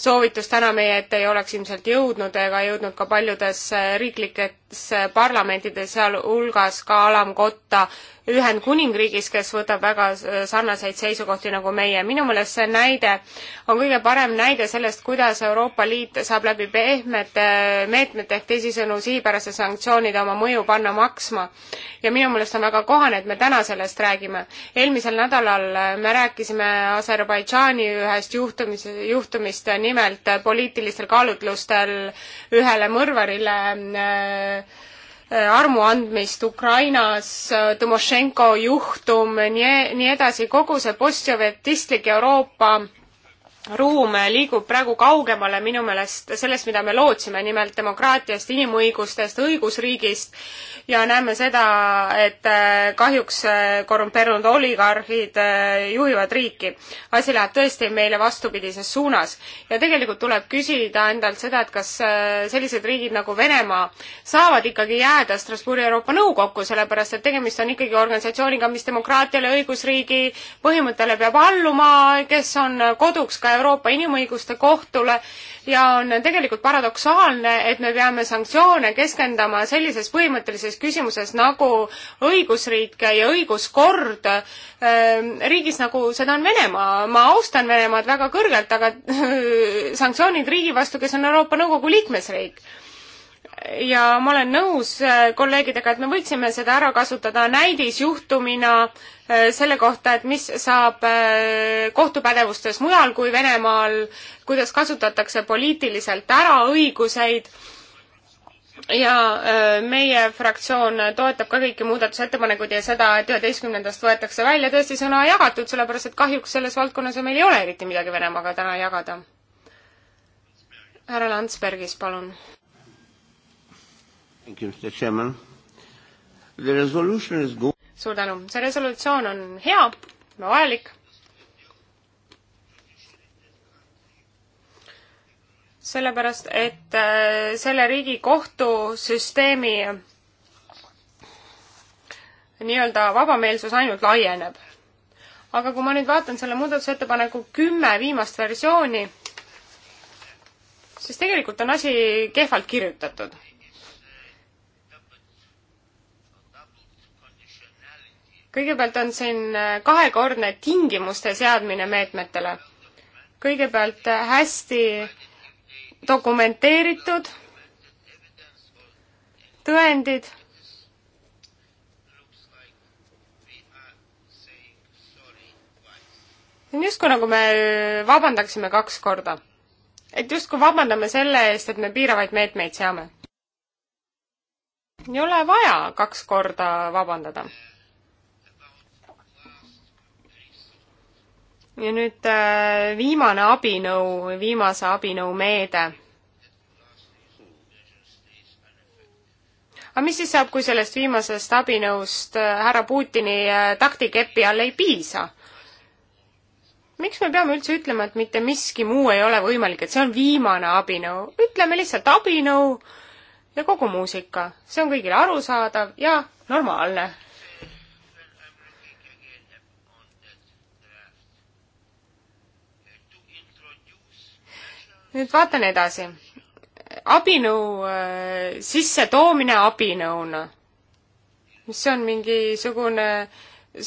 soovitus täna meie ette ei oleks ilmselt jõudnud ega jõudnud ka paljudesse riiklikesse parlamentidesse, sealhulgas ka alamkotta Ühendkuningriigis, kes võtab väga sarnaseid seisukohti nagu meie. minu meelest see näide on kõige parem näide sellest, kuidas Euroopa Liit saab läbi pehmete meetmete ehk teisisõnu sihipäraste sanktsioonide oma mõju panna maksma. ja minu meelest on väga kohane, et me täna sellest räägime. eelmisel nädalal me rääkisime Aserbaidžaani ühest juhtumis, juhtumist nimelt poliitilistel kaalutlustel ühele mõrvarile äh, Äh, armu andmist Ukrainas, äh, Tõmošenko juhtum, nii, nii edasi, kogu see postsovetistlik Euroopa ruum liigub praegu kaugemale minu meelest sellest, mida me lootsime, nimelt demokraatiast, inimõigustest, õigusriigist ja näeme seda, et äh, kahjuks äh, korrumpeerunud oligarhid äh, juhivad riiki. asi läheb tõesti meile vastupidises suunas ja tegelikult tuleb küsida endalt seda, et kas sellised riigid nagu Venemaa saavad ikkagi jääda Strasbourgi Euroopa Nõukokku, sellepärast et tegemist on ikkagi organisatsiooniga, mis demokraatiale, õigusriigi põhimõttele peab alluma, kes on koduks ka Euroopa Inimõiguste Kohtule ja on tegelikult paradoksaalne, et me peame sanktsioone keskendama sellises põhimõttelises küsimuses nagu õigusriik ja õiguskord ehm, riigis, nagu seda on Venemaa. ma austan Venemaad väga kõrgelt, aga sanktsioonid riigi vastu, kes on Euroopa Nõukogu liikmesriik ja ma olen nõus äh, kolleegidega, et me võiksime seda ära kasutada näidisjuhtumina äh, selle kohta, et mis saab äh, kohtupädevustes mujal kui Venemaal, kuidas kasutatakse poliitiliselt ära õiguseid ja meie fraktsioon toetab ka kõiki muudatusettepanekuid ja seda, et üheteistkümnendast võetakse välja tõesti sõna jagatud, sellepärast et kahjuks selles valdkonnas ju meil ei ole eriti midagi Venemaaga täna jagada. härra Landsbergis, palun suur tänu, see resolutsioon on hea ja vajalik. sellepärast, et äh, selle riigi kohtusüsteemi nii-öelda vabameelsus ainult laieneb. aga kui ma nüüd vaatan selle muudatusettepaneku kümme viimast versiooni, siis tegelikult on asi kehvalt kirjutatud kõigepealt on siin äh, kahekordne tingimuste seadmine meetmetele. kõigepealt äh, hästi dokumenteeritud tõendid, see on justkui nagu me äh, vabandaksime kaks korda. et justkui vabandame selle eest, et me piiravaid meetmeid seame. ei ole vaja kaks korda vabandada ja nüüd äh, viimane abinõu, viimase abinõu meede. aga mis siis saab, kui sellest viimasest abinõust äh, härra Putini äh, taktikepi all ei piisa? miks me peame üldse ütlema, et mitte miski muu ei ole võimalik, et see on viimane abinõu? ütleme lihtsalt abinõu ja kogu muusika. see on kõigile arusaadav ja normaalne nüüd vaatan edasi. abinõu äh, sissetoomine abinõuna, mis on mingisugune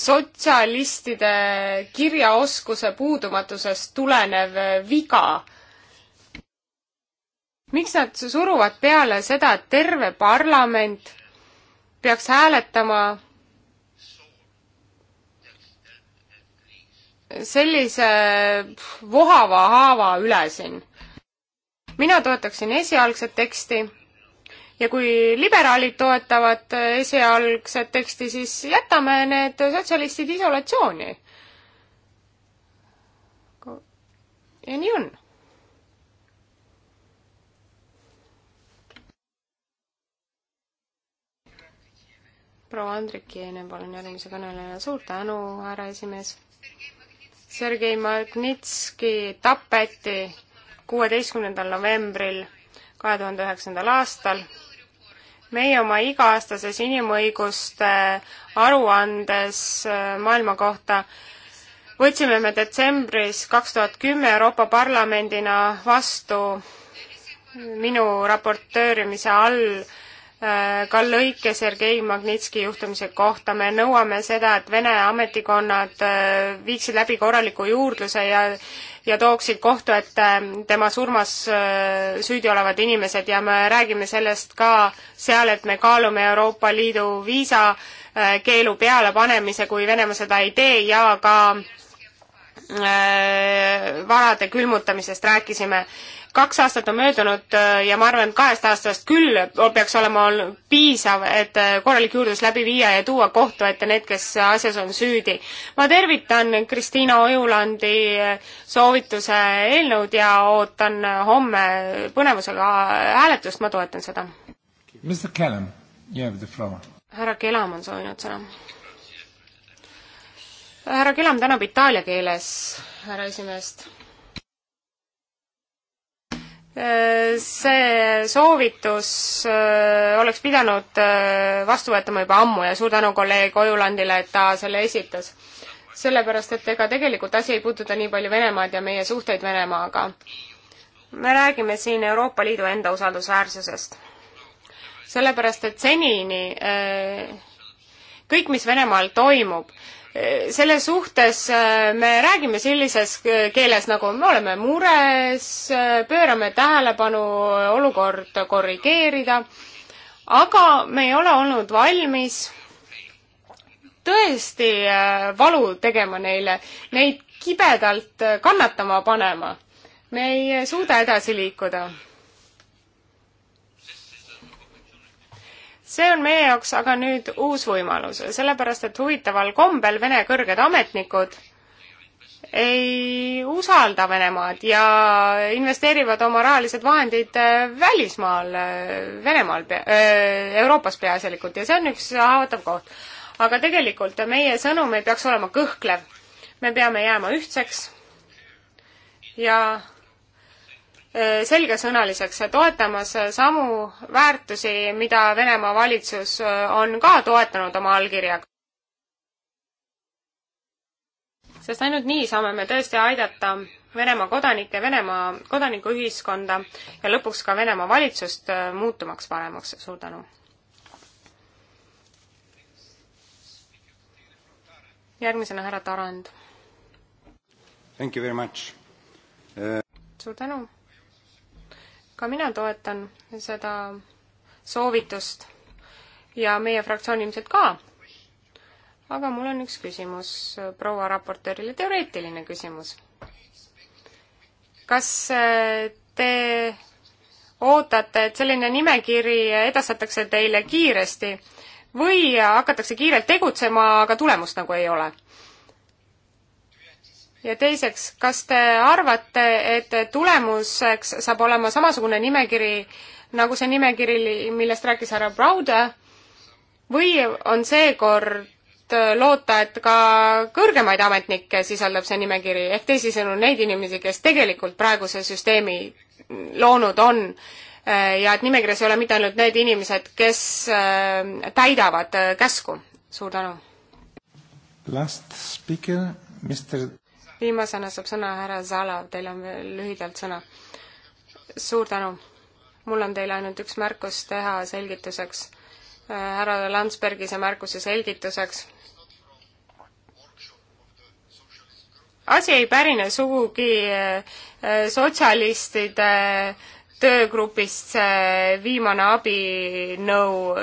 sotsialistide kirjaoskuse puudumatusest tulenev äh, viga. miks nad suruvad peale seda, et terve parlament peaks hääletama sellise äh, vohava haava üle siin mina toetaksin esialgset teksti ja kui liberaalid toetavad esialgset teksti, siis jätame need sotsialistid isolatsiooni. ja nii on. proua Andrik Jeene, palun järgmise kõneleja, suur tänu, härra esimees. Sergei Magnitski tapeti kuueteistkümnendal novembril kahe tuhande üheksandal aastal. meie oma iga-aastases inimõiguste aruandes äh, maailma kohta võtsime me detsembris kaks tuhat kümme Euroopa Parlamendina vastu minu raportöörimise all Äh, Karl Lõike, Sergei Magnitski juhtumise kohta, me nõuame seda, et Vene ametikonnad äh, viiksid läbi korraliku juurdluse ja ja tooksid kohtu ette äh, tema surmas süüdi olevad inimesed ja me räägime sellest ka seal, et me kaalume Euroopa Liidu viisa keelu pealepanemise, kui Venemaa seda ei tee ja ka varade külmutamisest rääkisime kaks aastat on möödunud äh, ja ma arvan, et kahest aastast küll peaks olema piisav, et äh, korralik juurdlus läbi viia ja tuua kohtu ette need, kes asjas on süüdi. ma tervitan Kristiina Ojulandi äh, soovituse eelnõud ja ootan homme põnevusega hääletust, ma toetan seda. härra Kelam on soovinud sõna. härra Kelam tänab itaalia keeles härra esimeest Äh, see soovitus äh, oleks pidanud äh, vastu võetama juba ammu ja suur tänu kolleeg Ojulandile, et ta selle esitas. sellepärast, et ega tegelikult asi ei puuduta nii palju Venemaad ja meie suhteid Venemaaga. me räägime siin Euroopa Liidu enda usaldusväärsusest. sellepärast, et senini kõik, mis Venemaal toimub, selle suhtes äh, me räägime sellises keeles, nagu me oleme mures, äh, pöörame tähelepanu äh, olukorda korrigeerida, aga me ei ole olnud valmis tõesti valu tegema neile, neid kibedalt kannatama panema. me ei suuda edasi liikuda see on meie jaoks aga nüüd uus võimalus, sellepärast et huvitaval kombel Vene kõrged ametnikud ei usalda Venemaad ja investeerivad oma rahalised vahendid äh, välismaal, äh, Venemaal, äh, Euroopas peaasjalikult ja see on üks haavatav koht. aga tegelikult meie sõnum ei peaks olema kõhklev. me peame jääma ühtseks ja selgesõnaliseks, toetamas samu väärtusi, mida Venemaa valitsus äh, on ka toetanud oma allkirjaga. sest ainult nii saame me tõesti aidata Venemaa kodanikke, Venemaa kodanikuühiskonda ja lõpuks ka Venemaa valitsust äh, muutumaks paremaks, suur tänu! järgmisena härra Tarand. Thank you very much uh... Eh.... suur tänu! ka mina toetan seda soovitust ja meie fraktsioon ilmselt ka. aga mul on üks küsimus proua raportöörile, teoreetiline küsimus. kas äh, te ootate, et selline nimekiri edastatakse teile kiiresti või hakatakse kiirelt tegutsema, aga tulemust nagu ei ole? ja teiseks, kas te arvate, et tulemuseks saab olema samasugune nimekiri nagu see nimekiri, millest rääkis härra Browder või on seekord loota, et ka kõrgemaid ametnikke sisaldab see nimekiri, ehk teisisõnu neid inimesi, kes tegelikult praeguse süsteemi loonud on eh, ja et nimekirjas ei ole mitte ainult need inimesed, kes eh, täidavad eh, käsku. suur tänu! Last speaker, Mr viimasena saab sõna härra Zalav, teil on veel lühidalt sõna. suur tänu. mul on teile ainult üks märkus teha selgituseks, äh, härra Landsbergise märkuse selgituseks. asi ei pärine sugugi äh, sotsialistide töögrupist see viimane abinõu.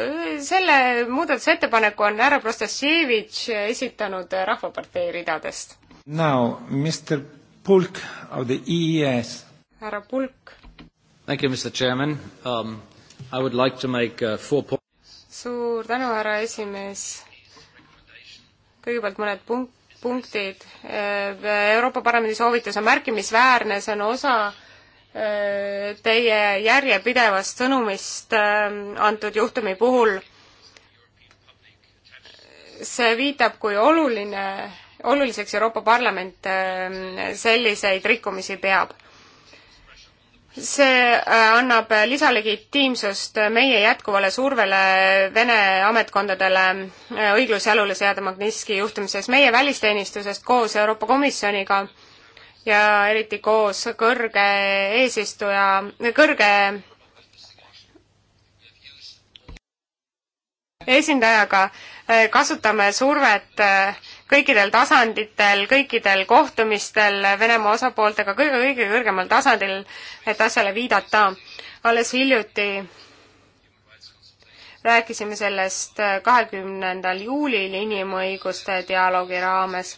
selle muudatusettepaneku on härra Prostasjevitš esitanud Rahvapartei ridadest Now, Mr Pulk of the EES. härra Pulk. Thank you, Mr Chairman um,. I would like to make uh, four points. suur tänu, härra esimees. kõigepealt mõned punkt, punktid. Äh, Euroopa Parlamendi soovitus on märkimisväärne, see on osa äh, teie järjepidevast sõnumist äh, antud juhtumi puhul. see viitab, kui oluline oluliseks Euroopa Parlament ähm, selliseid rikkumisi peab. see äh, annab lisalegitiimsust meie jätkuvale survele Vene ametkondadele äh, õigluse jalule seada Magnitski juhtumises. meie välisteenistusest koos Euroopa Komisjoniga ja eriti koos kõrge eesistuja, kõrge esindajaga äh, kasutame survet äh, kõikidel tasanditel, kõikidel kohtumistel Venemaa osapooltega kõige, kõige kõrgemal tasandil, et asjale viidata. alles hiljuti rääkisime sellest kahekümnendal juulil inimõiguste dialoogi raames.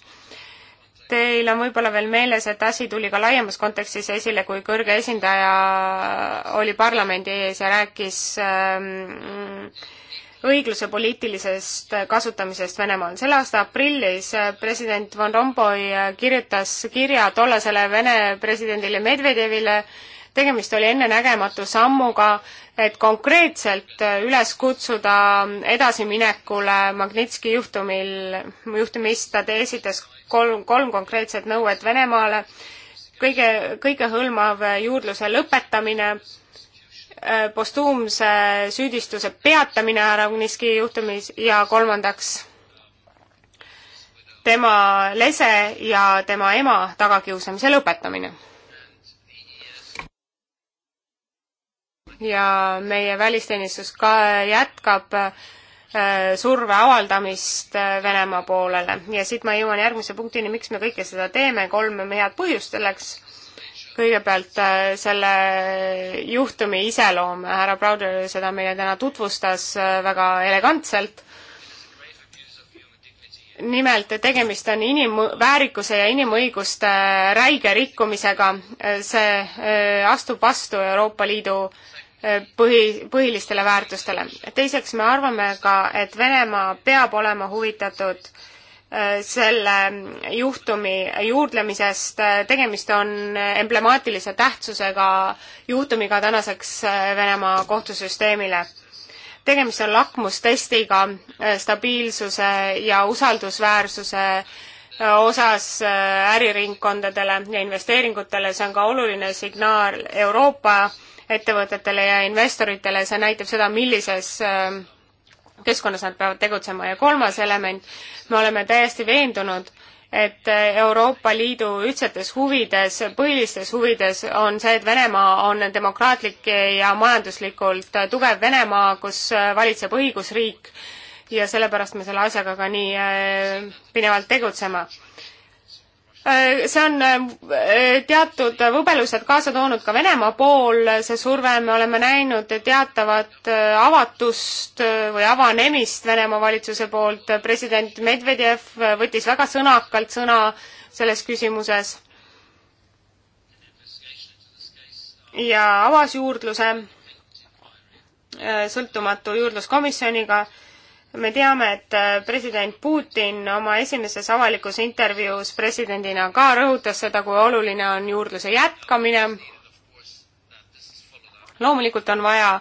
Teil on võib-olla veel meeles, et asi tuli ka laiemas kontekstis esile, kui kõrge esindaja oli parlamendi ees ja rääkis ähm, õigluse poliitilisest kasutamisest Venemaal. selle aasta aprillis president Van Rompuy kirjutas kirja tollasele Vene presidendile Medvedjevile, tegemist oli ennenägematu sammuga, et konkreetselt üles kutsuda edasiminekule Magnitski juhtumil, juhtumist ta esitas kolm, kolm konkreetset nõuet Venemaale, kõige, kõigehõlmav juurdluse lõpetamine, Äh, postuumse süüdistuse peatamine härra Ugniski juhtumis ja kolmandaks tema lese ja tema ema tagakiusamise lõpetamine. ja meie välisteenistus ka jätkab äh, surve avaldamist äh, Venemaa poolele ja siit ma jõuan järgmise punktini, miks me kõike seda teeme, kolm head põhjust selleks kõigepealt äh, selle juhtumi iseloom, härra Browder seda meile täna tutvustas äh, väga elegantselt. nimelt tegemist on inimväärikuse ja inimõiguste äh, räige rikkumisega, see astub vastu Euroopa Liidu põhi, põhilistele väärtustele. teiseks me arvame ka, et Venemaa peab olema huvitatud äh, Äh, selle juhtumi juurdlemisest, tegemist on emblemaatilise tähtsusega juhtumiga tänaseks äh, Venemaa kohtusüsteemile. tegemist on lakmustestiga äh, stabiilsuse ja usaldusväärsuse osas äriringkondadele ja investeeringutele, see on ka oluline signaal Euroopa ettevõtetele ja investoritele, see näitab seda, millises keskkonnas nad peavad tegutsema ja kolmas element, me oleme täiesti veendunud, et Euroopa Liidu ühtsetes huvides, põhilistes huvides on see, et Venemaa on demokraatlik ja majanduslikult tugev Venemaa, kus valitseb õigusriik ja sellepärast me selle asjaga ka nii äh, pinevalt tegutseme. Äh, see on äh, teatud võbelused kaasa toonud ka Venemaa pool, see surve, me oleme näinud teatavat äh, avatust või avanemist Venemaa valitsuse poolt, president Medvedjev võttis väga sõnakalt sõna selles küsimuses ja avas juurdluse sõltumatu juurdluskomisjoniga me teame, et äh, president Putin oma esimeses avalikus intervjuus presidendina ka rõhutas seda, kui oluline on juurdluse jätkamine. loomulikult on vaja,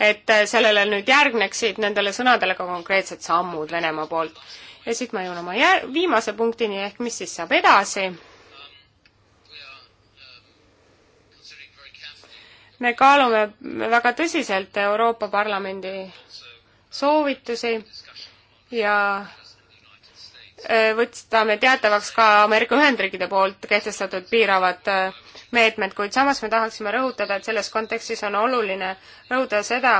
et äh, sellele nüüd järgneksid nendele sõnadele ka konkreetsed sammud Venemaa poolt. ja siit ma jõuan oma jär-, viimase punktini, ehk mis siis saab edasi. me kaalume väga tõsiselt Euroopa Parlamendi soovitusi ja äh, võtame teatavaks ka Ameerika Ühendriikide poolt kehtestatud piiravad äh, meetmed, kuid samas me tahaksime rõhutada, et selles kontekstis on oluline rõhutada seda,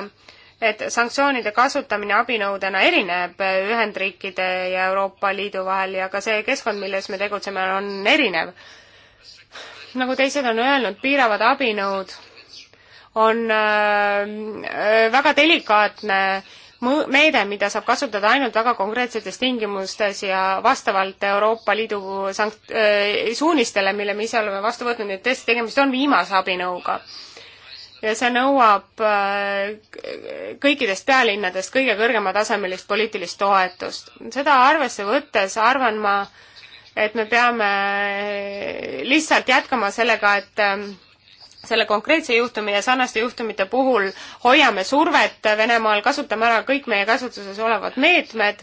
et sanktsioonide kasutamine abinõudena erineb äh, Ühendriikide ja Euroopa Liidu vahel ja ka see keskkond, milles me tegutseme, on erinev. nagu teised on öelnud, piiravad abinõud on väga delikaatne meede, mida saab kasutada ainult väga konkreetsetes tingimustes ja vastavalt Euroopa Liidu sankt-, äh, suunistele, mille me ise oleme vastu võtnud, nii et tõesti, tegemist on viimase abinõuga. ja see nõuab äh, kõikidest pealinnadest kõige kõrgematasemelist poliitilist toetust. seda arvesse võttes arvan ma, et me peame lihtsalt jätkama sellega, et ähm, selle konkreetse juhtumi ja sarnaste juhtumite puhul hoiame survet Venemaal, kasutame ära kõik meie kasutuses olevad meetmed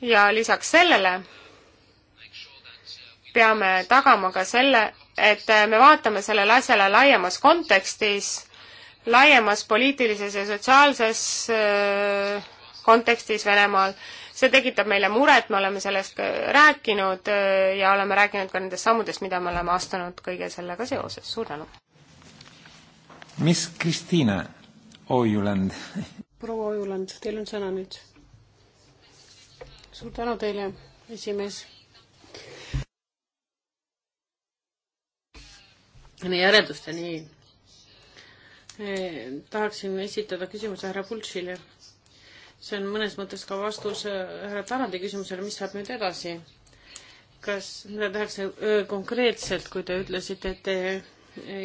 ja lisaks sellele peame tagama ka selle, et me vaatame sellele asjale laiemas kontekstis, laiemas poliitilises ja sotsiaalses äh, kontekstis Venemaal see tekitab meile muret, me oleme sellest rääkinud äh, ja oleme rääkinud ka nendest sammudest, mida me oleme astunud kõige sellega seoses, suur tänu! Miss Kristiina Ojuland. proua Ojuland, teil on sõna nüüd. suur tänu teile, esimees. nii järeldusteni eh, tahaksin esitada küsimuse härra Pultšile see on mõnes mõttes ka vastus äh, härra Tarandi küsimusele, mis saab nüüd edasi. kas, mida tehakse äh, konkreetselt, kui te ütlesite, et te äh,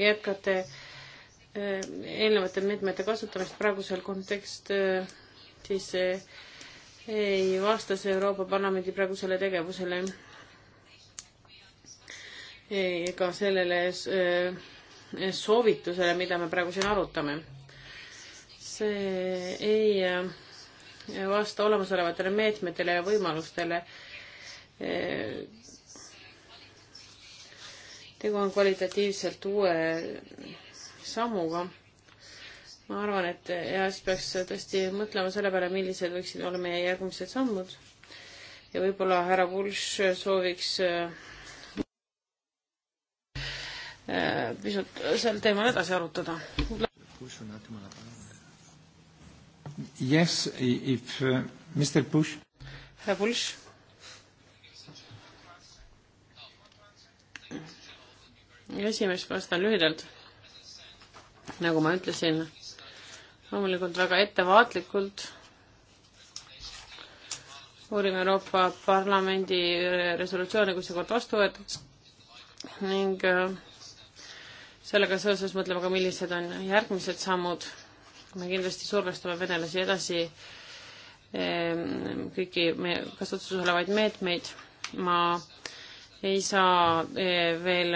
jätkate eelnevate meetmete kasutamist praegusel kontekst, siis ei vasta see Euroopa Parlamendi praegusele tegevusele ega sellele soovitusele, mida me praegu siin arutame. see ei vasta olemasolevatele meetmetele ja võimalustele. tegu on kvalitatiivselt uue sammuga. ma arvan, et EAS peaks tõesti mõtlema selle peale, millised võiksid olla meie järgmised sammud ja võib-olla härra Bulš sooviks äh, pisut sel teemal edasi arutada. Yes, if uh, Mr. Bush. Herr Bush. esimest vastan lühidalt. nagu ma ütlesin, loomulikult väga ettevaatlikult uurime Euroopa Parlamendi resolutsioone, kui see kord vastu võetud ning äh, sellega seoses mõtleme ka, millised on järgmised sammud me kindlasti survestame venelasi edasi ehm, kõiki me kasutuses olevaid meetmeid. ma ei saa eh, veel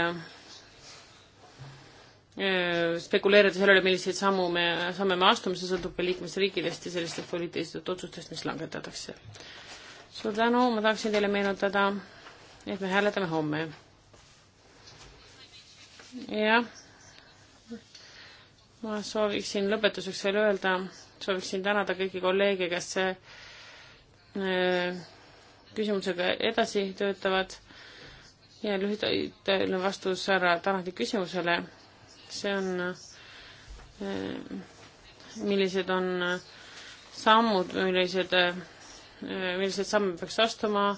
eh, spekuleerida selle üle, milliseid sammu me, samme me astume, see sõltub ka liikmesriikidest ja sellistest poliitilistest otsustest, mis langetatakse. suur tänu, ma tahaksin teile meenutada, et me hääletame homme. jah ma sooviksin lõpetuseks veel öelda, sooviksin tänada kõiki kolleege, kes see äh, küsimusega edasi töötavad ja lühidalt vastus härra Tarandi küsimusele, see on, äh, millised on äh, sammud, millised, millised samme peaks astuma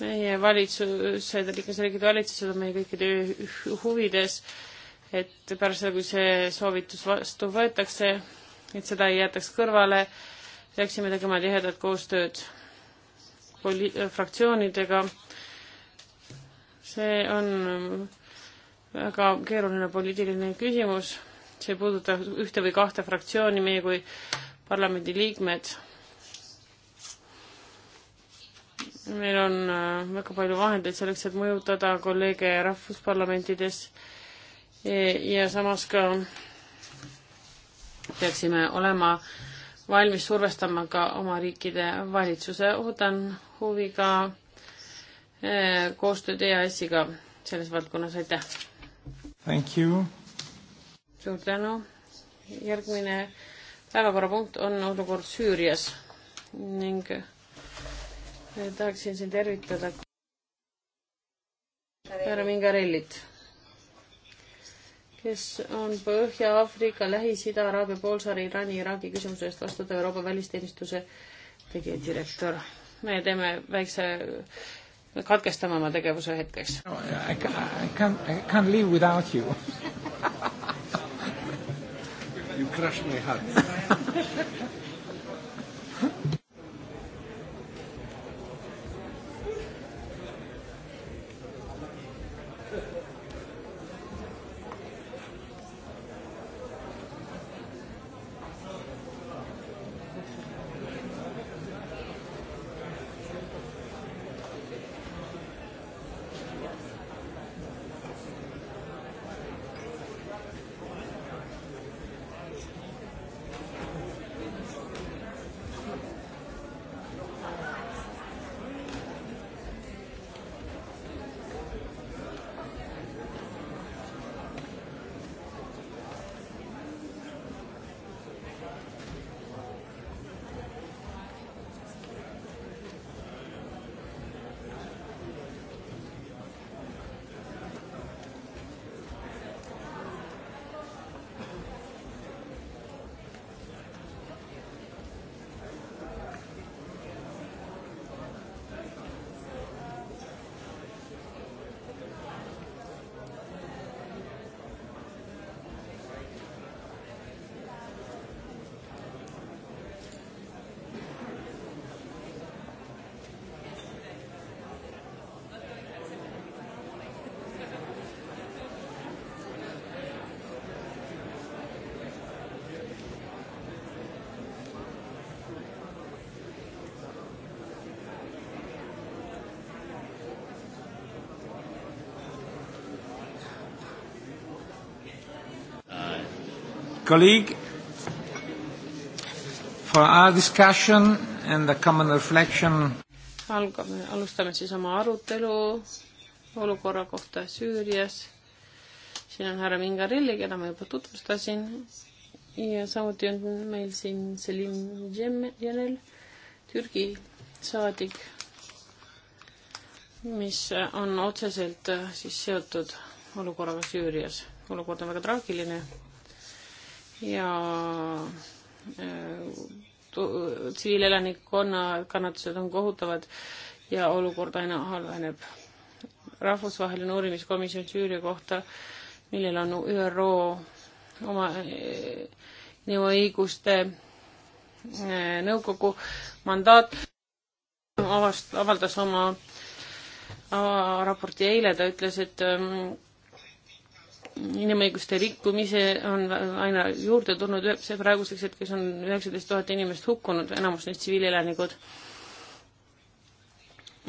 meie valitsused, liikmesriigid valitsused on meie kõikide huvides et pärast seda, kui see soovitus vastu võetakse, et seda ei jäetaks kõrvale, peaksime tegema tihedat koostööd poli-, fraktsioonidega. see on väga keeruline poliitiline küsimus, see ei puuduta ühte või kahte fraktsiooni, meie kui parlamendiliikmed. meil on äh, väga palju vahendeid selleks, et mõjutada kolleege rahvusparlamentides äh, E, ja samas ka peaksime olema valmis survestama ka oma riikide valitsuse. ootan huviga e, koostööd EAS-iga selles valdkonnas, aitäh! suur tänu! järgmine päevakorrapunkt on olukord Süürias ning e, tahaksin sind tervitada härra Mingarellit kes on Põhja-Aafrika, Lähis-Ida, Araabia poolsaare, Iraani, Iraagi küsimuse eest vastuta Euroopa välisteenistuse tegevdirektor. me teeme väikse, katkestame oma tegevuse hetkeks no,. I can't, I can't live without you You crush my heart colleague, for our discussion and the common reflection. algame, alustame siis oma arutelu olukorra kohta Süürias. siin on härra Mingarelli, keda ma juba tutvustasin ja samuti on meil siin Selim Cemal, Türgi saadik, mis on otseselt äh, siis seotud olukorraga Süürias. olukord on väga traagiline ja äh, tsiviilelanikkonna kannatused on kohutavad ja olukord aina halveneb. rahvusvaheline uurimiskomisjon Süüria kohta, millel on ÜRO oma äh, inimõiguste äh, nõukogu mandaat, avast-, avaldas oma raporti eile, ta ütles, et ähm, inimõiguste rikkumise on aina juurde tulnud, see praeguseks hetkeks on üheksateist tuhat inimest hukkunud, enamus neist tsiviilelanikud.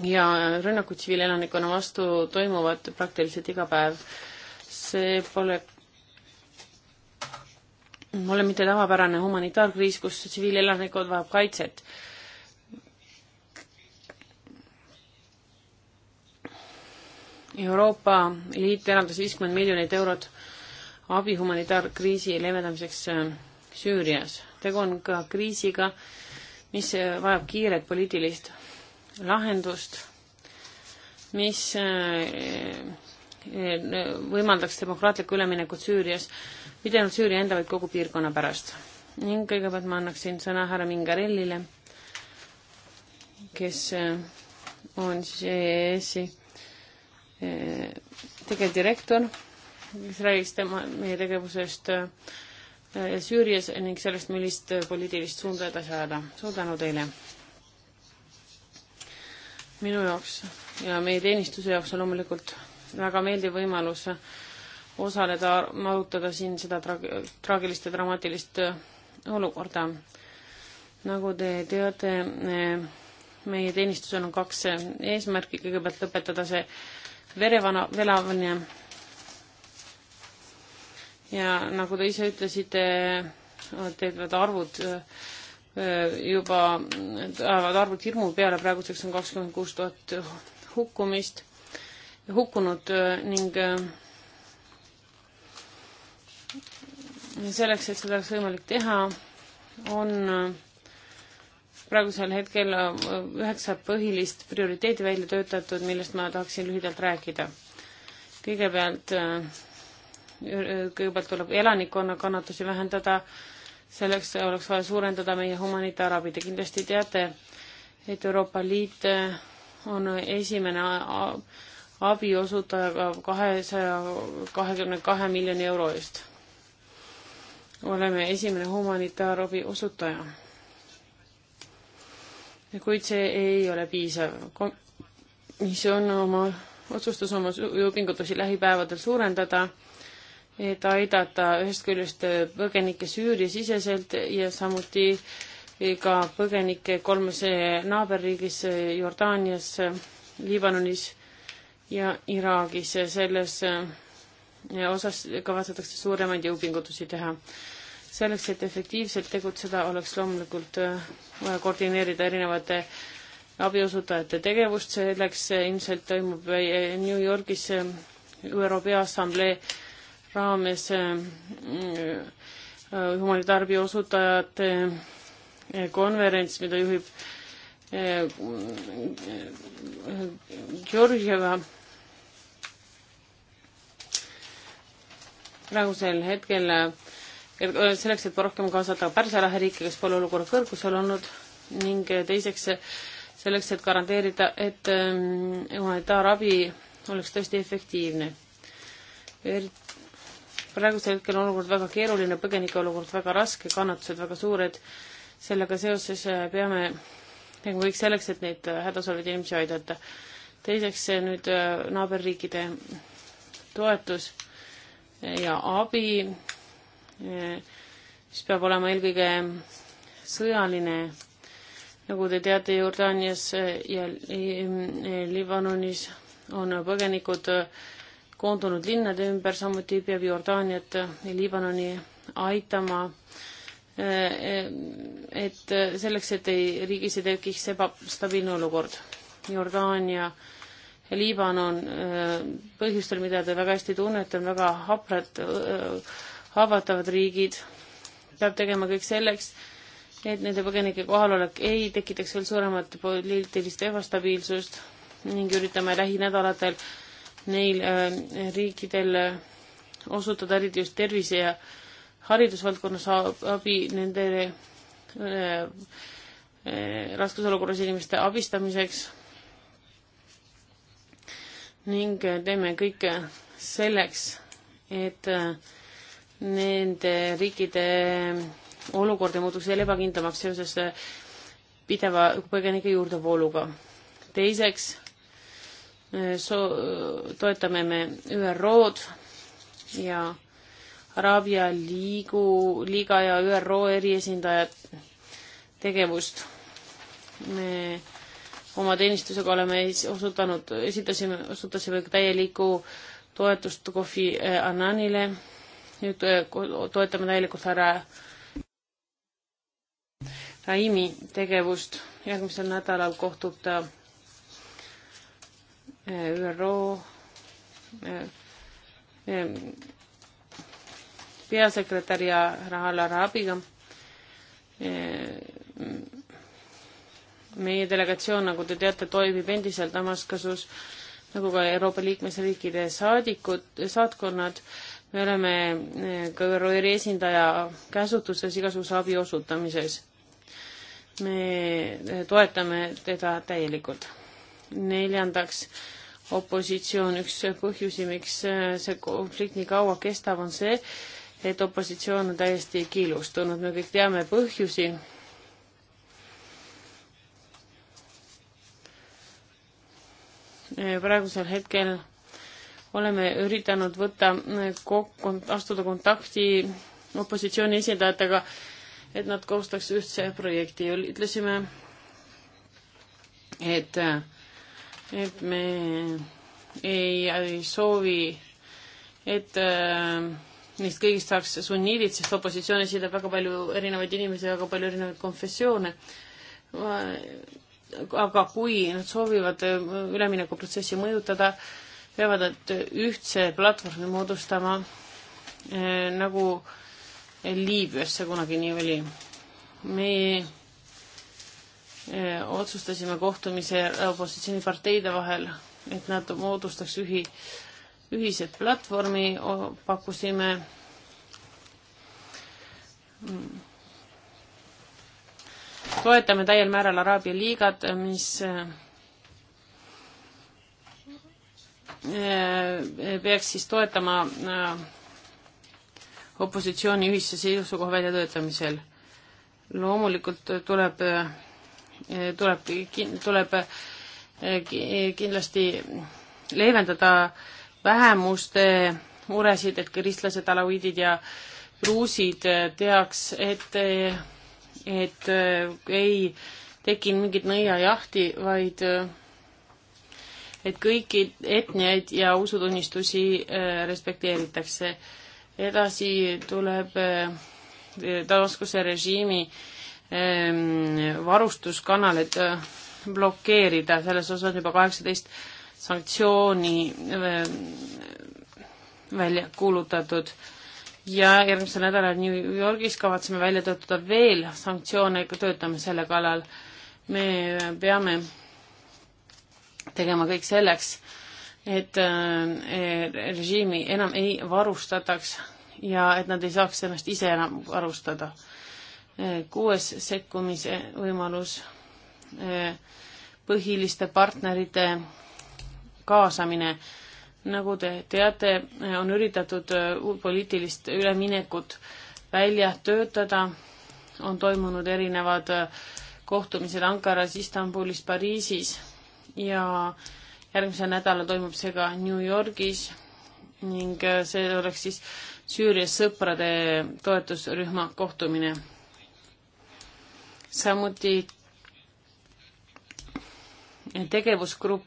ja rünnakud tsiviilelanikkonna vastu toimuvad praktiliselt iga päev. see pole, pole mitte tavapärane humanitaarkriis, kus tsiviilelanikud vajab kaitset Euroopa Liit eraldas viiskümmend miljonit eurot abi humanitaarkriisi leevendamiseks äh, Süürias. tegu on ka kriisiga, mis äh, vajab kiiret poliitilist lahendust, mis äh, võimaldaks demokraatlikku üleminekut Süürias, mitte ainult Süüria enda, vaid kogu piirkonna pärast. ning kõigepealt ma annaksin sõna härra Mingarellile, kes on siis EAS-i e tegevdirektor, kes räägiks tema, meie tegevusest äh, Süürias ning sellest, millist äh, poliitilist suunda edasi ajada. suur tänu teile! minu jaoks ja meie teenistuse jaoks on loomulikult väga meeldiv võimalus osaleda, arutada siin seda traag-, traagilist ja dramaatilist äh, olukorda. nagu te teate, meie teenistusel on kaks eesmärki, kõigepealt lõpetada see verevana, velavanja. ja nagu te ise ütlesite, teevad arvud äh, juba, ajavad arvud hirmu peale, praeguseks on kakskümmend kuus tuhat hukkumist, hukkunud äh, ning äh, selleks, et seda oleks võimalik teha, on praegusel hetkel äh, üheksa põhilist prioriteeti välja töötatud, millest ma tahaksin lühidalt rääkida. kõigepealt, äh, äh, kõigepealt tuleb elanikkonna kannatusi vähendada, selleks oleks vaja suurendada meie humanitaarabi, te kindlasti teate, et Euroopa Liit on esimene abi osutaja kahesaja kahekümne kahe miljoni euro eest. oleme esimene humanitaarabi osutaja kuid see ei ole piisav. komisjon oma, otsustas oma jõupingutusi lähipäevadel suurendada, et aidata ühest küljest põgenikke Süüria-siseselt ja samuti ka põgenikke kolmes naaberriigis Jordaanias, Liibanonis ja Iraagis. selles osas kavatsetakse suuremaid jõupingutusi teha selleks, et efektiivselt tegutseda, oleks loomulikult äh, vaja koordineerida erinevate abiosutajate tegevust, selleks äh, ilmselt toimub äh, New Yorgis ÜRO Peaassamblee raames humanitaarabi osutajate konverents, mida juhib Georgieva. praegusel hetkel selleks, et rohkem kaasata Pärsia lahe riike, kes pole olukorra kõrgusel olnud ning teiseks selleks, et garanteerida, et humanitaarabi oleks tõesti efektiivne. praegusel hetkel on olukord väga keeruline, põgenike olukord väga raske, kannatused väga suured. sellega seoses peame tegema kõik selleks, et neid hädas olevaid inimesi aidata. teiseks nüüd naaberriikide toetus ja abi mis peab olema eelkõige sõjaline. nagu te teate, Jordaanias ja Liibanonis on põgenikud koondunud linnade ümber, samuti peab Jordaaniat ja Liibanoni aitama, et selleks, et ei, riigis ei tekiks ebastabiilne olukord. Jordaania ja Liibanon põhjustel, mida te väga hästi tunnete, on väga haprad öö, haavatavad riigid, peab tegema kõik selleks, et nende põgenike kohalolek ei tekitaks veel suuremat poliitilist ebastabiilsust ning üritame lähinädalatel neil äh, riikidel äh, osutada eriti just tervise ja haridusvaldkonnas abi nendele äh, raskes olukorras inimeste abistamiseks ning teeme kõike selleks, et äh, nende riikide olukord ei muutuks veel ebakindlamaks seoses äh, pideva põgenike juurdevooluga. teiseks äh, so-, äh, toetame me ÜRO-d ja Araabia liigu, liiga ja ÜRO eriesindajad tegevust. me oma teenistusega oleme osutanud, esitasime, osutasime täieliku toetust Kofi Annanile nüüd eh, toetame täielikult härra Raimi tegevust. järgmisel nädalal kohtub ta eh, ÜRO eh, peasekretär ja härra Alar Abiga. meie delegatsioon, nagu te teate, toimib endiselt Damaskuses, nagu ka Euroopa liikmesriikide saadikud, saatkonnad me oleme eh, ka ÜRO eriesindaja käsutuses igasuguse abi osutamises. me eh, toetame teda täielikult. neljandaks, opositsioon, üks põhjusi, miks eh, see konflikt nii kaua kestab, on see, et opositsioon on täiesti killustunud, me kõik teame põhjusi. praegusel hetkel oleme üritanud võtta eh, kokku, astuda kontakti opositsiooni esindajatega, et nad koostaks ühtse projekti ja ütlesime, et, eh, et me ei, ei soovi, et äh, neist kõigist saaks sunniidid, sest opositsioon esindab väga palju erinevaid inimesi, väga palju erinevaid konfessioone. aga kui nad soovivad üleminekuprotsessi mõjutada, peavad nad ühtse platvormi moodustama eh, nagu Liibüas see kunagi nii oli. me eh, otsustasime kohtumise opositsiooniparteide vahel, et nad moodustaks ühi, ühise platvormi, pakkusime mm, toetame täiel määral Araabia liigad, mis eh, Äh, peaks siis toetama äh, opositsiooni ühise seisukoha väljatöötamisel. loomulikult tuleb, äh, tuleb, tuleb kindlasti leevendada vähemuste muresid, et kristlased, alauiidid ja gruusid teaks, et, et ei teki mingit nõiajahti, vaid et kõiki etniaid ja usutunnistusi äh, respekteeritakse. edasi tuleb äh, Damaskuse režiimi ähm, varustuskanaleid äh, blokeerida, selles osas juba kaheksateist sanktsiooni ähm, välja kuulutatud ja järgmisel nädalal New Yorgis kavatseme välja töötada veel sanktsioone, töötame selle kallal. me peame tegema kõik selleks, et äh, e, režiimi enam ei varustataks ja et nad ei saaks ennast ise enam varustada. Äh, kuues sekkumise võimalus, äh, põhiliste partnerite kaasamine. nagu te teate, on üritatud poliitilist üleminekut välja töötada, on toimunud erinevad kohtumised Ankaras, Istanbulis, Pariisis ja järgmisel nädalal toimub see ka New Yorgis ning äh, see oleks siis Süüria sõprade toetusrühma kohtumine. samuti tegevusgrupp,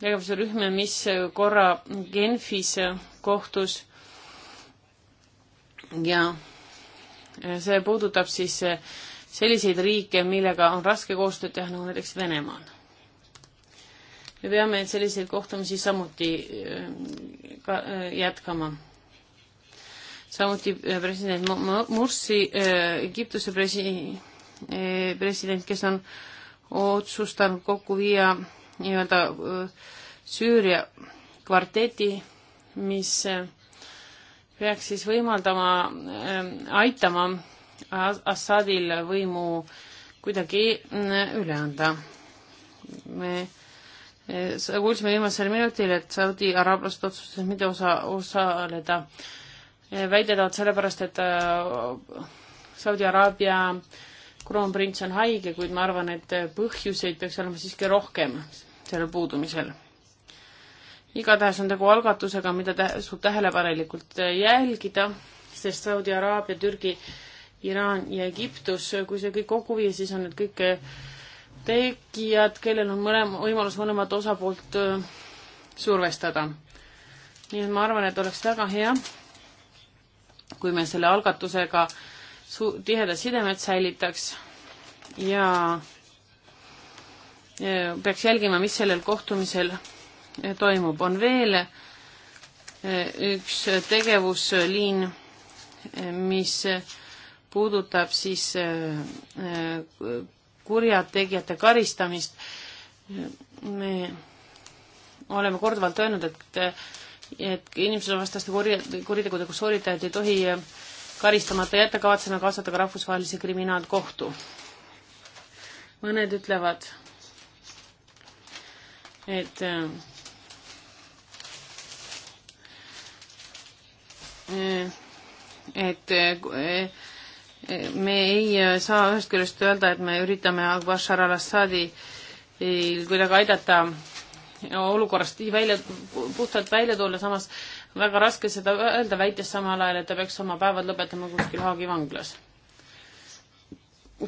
tegevusrühm, mis korra Genfis kohtus ja äh, see puudutab siis äh, selliseid riike, millega on raske koostööd teha, nagu näiteks Venemaal me peame selliseid kohtumisi samuti äh, ka äh, jätkama. samuti äh, president Mursi, Egiptuse presi-, president, kes on otsustanud kokku viia nii-öelda Süüria kvarteti, mis peaks siis võimaldama, aitama Assadil võimu kuidagi üle anda. me kuulsime viimasel minutil, et Saudi araablased otsustasid mitte osa, osaleda. väidetavalt sellepärast, et äh, Saudi Araabia kroonprints on haige, kuid ma arvan, et põhjuseid peaks olema siiski rohkem sellel puudumisel. igatahes on tegu algatusega, mida tasub tähelepanelikult jälgida, sest Saudi Araabia, Türgi, Iraan ja Egiptus, kui see kõik kokku viia, siis on need kõik äh, tegijad, kellel on mõlema, võimalus mõlemat osapoolt survestada. nii et ma arvan, et oleks väga hea, kui me selle algatusega su-, tihedad sidemed säilitaks ja peaks jälgima, mis sellel kohtumisel toimub. on veel üks tegevusliin, mis puudutab siis kurjategijate karistamist. me oleme korduvalt öelnud, et, et inimsusevastaste kurja, kuritegude sooritajad ei tohi karistamata jätta, kavatseme kaasata ka rahvusvahelise kriminaalkohtu. mõned ütlevad, et et, et me ei saa ühest küljest öelda, et me üritame Bashar al-Assadi eh, kuidagi aidata olukorrast välja, puhtalt välja tulla, samas väga raske seda öelda, väites samal ajal, et ta peaks oma päevad lõpetama kuskil Haagi vanglas.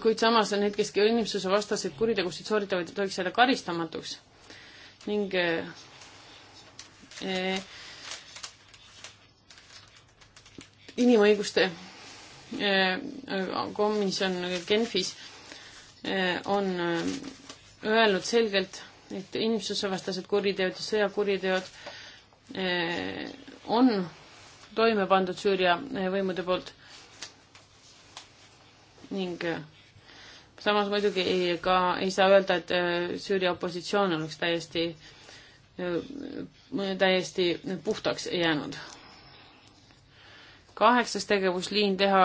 kuid samas need, kes inimsuse vastaseid kuritegusid sooritavad, ei tohiks jääda karistamatuks ning eh, eh inimõiguste Äh, äh, komisjon Genfis äh, on öelnud selgelt, et inimsusevastased kuriteod ja sõjakuriteod on toime pandud Süüria võimude poolt ning samas muidugi ei, ka ei saa öelda, et Süüria opositsioon oleks täiesti, täiesti puhtaks jäänud kaheksas tegevusliin teha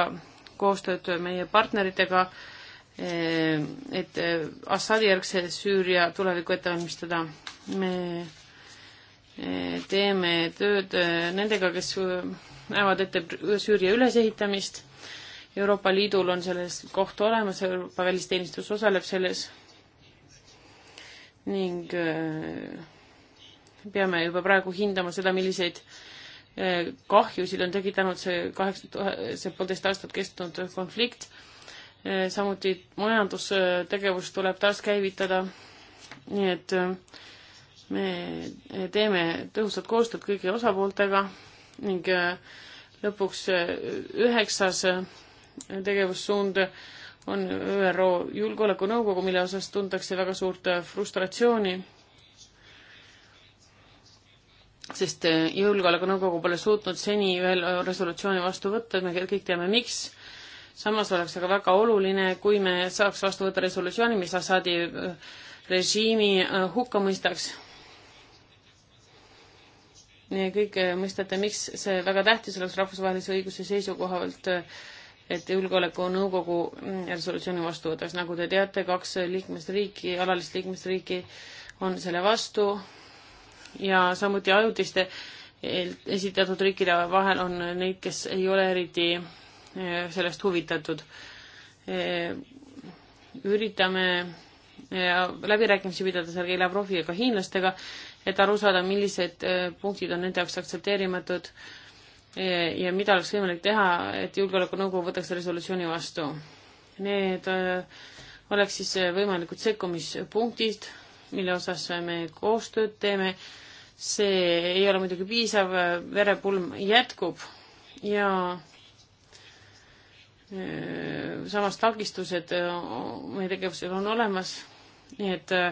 koostööd meie partneritega, eh, et eh, Assadi järgse Süüria tulevikku ette valmistada. me eh, teeme tööd nendega, kes näevad ette Süüria ülesehitamist. Euroopa Liidul on selles koht olemas, Euroopa välisteenistus osaleb selles ning peame juba praegu hindama seda, milliseid Eh, kahjusid on tekitanud see kaheksa, eh, see poolteist aastat kestnud konflikt, eh, samuti majandustegevus tuleb taaskäivitada, nii et me teeme tõhusat koostööd kõigi osapooltega ning lõpuks üheksas tegevussuund on ÜRO Julgeolekunõukogu, mille osas tuntakse väga suurt frustratsiooni sest äh, Julgeolekunõukogu pole suutnud seni veel resolutsiooni vastu võtta, me kõik teame, miks. samas oleks aga väga oluline, kui me saaks vastu võtta resolutsiooni, mis Assadi äh, režiimi äh, hukka mõistaks. kõik mõistate, miks see väga tähtis oleks rahvusvahelise õiguse seisukohalt, et Julgeolekunõukogu mm, resolutsiooni vastu võtaks. nagu te teate, kaks liikmesriiki, alalist liikmesriiki on selle vastu ja samuti ajutiste esitatud riikide vahel on neid, kes ei ole eriti eh, sellest huvitatud. Eh, üritame eh, läbirääkimisi pidada Sergei Lavroviga, hiinlastega, et aru saada, millised punktid on nende jaoks aktsepteerimatud ja mida oleks võimalik teha, et Julgeolekunõukogu võtaks resolutsiooni vastu. Need oleks siis võimalikud sekkumispunktid, mille osas me koostööd teeme see ei ole muidugi piisav, verepulm jätkub ja äh, samas takistused äh, meie tegevusel on olemas, nii et äh,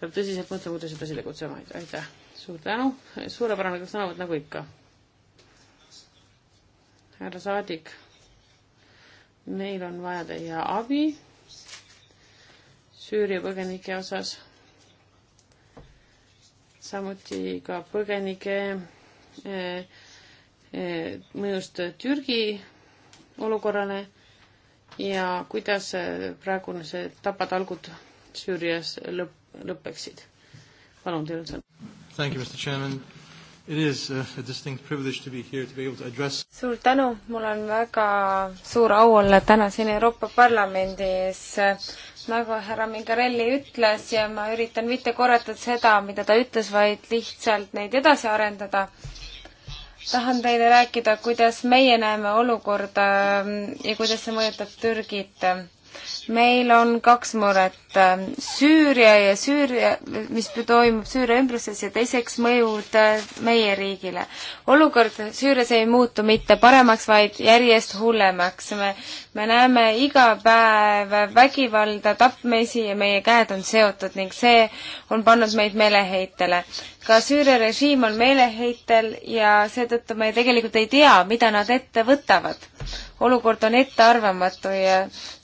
peab tõsiselt mõtlema, kuidas edasi tegutsema, aitäh. suur tänu, suurepärane sõnavõtt nagu ikka. härra saadik, meil on vaja teie abi Süüria põgenike osas samuti ka põgenike eh, eh, mõjust Türgi olukorrale ja kuidas eh, praegune see tapatalgud Süürias lõpp, lõpeksid. palun, teil on sõna. Thank you, Mr Chairman. It is a distinct privilege to be here to be able to address suur tänu, mul on väga suur au olla täna siin Euroopa Parlamendi ees nagu härra Mingarelli ütles ja ma üritan mitte korrata seda, mida ta ütles, vaid lihtsalt neid edasi arendada. tahan teile rääkida, kuidas meie näeme olukorda ja kuidas see mõjutab Türgit meil on kaks muret. Süüria ja Süüria, mis toimub Süüria ümbruses ja teiseks mõjud äh, meie riigile. olukord Süürias ei muutu mitte paremaks, vaid järjest hullemaks. me, me näeme iga päev vägivalda, tapmisi ja meie käed on seotud ning see on pannud meid meeleheitele. ka Süüria režiim on meeleheitel ja seetõttu me tegelikult ei tea, mida nad ette võtavad olukord on ettearvamatu ja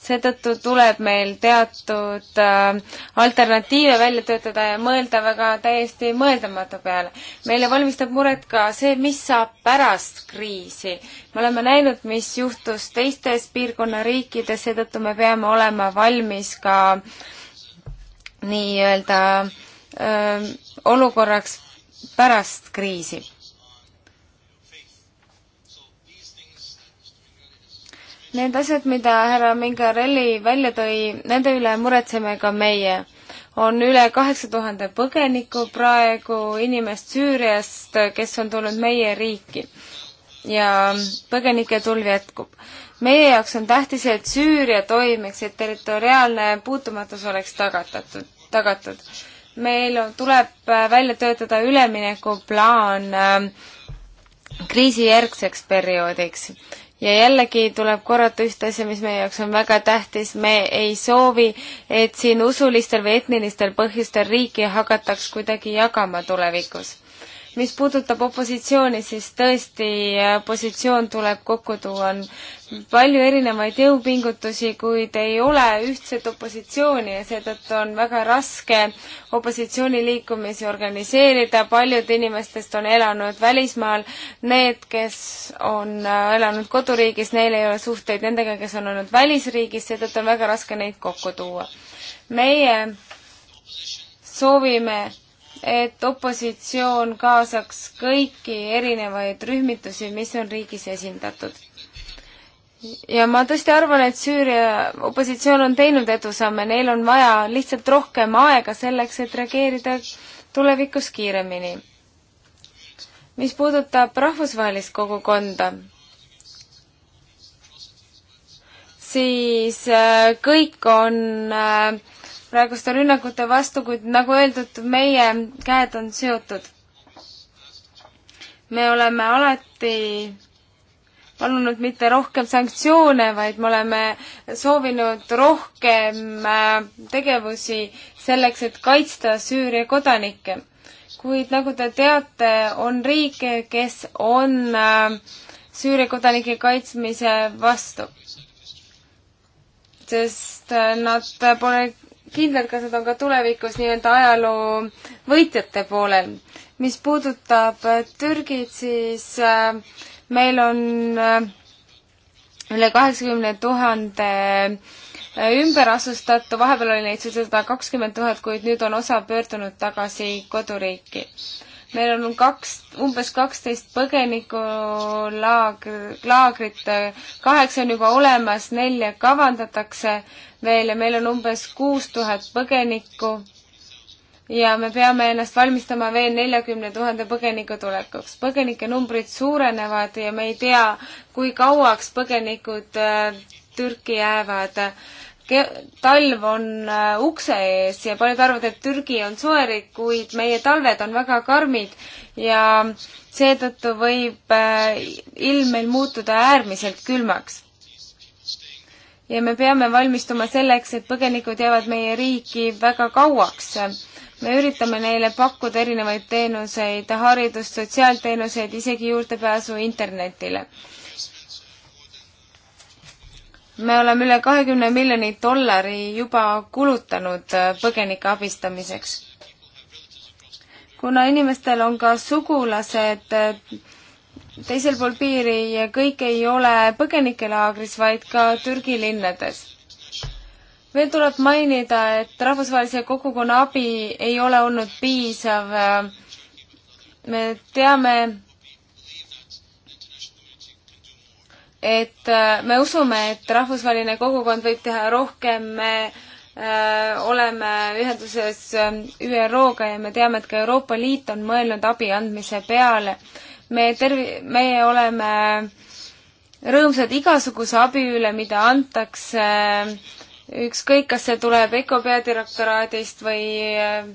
seetõttu tuleb meil teatud äh, alternatiive välja töötada ja mõelda väga täiesti mõeldamatu peale. meile valmistab muret ka see, mis saab pärast kriisi. me oleme näinud, mis juhtus teistes piirkonna riikides, seetõttu me peame olema valmis ka nii-öelda äh, olukorraks pärast kriisi Need asjad, mida härra Mingarelli välja tõi, nende üle muretseme ka meie. on üle kaheksa tuhande põgeniku praegu inimest Süüriast, kes on tulnud meie riiki. ja põgenike tulv jätkub. meie jaoks on tähtis, et Süüria toimiks, et territoriaalne puutumatus oleks tagatud, tagatud. meil on, tuleb äh, välja töötada üleminekuplaan äh, kriisijärgseks perioodiks ja jällegi tuleb korrata ühte asja, mis meie jaoks on väga tähtis, me ei soovi, et siin usulistel või etnilistel põhjustel riiki hakataks kuidagi jagama tulevikus mis puudutab opositsiooni, siis tõesti äh, positsioon tuleb kokku tuua, on palju erinevaid jõupingutusi, kuid ei ole ühtset opositsiooni ja seetõttu on väga raske opositsiooniliikumisi organiseerida, paljud inimestest on elanud välismaal, need, kes on äh, elanud koduriigis, neil ei ole suhteid nendega, kes on olnud välisriigis, seetõttu on väga raske neid kokku tuua. meie soovime et opositsioon kaasaks kõiki erinevaid rühmitusi, mis on riigis esindatud. ja ma tõesti arvan, et Süüria opositsioon on teinud edusamme, neil on vaja lihtsalt rohkem aega selleks, et reageerida tulevikus kiiremini. mis puudutab rahvusvahelist kogukonda, siis äh, kõik on äh, praeguste rünnakute vastu, kuid nagu öeldud, meie käed on seotud. me oleme alati palunud mitte rohkem sanktsioone, vaid me oleme soovinud rohkem äh, tegevusi selleks, et kaitsta Süüria kodanikke. kuid nagu te teate, on riike, kes on äh, Süüria kodanike kaitsmise vastu. sest äh, nad pole kindlad, kas nad on ka tulevikus nii-öelda ajaloo võitjate poolel. mis puudutab äh, Türgit, siis äh, meil on äh, üle kaheksakümne tuhande ümberasustatu, vahepeal oli neid sada kakskümmend tuhat, kuid nüüd on osa pöördunud tagasi koduriiki. meil on kaks, umbes kaksteist põgenikulaagrit, laagrit, kaheksa on juba olemas, nelja kavandatakse veel ja meil on umbes kuus tuhat põgenikku ja me peame ennast valmistama veel neljakümne tuhande põgeniku tulekuks. põgenike numbrid suurenevad ja me ei tea, kui kauaks põgenikud äh, Türki jäävad. talv on äh, ukse ees ja paljud arvavad, et Türgi on soe riik, kuid meie talved on väga karmid ja seetõttu võib äh, ilm meil muutuda äärmiselt külmaks ja me peame valmistuma selleks, et põgenikud jäävad meie riiki väga kauaks. me üritame neile pakkuda erinevaid teenuseid, haridust, sotsiaalteenuseid, isegi juurdepääsu internetile. me oleme üle kahekümne miljoni dollari juba kulutanud põgenike abistamiseks. kuna inimestel on ka sugulased teisel pool piiri ja kõik ei ole põgenikelaagris, vaid ka Türgi linnades. veel tuleb mainida, et rahvusvahelise kogukonna abi ei ole olnud piisav. me teame, et me usume, et rahvusvaheline kogukond võib teha rohkem, me öö, äh, oleme ühenduses äh, ÜRO-ga ja me teame, et ka Euroopa Liit on mõelnud abi andmise peale me tervi-, meie oleme rõõmsad igasuguse abi üle, mida antakse, ükskõik, kas see tuleb EKO peadirektoraadist või äh,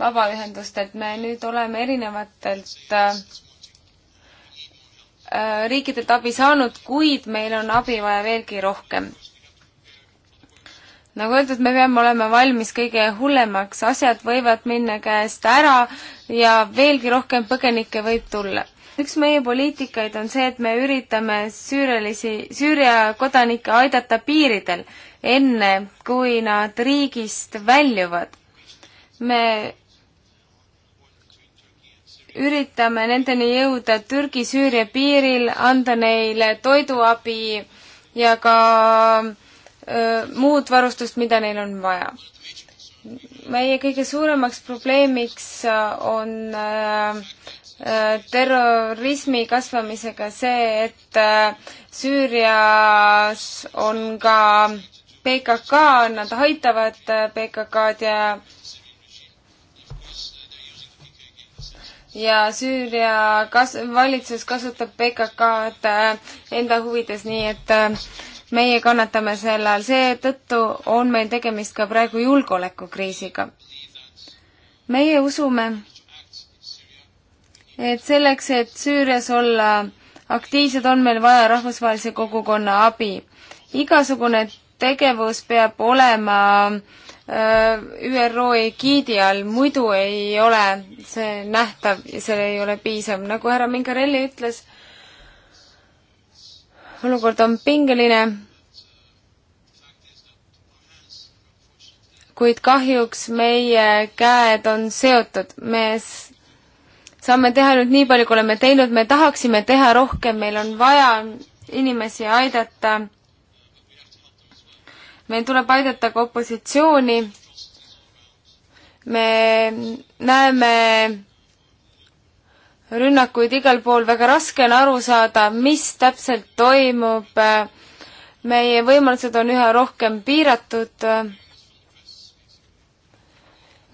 vabaühendustelt, me nüüd oleme erinevatelt äh, riikidelt abi saanud, kuid meil on abi vaja veelgi rohkem. nagu öeldud, me peame olema valmis kõige hullemaks, asjad võivad minna käest ära ja veelgi rohkem põgenikke võib tulla üks meie poliitikaid on see, et me üritame süürialisi, Süüria kodanikke aidata piiridel, enne kui nad riigist väljuvad. me üritame nendeni jõuda Türgi-Süüria piiril, anda neile toiduabi ja ka öö, muud varustust, mida neil on vaja. meie kõige suuremaks probleemiks on öö, Äh, terrorismi kasvamisega see, et äh, Süürias on ka PKK, nad aitavad äh, PKK-d ja ja Süüria kas-, valitsus kasutab PKK-d enda huvides, nii et meie kannatame selle all, seetõttu on meil tegemist ka praegu julgeolekukriisiga. meie usume, et selleks, et Süürias olla aktiivsed, on meil vaja rahvusvahelise kogukonna abi. igasugune tegevus peab olema äh, ÜRO egiidi all, muidu ei ole see nähtav ja see ei ole piisav. nagu härra Mingarelli ütles, olukord on pingeline, kuid kahjuks meie käed on seotud. me saame teha nüüd nii palju, kui oleme teinud, me tahaksime teha rohkem, meil on vaja inimesi aidata. meil tuleb aidata ka opositsiooni. me näeme rünnakuid igal pool, väga raske on aru saada, mis täpselt toimub. meie võimalused on üha rohkem piiratud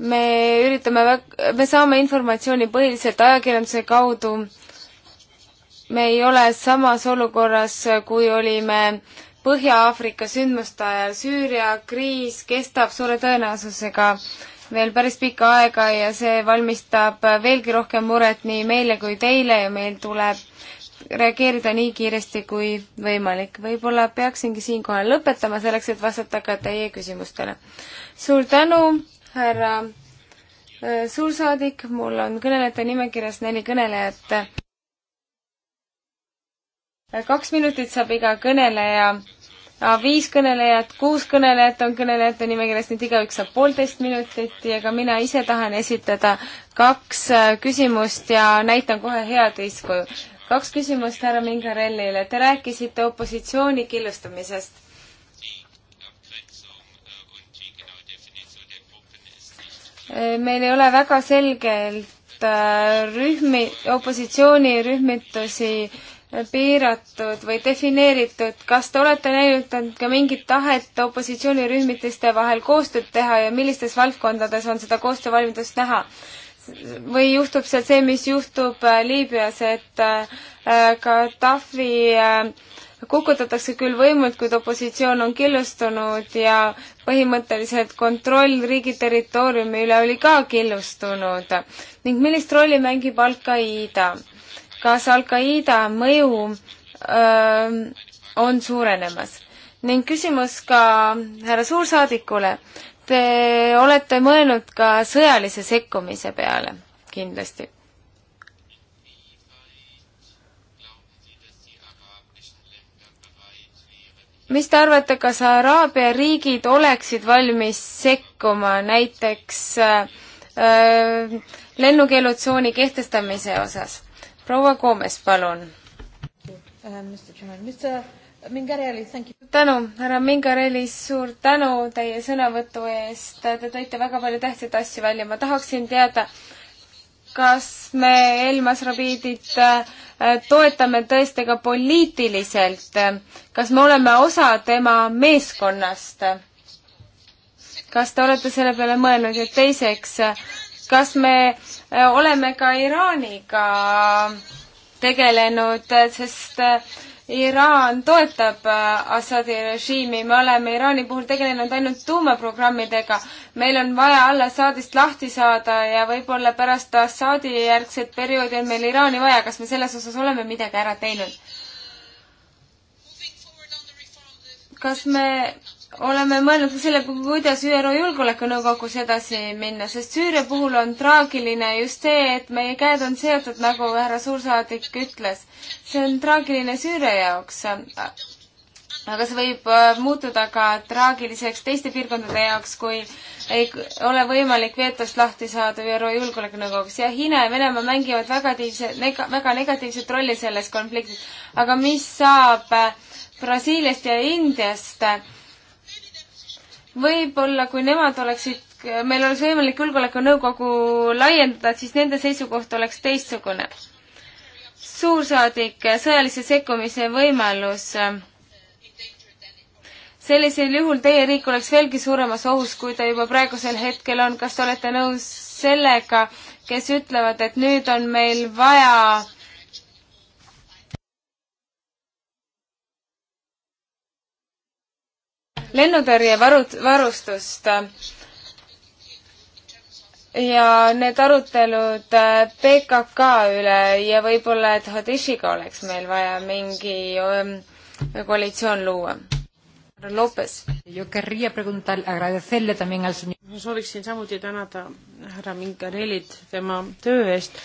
me üritame väg-, me saame informatsiooni põhiliselt ajakirjanduse kaudu, me ei ole samas olukorras, kui olime Põhja-Aafrika sündmuste ajal, Süüria kriis kestab suure tõenäosusega veel päris pikka aega ja see valmistab veelgi rohkem muret nii meile kui teile ja meil tuleb reageerida nii kiiresti kui võimalik. võib-olla peaksingi siinkohal lõpetama selleks, et vastata ka teie küsimustele. suur tänu härra äh, suursaadik, mul on kõnelejate nimekirjas neli kõnelejat. Äh, kaks minutit saab iga kõneleja, äh, viis kõnelejat, kuus kõnelejat on kõnelejate nimekirjas, nii et igaüks saab poolteist minutit ja ka mina ise tahan esitada kaks küsimust ja näitan kohe head eeskuju. kaks küsimust härra Mingarellile, te rääkisite opositsiooni killustamisest meil ei ole väga selgelt äh, rühmi, opositsioonirühmitusi äh, piiratud või defineeritud, kas te olete näidanud ka mingit tahet opositsioonirühmitiste vahel koostööd teha ja millistes valdkondades on seda koostöövalmidust näha? või juhtub seal see, mis juhtub äh, Liibüas, et Gaddafi äh, kukutatakse küll võimult, kuid opositsioon on killustunud ja põhimõtteliselt kontroll riigi territooriumi üle oli ka killustunud. ning millist rolli mängib Al-Qaeda? kas Al-Qaeda mõju öö, on suurenemas? ning küsimus ka härra suursaadikule. Te olete mõelnud ka sõjalise sekkumise peale kindlasti mis te arvate, kas Araabia riigid oleksid valmis sekkuma näiteks äh, äh lennukeelutsooni kehtestamise osas? proua Koomes, palun äh,. tänu, härra Mingarelli, suur tänu teie sõnavõtu eest, te tõite väga palju tähtsaid asju välja, ma tahaksin teada, kas me Elmas Rabiidit äh, Äh, toetame tõesti ka poliitiliselt, äh, kas me oleme osa tema meeskonnast? kas te olete selle peale mõelnud ja teiseks, äh, kas me oleme ka Iraaniga tegelenud, sest Iraan toetab äh, Assadi režiimi, me oleme Iraani puhul tegelenud ainult tuumaprogrammidega. meil on vaja al-Assadist lahti saada ja võib-olla pärast Assadi järgset perioodi on meil Iraani vaja, kas me selles osas oleme midagi ära teinud? kas me oleme mõelnud selle, kuidas ÜRO Julgeolekunõukogus edasi minna, sest Süüria puhul on traagiline just see, et meie käed on seotud, nagu härra suursaadik ütles. see on traagiline Süüria jaoks. aga see võib äh, muutuda ka traagiliseks teiste piirkondade jaoks, kui ei ole võimalik veetost lahti saada ÜRO Julgeolekunõukogus. ja Hiina ja Venemaa mängivad väga tiivse nega,, väga negatiivset rolli selles konfliktis. aga mis saab äh, Brasiiliast ja Indiast? võib-olla kui nemad oleksid, meil oleks võimalik Julgeolekunõukogu laiendada, siis nende seisukoht oleks teistsugune. suursaadik, äh, sõjalise sekkumise võimalus. Äh, sellisel juhul teie riik oleks veelgi suuremas ohus, kui ta juba praegusel hetkel on. kas te olete nõus sellega, kes ütlevad, et nüüd on meil vaja lennutõrje varut-, varustust. ja need arutelud äh, PKK üle ja võib-olla, et Hadishiga oleks meil vaja mingi ähm, koalitsioon luua. Lopes. ma sooviksin samuti tänada härra Mingarelit tema töö eest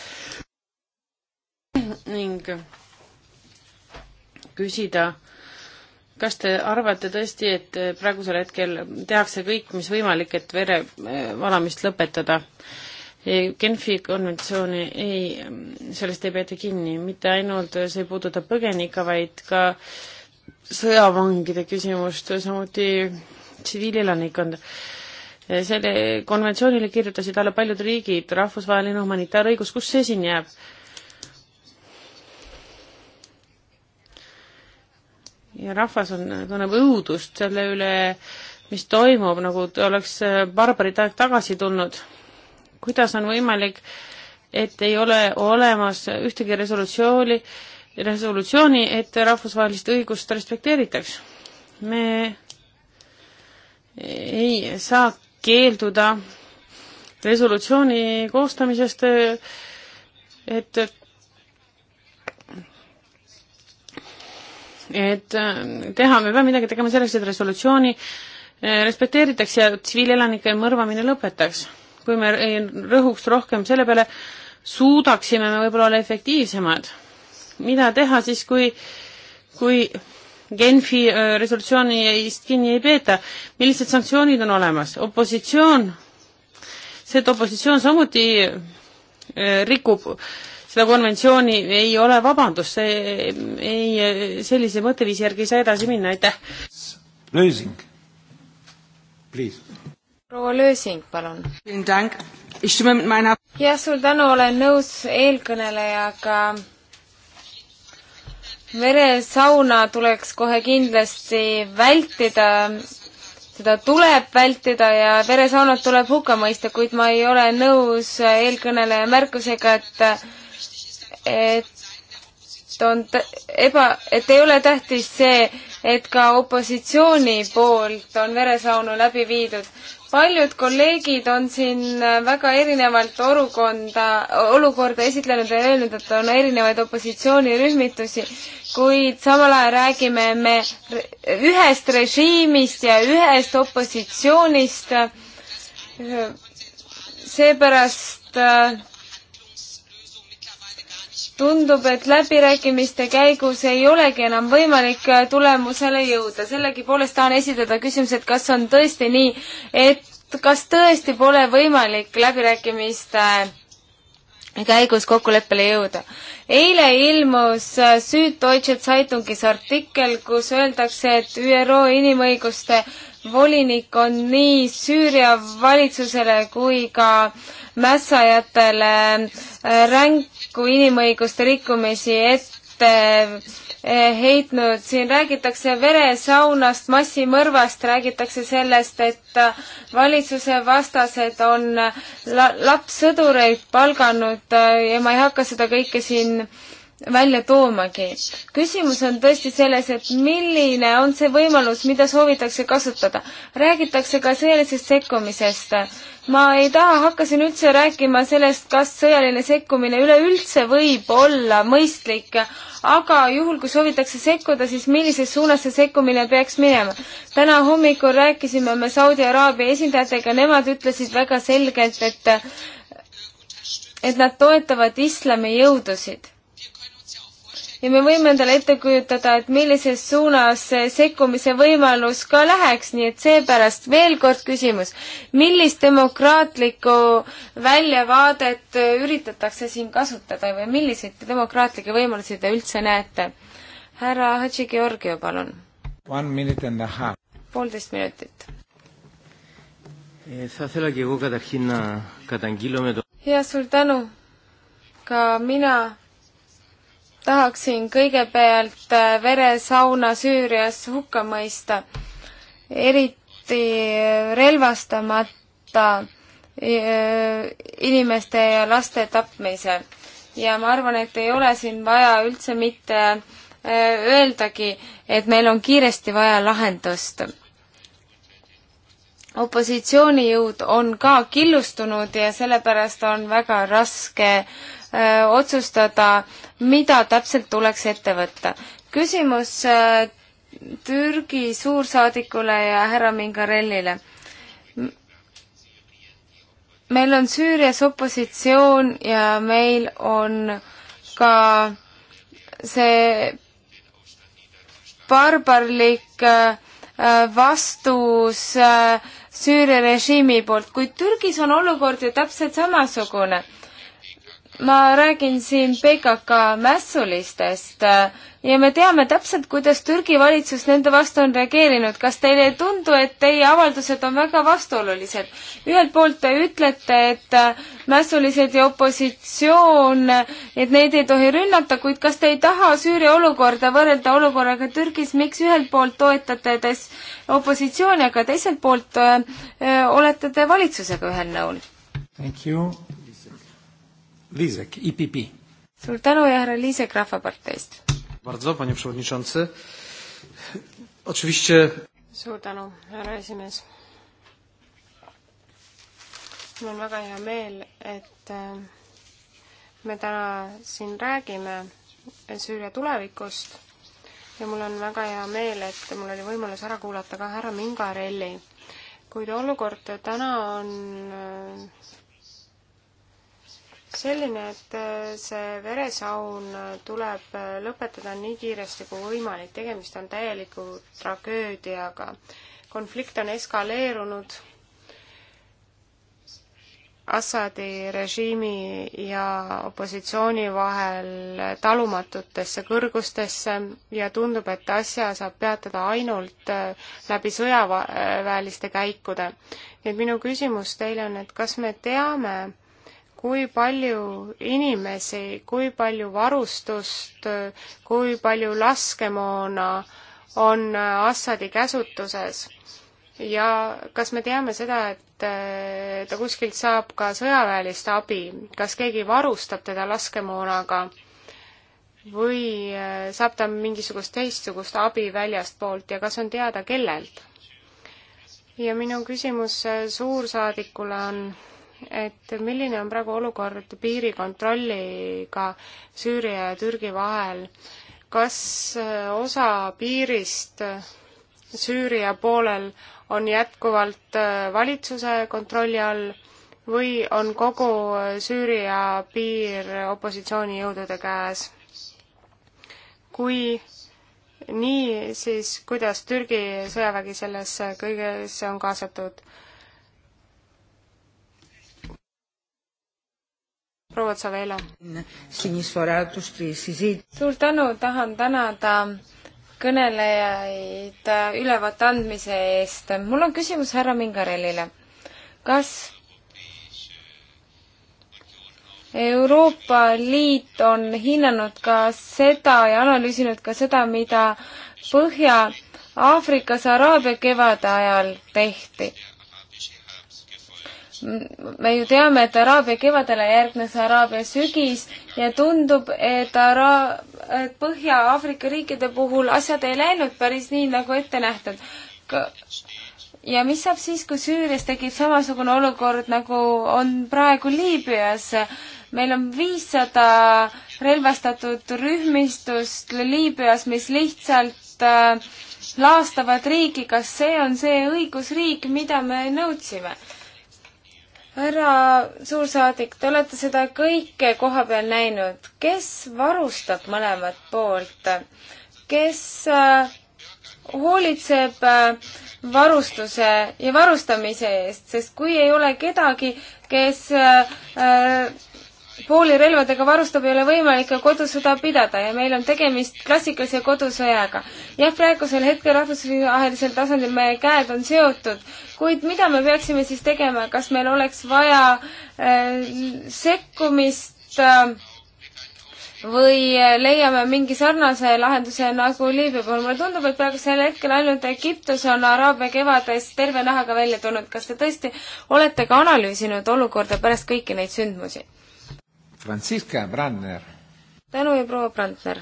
ning küsida äh, kas te arvate tõesti, et äh, praegusel hetkel tehakse kõik, mis võimalik, et verevalamist äh, lõpetada? Genfi konventsiooni ei, sellest ei peeta kinni, mitte ainult see ei puuduta põgenikke, vaid ka sõjavangide küsimust, samuti tsiviilelanikkond. Äh, selle konventsioonile kirjutasid alla paljud riigid, rahvusvaheline humanitaarõigus, kus see siin jääb? ja rahvas on, tunneb õudust selle üle, mis toimub, nagu oleks äh, barbarid aeg tagasi tulnud. kuidas on võimalik, et ei ole olemas ühtegi resolutsiooni, resolutsiooni, et rahvusvahelist õigust respekteeritaks? me ei saa keelduda resolutsiooni koostamisest, äh, et et äh, teha, me peame midagi tegema selleks, et resolutsiooni äh, respekteeritakse ja tsiviilelanike mõrvamine lõpetaks. kui me rõhuks rohkem selle peale, suudaksime me võib-olla olla efektiivsemad. mida teha siis, kui, kui Genfi äh, resolutsioonist kinni ei peeta, millised sanktsioonid on olemas, opositsioon, see, et opositsioon samuti rikub seda konventsiooni ei ole vabandust, see ei, sellise mõtteviisi järgi ei saa edasi minna, aitäh. Lösing, please. proua Lösing, palun. jah, suur tänu, olen nõus eelkõnelejaga veresauna tuleks kohe kindlasti vältida, seda tuleb vältida ja veresaunat tuleb hukka mõista, kuid ma ei ole nõus eelkõneleja märkusega, et et on eba, et ei ole tähtis see, et ka opositsiooni poolt on veresaunu läbi viidud. paljud kolleegid on siin väga erinevalt olukonda, olukorda esitlenud ja öelnud, et on erinevaid opositsioonirühmitusi, kuid samal ajal räägime me ühest režiimist ja ühest opositsioonist. seepärast äh, tundub, et läbirääkimiste käigus ei olegi enam võimalik äh, tulemusele jõuda. sellegipoolest tahan esitada küsimuse, et kas on tõesti nii, et kas tõesti pole võimalik läbirääkimiste äh, käigus kokkuleppele jõuda. eile ilmus äh, Süd-Deutsche Zeitungis artikkel, kus öeldakse, et ÜRO inimõiguste volinik on nii Süüria valitsusele kui ka mässajatele ränk kui inimõiguste rikkumisi ette eh, heitnud, siin räägitakse veresaunast, massimõrvast, räägitakse sellest, et äh, valitsuse vastased on äh, la-, lapssõdureid palganud äh, ja ma ei hakka seda kõike siin välja toomagi. küsimus on tõesti selles, et milline on see võimalus, mida soovitakse kasutada. räägitakse ka sõjalisest sekkumisest ma ei taha hakka siin üldse rääkima sellest, kas sõjaline sekkumine üleüldse võib olla mõistlik, aga juhul, kui soovitakse sekkuda, siis millises suunas see sekkumine peaks minema? täna hommikul rääkisime me Saudi Araabia esindajatega, nemad ütlesid väga selgelt, et et nad toetavad islami jõudusid ja me võime endale ette kujutada, et millises suunas sekkumise võimalus ka läheks, nii et seepärast veel kord küsimus, millist demokraatlikku väljavaadet üritatakse siin kasutada või milliseid demokraatlikke võimalusi te üldse näete? härra Hadži Georgiev, palun. poolteist minutit. ja eh, suur tänu ka mina tahaksin kõigepealt äh, veresauna Süürias hukka mõista, eriti äh, relvastamata äh, inimeste ja laste tapmise. ja ma arvan, et ei ole siin vaja üldse mitte öeldagi, et meil on kiiresti vaja lahendust. opositsioonijõud on ka killustunud ja sellepärast on väga raske äh, Äh, otsustada, mida täpselt tuleks ette võtta. küsimus äh, Türgi suursaadikule ja härra Mingarellile meil on Süürias opositsioon ja meil on ka see barbarlik äh, vastus Süüria režiimi poolt, kuid Türgis on olukord ju täpselt samasugune ma räägin siin PKK mässulistest äh, ja me teame täpselt, kuidas Türgi valitsus nende vastu on reageerinud. kas teile ei tundu, et teie avaldused on väga vastuolulised? ühelt poolt te ütlete, et äh, mässulised ja opositsioon, et neid ei tohi rünnata, kuid kas te ei taha Süüria olukorda võrrelda olukorraga Türgis, miks ühelt poolt toetate te opositsiooni, aga teiselt poolt öö, äh, olete te valitsusega ühel nõul? Thank you. Liisek, IPP. E suur tänu ja härra Liisek Rahvaparteist. suur tänu, härra esimees. mul on väga hea meel, et äh, me täna siin räägime Süüria tulevikust ja mul on väga hea meel, et mul oli võimalus ära kuulata ka härra Mingarelli. kuid olukord täna on äh, selline, et äh, see veresaun äh, tuleb äh, lõpetada nii kiiresti kui võimalik, tegemist on täieliku tragöödiaga. konflikt on eskaleerunud Assadi režiimi ja opositsiooni vahel talumatutesse kõrgustesse ja tundub, et asja saab peatada ainult läbi sõjaväeliste käikude. nii et minu küsimus teile on, et kas me teame, kui palju inimesi, kui palju varustust, kui palju laskemoona on Assadi käsutuses ja kas me teame seda, et ta kuskilt saab ka sõjaväelist abi, kas keegi varustab teda laskemoonaga või äh, saab ta mingisugust teistsugust abi väljastpoolt ja kas on teada, kellelt? ja minu küsimus äh, suursaadikule on, et milline on praegu olukord piirikontrolliga Süüria ja Türgi vahel. kas äh, osa piirist äh, Süüria poolel on jätkuvalt äh, valitsuse kontrolli all või on kogu Süüria piir opositsioonijõudude käes? kui nii, siis kuidas Türgi sõjavägi sellesse kõigesse on kaasatud? proua Tsaveela. suur tänu, tahan tänada kõnelejaid ülevaate andmise eest. mul on küsimus härra Mingarellile. kas Euroopa Liit on hinnanud ka seda ja analüüsinud ka seda, mida Põhja-Aafrikas Araabia kevade ajal tehti? me ju teame, et Araabia kevadele järgnes Araabia sügis ja tundub, et Ara-, et Põhja-Aafrika riikide puhul asjad ei läinud päris nii, nagu ette nähtud. ja mis saab siis, kui Süürias tekib samasugune olukord, nagu on praegu Liibüas? meil on viissada relvastatud rühmistust Liibüas, mis lihtsalt äh, laastavad riiki, kas see on see õigusriik, mida me nõudsime? härra suursaadik, te olete seda kõike koha peal näinud, kes varustab mõlemat poolt, kes äh, hoolitseb äh, varustuse ja varustamise eest, sest kui ei ole kedagi, kes äh, poolirelvadega varustab, ei ole võimalik ka kodusõda pidada ja meil on tegemist klassikalise kodusõjaga. jah, praegusel hetkel rahvusvahelisel tasandil meie käed on seotud, kuid mida me peaksime siis tegema, kas meil oleks vaja äh, sekkumist äh, või leiame mingi sarnase lahenduse nagu Liibüa puhul. mulle tundub, et praegusel hetkel ainult Egiptus on Araabia kevades terve nahaga välja tulnud. kas te tõesti olete ka analüüsinud olukorda pärast kõiki neid sündmusi? Franziska Brandner. tänu ja proua Brandner.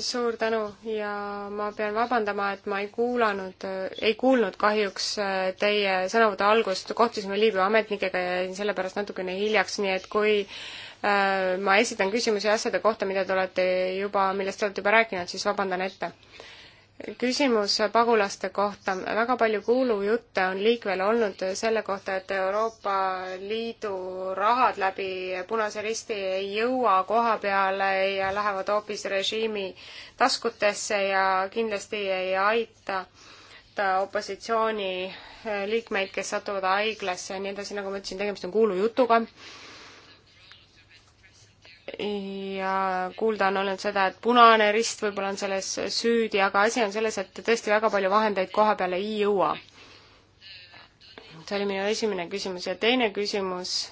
suur tänu ja ma pean vabandama, et ma ei kuulanud, ei kuulnud kahjuks äh, teie sõnavõtu algust, kohtusime Liibüa ametnikega ja jäin sellepärast natukene hiljaks, nii et kui äh, ma esitan küsimusi asjade kohta, mida te olete juba, millest te olete juba rääkinud, siis vabandan ette küsimus pagulaste kohta. väga palju kuulujutte on liikvel olnud selle kohta, et Euroopa Liidu rahad läbi Punase Risti ei jõua koha peale ja lähevad hoopis režiimi taskutesse ja kindlasti ei aita opositsiooniliikmeid, kes satuvad haiglasse ja nii edasi, nagu ma ütlesin, tegemist on kuulujutuga ja kuulda on olnud seda, et Punane Rist võib-olla on selles süüdi, aga asi on selles, et tõesti väga palju vahendeid koha peale ei jõua. see oli minu esimene küsimus ja teine küsimus.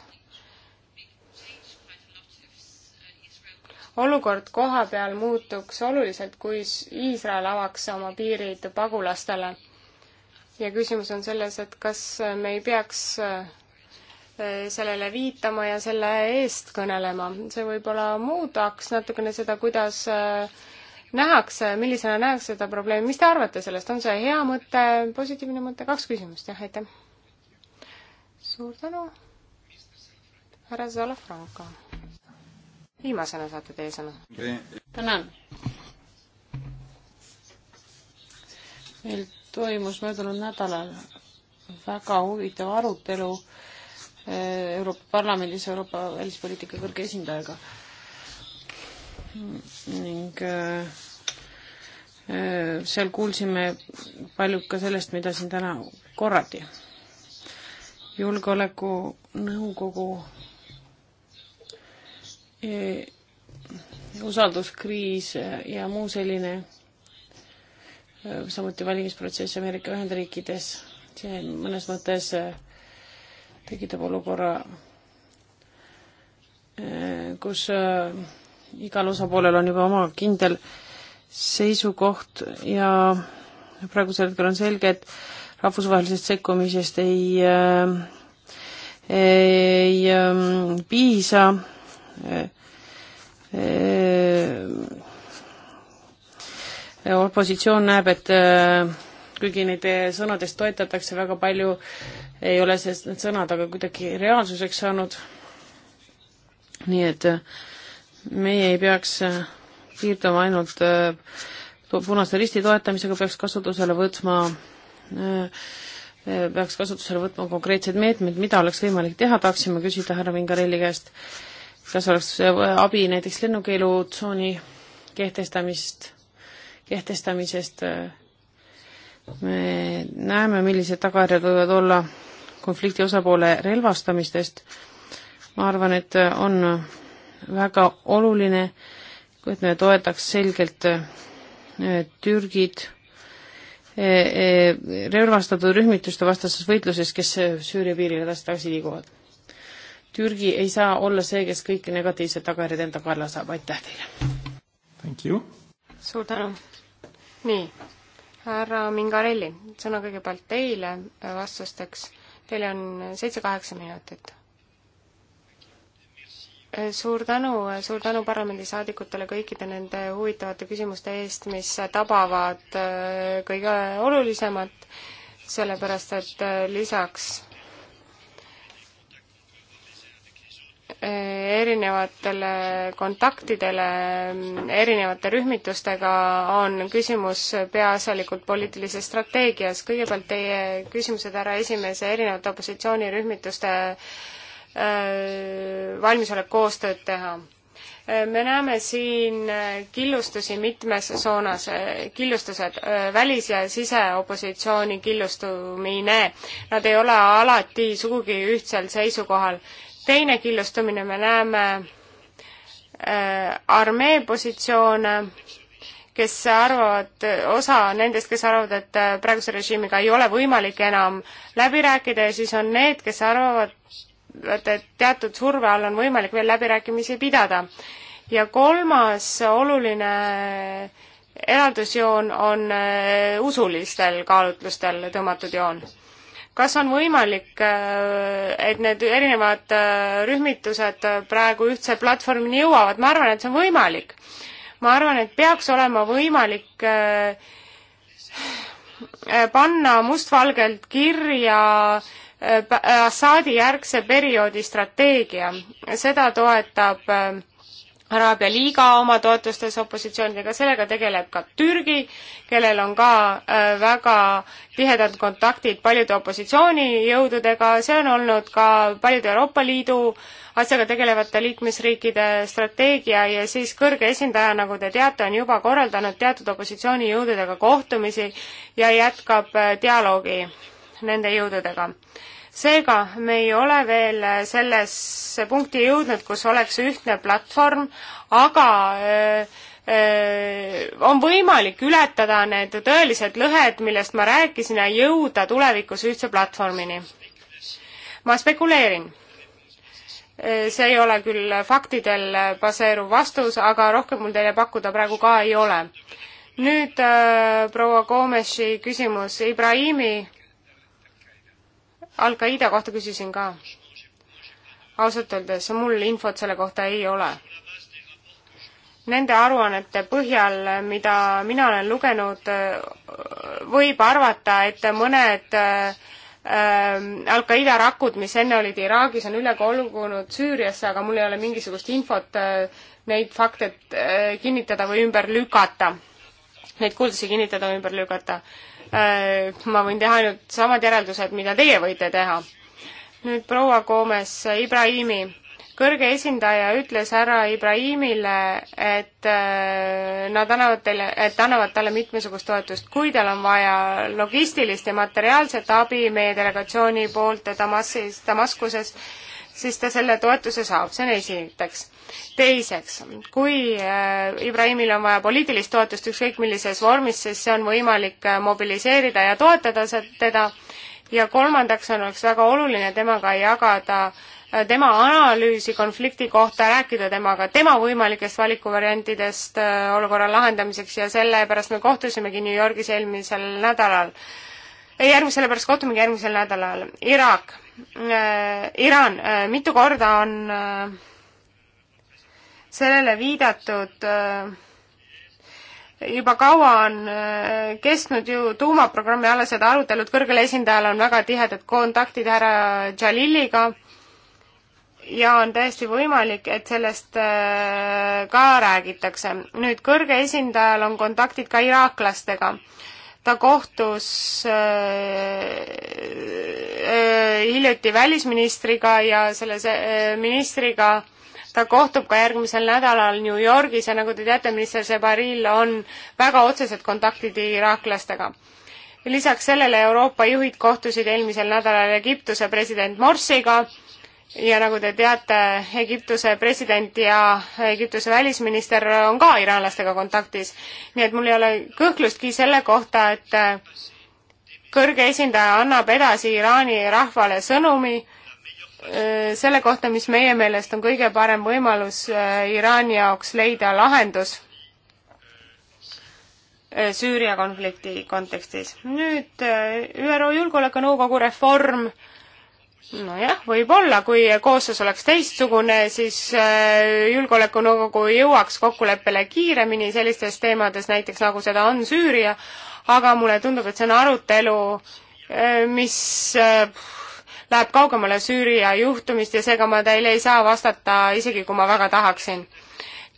olukord koha peal muutuks oluliselt, kui Iisrael avaks oma piirid pagulastele. ja küsimus on selles, et kas me ei peaks Eh, sellele viitama ja selle eest kõnelema. see võib-olla muudaks natukene seda, kuidas eh, nähakse, millisena nähakse seda probleemi, mis te arvate sellest, on see hea mõte, positiivne mõte, kaks küsimust, jah, aitäh. suur tänu, härra Zalafranco. viimasena saate teie sõna. tänan. meil toimus möödunud nädalal väga huvitav arutelu äh, Euroopa Parlamendis Euroopa välispoliitika kõrge esindajaga. ning äh, seal kuulsime palju ka sellest, mida siin täna korrati. julgeolekunõukogu äh, usalduskriis äh, ja muu selline, samuti valimisprotsess Ameerika Ühendriikides, see mõnes mõttes tekitab olukorra, eh, kus eh, igal osapoolel on juba oma kindel seisukoht ja praegusel hetkel on selge, et rahvusvahelisest sekkumisest ei, eh, ei piisa. opositsioon näeb, et kuigi neid sõnadest toetatakse väga palju, ei ole sest need sõnad aga kuidagi reaalsuseks saanud. nii et äh, meie ei peaks äh, piirduma ainult äh, Punase Risti toetamisega, peaks kasutusele võtma peaks kasutusele võtma konkreetseid meetmeid, mida oleks võimalik teha, tahaksime küsida härra Vingarelli käest, kas oleks abi näiteks lennukeelutsooni kehtestamist, kehtestamisest, me näeme, millised tagajärjed võivad olla konflikti osapoole relvastamistest, ma arvan, et on väga oluline, et me toetaks selgelt äh, Türgid äh, äh, relvastatud rühmituste vastases võitluses, kes Süüria piirile edasi tagasi liiguvad. Türgi ei saa olla see, kes kõik negatiivsed tagajärjed enda kalla saab, aitäh teile! suur tänu! nii, härra Mingarelli, sõna kõigepealt teile vastusteks Teil on seitse-kaheksa minutit. suur tänu, suur tänu parlamendisaadikutele kõikide nende huvitavate küsimuste eest, mis tabavad kõige olulisemat, sellepärast et eh, lisaks erinevatele kontaktidele erinevate rühmitustega on küsimus peaasjalikult poliitilises strateegias. kõigepealt teie küsimused, härra esimees, erinevate opositsioonirühmituste äh, valmisolek koostööd teha äh, me näeme siin äh, killustusi mitmes soonas, killustused, välis- ja siseopositsiooni killustumine. Nad ei ole alati sugugi ühtsel seisukohal teine killustumine, me näeme äh, armee positsioone, kes arvavad, osa nendest, kes arvavad, et äh, praeguse režiimiga ei ole võimalik enam läbi rääkida ja siis on need, kes arvavad, et teatud surve all on võimalik veel läbirääkimisi pidada. ja kolmas oluline eraldusjoon on äh, usulistel kaalutlustel tõmmatud joon kas on võimalik, äh, et need erinevad äh, rühmitused äh, praegu ühtse platvormini jõuavad, ma arvan, et see on võimalik. ma arvan, et peaks olema võimalik panna mustvalgelt kirja Assaadi järgse perioodi strateegia, seda toetab Araabia liiga oma toetustes opositsioonidega, sellega tegeleb ka Türgi, kellel on ka äh, väga tihedad kontaktid paljude opositsioonijõududega, see on olnud ka paljude Euroopa Liidu asjaga tegelevate liikmesriikide strateegia ja siis kõrge esindaja, nagu te teate, on juba korraldanud teatud opositsioonijõududega kohtumisi ja jätkab äh, dialoogi nende jõududega seega me ei ole veel sellesse punkti jõudnud, kus oleks ühtne platvorm, aga öö, öö, on võimalik ületada need tõelised lõhed, millest ma rääkisin, ja jõuda tulevikus ühtse platvormini. ma spekuleerin. see ei ole küll faktidel baseeruv vastus, aga rohkem mul teile pakkuda praegu ka ei ole. nüüd öö, proua Komeši küsimus Ibrahimi Al-Qaeda kohta küsisin ka. ausalt öeldes mul infot selle kohta ei ole. Nende aruannete põhjal, mida mina olen lugenud, võib arvata, et mõned ähm, Al-Qaeda rakud, mis enne olid Iraagis, on üle kolgunud Süüriasse, aga mul ei ole mingisugust infot äh, neid fakte äh, kinnitada või ümber lükata. Neid kuuldusi kinnitada või ümber lükata. Äh, ma võin teha ainult samad järeldused, mida teie võite teha. nüüd proua Koomes Ibrahimi. kõrge esindaja ütles härra Ibrahimile, et äh, nad annavad teile, et annavad talle mitmesugust toetust, kui tal on vaja logistilist ja materiaalset abi meie delegatsiooni poolt Damassis, Damaskuses siis ta selle toetuse saab, see on esiteks. teiseks, kui äh, Ibrahimil on vaja poliitilist toetust ükskõik millises vormis, siis see on võimalik äh, mobiliseerida ja toetada teda ja kolmandaks on, oleks väga oluline temaga jagada äh, tema analüüsi konflikti kohta, rääkida temaga tema võimalikest valikuvariantidest olukorra lahendamiseks ja sellepärast me kohtusimegi New Yorgis eelmisel nädalal järgmise, sellepärast kohtumegi järgmisel nädalal. Iraak äh,, Iraan äh,, mitu korda on äh, sellele viidatud äh, juba kaua on äh, kestnud ju tuumaprogrammi alased arutelud, kõrgel esindajal on väga tihedad kontaktid härra Jaliliga ja on täiesti võimalik, et sellest äh, ka räägitakse. nüüd kõrge esindajal on kontaktid ka iraaklastega ta kohtus äh, äh, hiljuti välisministriga ja selle äh, ministriga ta kohtub ka järgmisel nädalal New Yorgis ja nagu te teate, minister Sebaril on väga otsesed kontaktid iraaklastega. lisaks sellele Euroopa juhid kohtusid eelmisel nädalal Egiptuse president Morsiga äh, ja nagu te teate, Egiptuse president ja Egiptuse välisminister on ka iraanlastega kontaktis. nii et mul ei ole kõhklustki selle kohta, et kõrge esindaja annab edasi Iraani rahvale sõnumi äh, selle kohta, mis meie meelest on kõige parem võimalus äh, Iraani jaoks leida lahendus äh, Süüria konflikti kontekstis. nüüd ÜRO Julgeolekunõukogu reform nojah, võib-olla, kui koosseis oleks teistsugune, siis äh, Julgeolekunõukogu jõuaks kokkuleppele kiiremini sellistes teemades, näiteks nagu seda on Süüria, aga mulle tundub, et see on arutelu, äh, mis äh, läheb kaugemale Süüria juhtumist ja seega ma teile ei saa vastata, isegi kui ma väga tahaksin.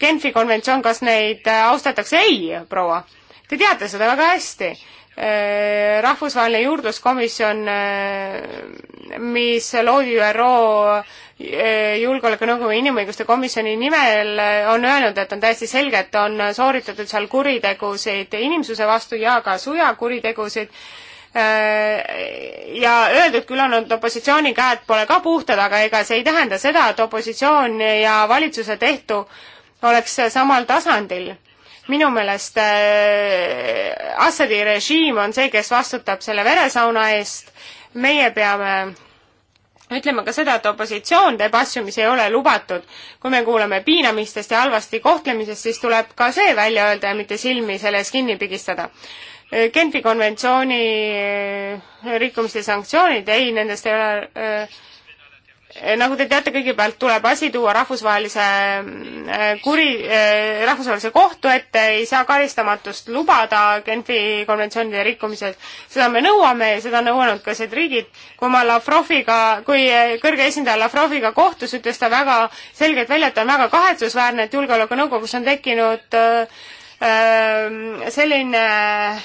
Genfi konventsioon, kas neid austatakse? ei, proua. Te teate seda väga hästi Äh, rahvusvaheline juurdluskomisjon, äh, mis loodi ÜRO äh, Julgeolekunõukogu Inimõiguste Komisjoni nimel, on öelnud, et on täiesti selge, et on sooritatud seal kuritegusid inimsuse vastu ja ka sõjakuritegusid ja öeldud küll on, et opositsiooni käed pole ka puhtad, aga ega see ei tähenda seda, et opositsioon ja valitsuse tehtu oleks samal tasandil minu meelest äh, Assadi režiim on see, kes vastutab selle veresauna eest, meie peame ütleme ka seda, et opositsioon teeb asju, mis ei ole lubatud. kui me kuuleme piinamistest ja halvasti kohtlemisest, siis tuleb ka see välja öelda ja mitte silmi selle ees kinni pigistada. Äh, Genfi konventsiooni äh, rikkumiste sanktsioonid, ei, nendest ei ole äh, Eh, nagu te teate, kõigepealt tuleb asi tuua rahvusvahelise eh, kuri, eh, rahvusvahelise kohtu ette, ei saa karistamatust lubada Genfi konventsioonide rikkumisel. seda me nõuame ja seda on nõuanud ka need riigid. kui ma Lavroviga, kui kõrge esindaja Lavroviga kohtus, ütles ta väga selgelt välja, et on väga kahetsusväärne, et Julgeolekunõukogus on tekkinud äh, selline äh,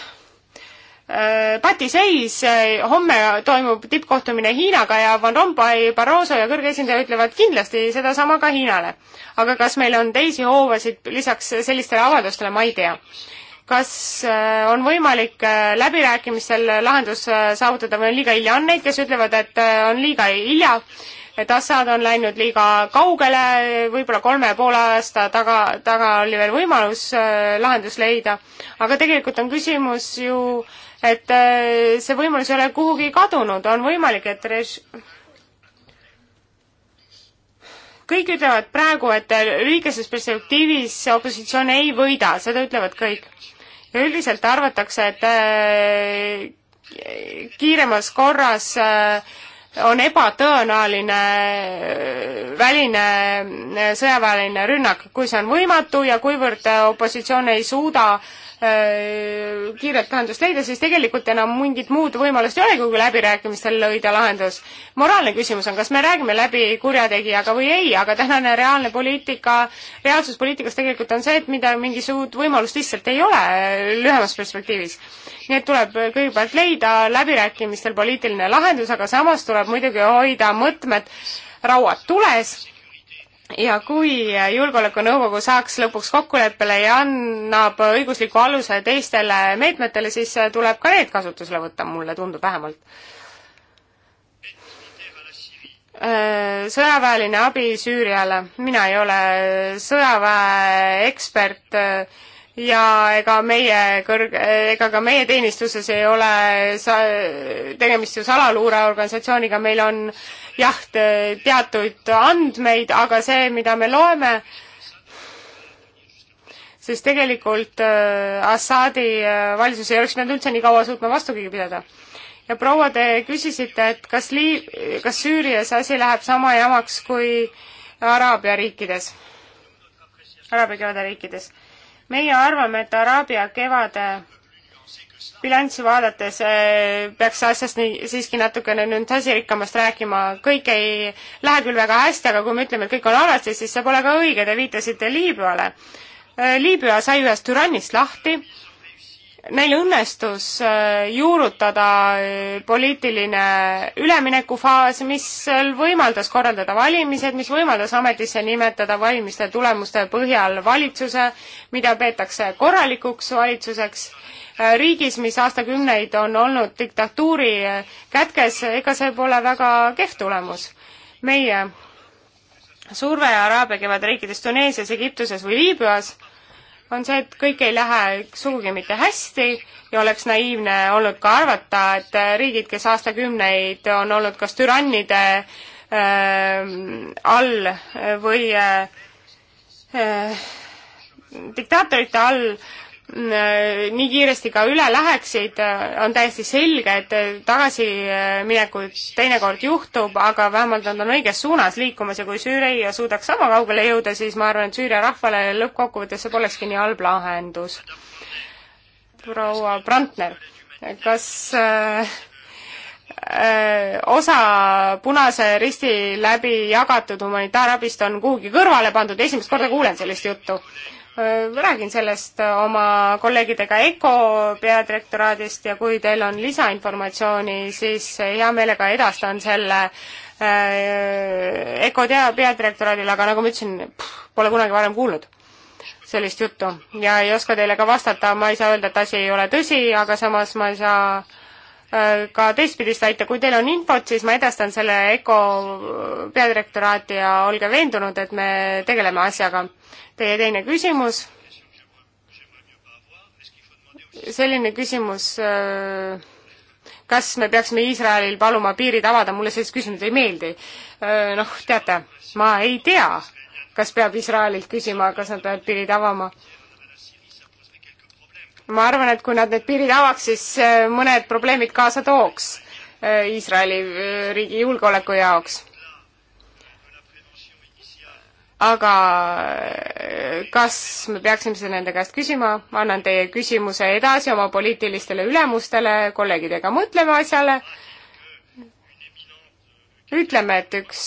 Äh, patiseis, äh, homme toimub tippkohtumine Hiinaga ja Van Rompuy, Barroso ja kõrge esindaja ütlevad kindlasti sedasama ka Hiinale. aga kas meil on teisi hoovasid lisaks sellistele avaldustele, ma ei tea. kas äh, on võimalik läbirääkimistel lahendus saavutada või on liiga hilja, on neid, kes ütlevad, et on liiga hilja, et Assad on läinud liiga kaugele, võib-olla kolme ja poole aasta taga, taga oli veel võimalus lahendus leida, aga tegelikult on küsimus ju äh, et äh, see võimalus ei ole kuhugi kadunud, on võimalik, et rež-, kõik ütlevad praegu, et lühikeses perspektiivis opositsioon ei võida, seda ütlevad kõik. ja üldiselt arvatakse, et äh, kiiremas korras äh, on ebatõenäoline väline sõjaväeline rünnak, kui see on võimatu ja kuivõrd opositsioon ei suuda äh, Äh, kiiret lahendust leida, siis tegelikult enam mingit muud võimalust ei olegi, kui läbirääkimistel leida lahendus. moraalne küsimus on, kas me räägime läbi kurjategijaga või ei, aga tänane reaalne poliitika, reaalsus poliitikas tegelikult on see, et mida, mingit uut võimalust lihtsalt ei ole äh, lühemas perspektiivis. nii et tuleb kõigepealt leida läbirääkimistel poliitiline lahendus, aga samas tuleb muidugi hoida mõtmed rauad tules ja kui Julgeolekunõukogu saaks lõpuks kokkuleppele ja annab õigusliku aluse teistele meetmetele, siis tuleb ka need kasutusele võtta, mulle tundub vähemalt. Äh, sõjaväeline abi Süüriale, mina ei ole sõjaväeekspert äh, ja ega meie kõrg-, ega ka meie teenistuses ei ole sa-, tegemist ju salaluureorganisatsiooniga, meil on jah, teatud andmeid, aga see, mida me loeme, sest tegelikult äh, Assadi äh, valitsus ei oleks pidanud üldse nii kaua suutma vastugi pidada ja proua, te küsisite, et kas lii-, kas Süürias asi läheb sama jamaks kui Araabia riikides, Araabia kevade riikides. meie arvame, et Araabia kevade bilanssi vaadates eh, peaks asjast nii, siiski natukene nüüd asirikkamast rääkima, kõik ei lähe küll väga hästi, aga kui me ütleme, et kõik on halvasti, siis see pole ka õige, te viitasite Liibüale. Eh, Liibüa sai ühest türannist lahti, neil õnnestus eh, juurutada poliitiline üleminekufaas, mis võimaldas korraldada valimised, mis võimaldas ametisse nimetada valimiste tulemuste põhjal valitsuse, mida peetakse korralikuks valitsuseks Äh, riigis, mis aastakümneid on olnud diktatuuri äh, kätkes, ega see pole väga kehv tulemus. meie surve Araabia kevade riikides Tuneesias, Egiptuses või Liibüas on see, et kõik ei lähe sugugi mitte hästi ja oleks naiivne olnud ka arvata, et äh, riigid, kes aastakümneid on olnud kas türannide ähm, äh, all või äh, diktaatorite all Äh, nii kiiresti ka üle läheksid, äh, on täiesti selge, et äh, tagasiminekut teinekord juhtub, aga vähemalt nad on õiges suunas liikumas ja kui Süüria suudaks sama kaugele jõuda, siis ma arvan, et Süüria rahvale lõppkokkuvõttes see polekski nii halb lahendus. proua Brandner, kas äh, äh, osa Punase Risti läbi jagatud humanitaarabist on kuhugi kõrvale pandud, esimest korda kuulen sellist juttu Äh, räägin sellest oma kolleegidega EKO peadirektoraadist ja kui teil on lisainformatsiooni, siis hea meelega edastan selle äh, EKO tea-, peadirektoraadile, aga nagu ma ütlesin, pole kunagi varem kuulnud sellist juttu ja ei oska teile ka vastata, ma ei saa öelda, et asi ei ole tõsi, aga samas ma ei saa ka teistpidist väita, kui teil on infot, siis ma edastan selle EKO peadirektoraati ja olge veendunud, et me tegeleme asjaga. Teie teine küsimus? selline küsimus, äh, kas me peaksime Iisraelil paluma piirid avada, mulle sellised küsimused ei meeldi. Äh, noh, teate, ma ei tea, kas peab Iisraelilt küsima, kas nad peavad piirid avama ma arvan, et kui nad need piirid avaks, siis äh, mõned probleemid kaasa tooks äh, Iisraeli äh, riigi julgeoleku jaoks. aga kas me peaksime seda nende käest küsima, ma annan teie küsimuse edasi oma poliitilistele ülemustele, kolleegidega mõtleme asjale, ütleme, et üks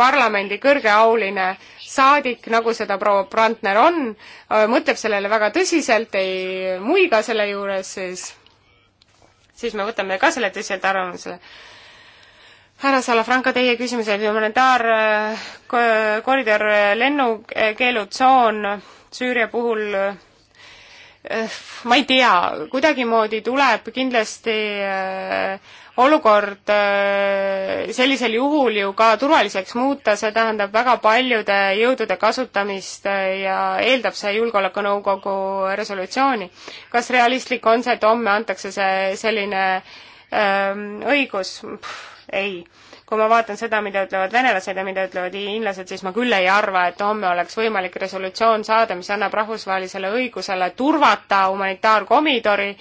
parlamendi kõrgeauline äh, saadik, nagu seda proua Brandner on, äh, mõtleb sellele väga tõsiselt, ei muiga selle juures, siis siis me võtame ka selle tõsiselt arvamusele. härra Salafranca, teie küsimus oli humanitaarkoridor, äh, äh, lennukeelutsoon Süüria puhul, ma ei tea, kuidagimoodi tuleb kindlasti olukord äh, sellisel juhul ju ka turvaliseks muuta, see tähendab väga paljude jõudude kasutamist äh, ja eeldab see Julgeolekunõukogu resolutsiooni. kas realistlik on see, et homme antakse see selline ähm, õigus? ei kui ma vaatan seda, mida ütlevad venelased ja mida ütlevad hiinlased, siis ma küll ei arva, et homme oleks võimalik resolutsioon saada, mis annab rahvusvahelisele õigusele turvata humanitaarkoridori,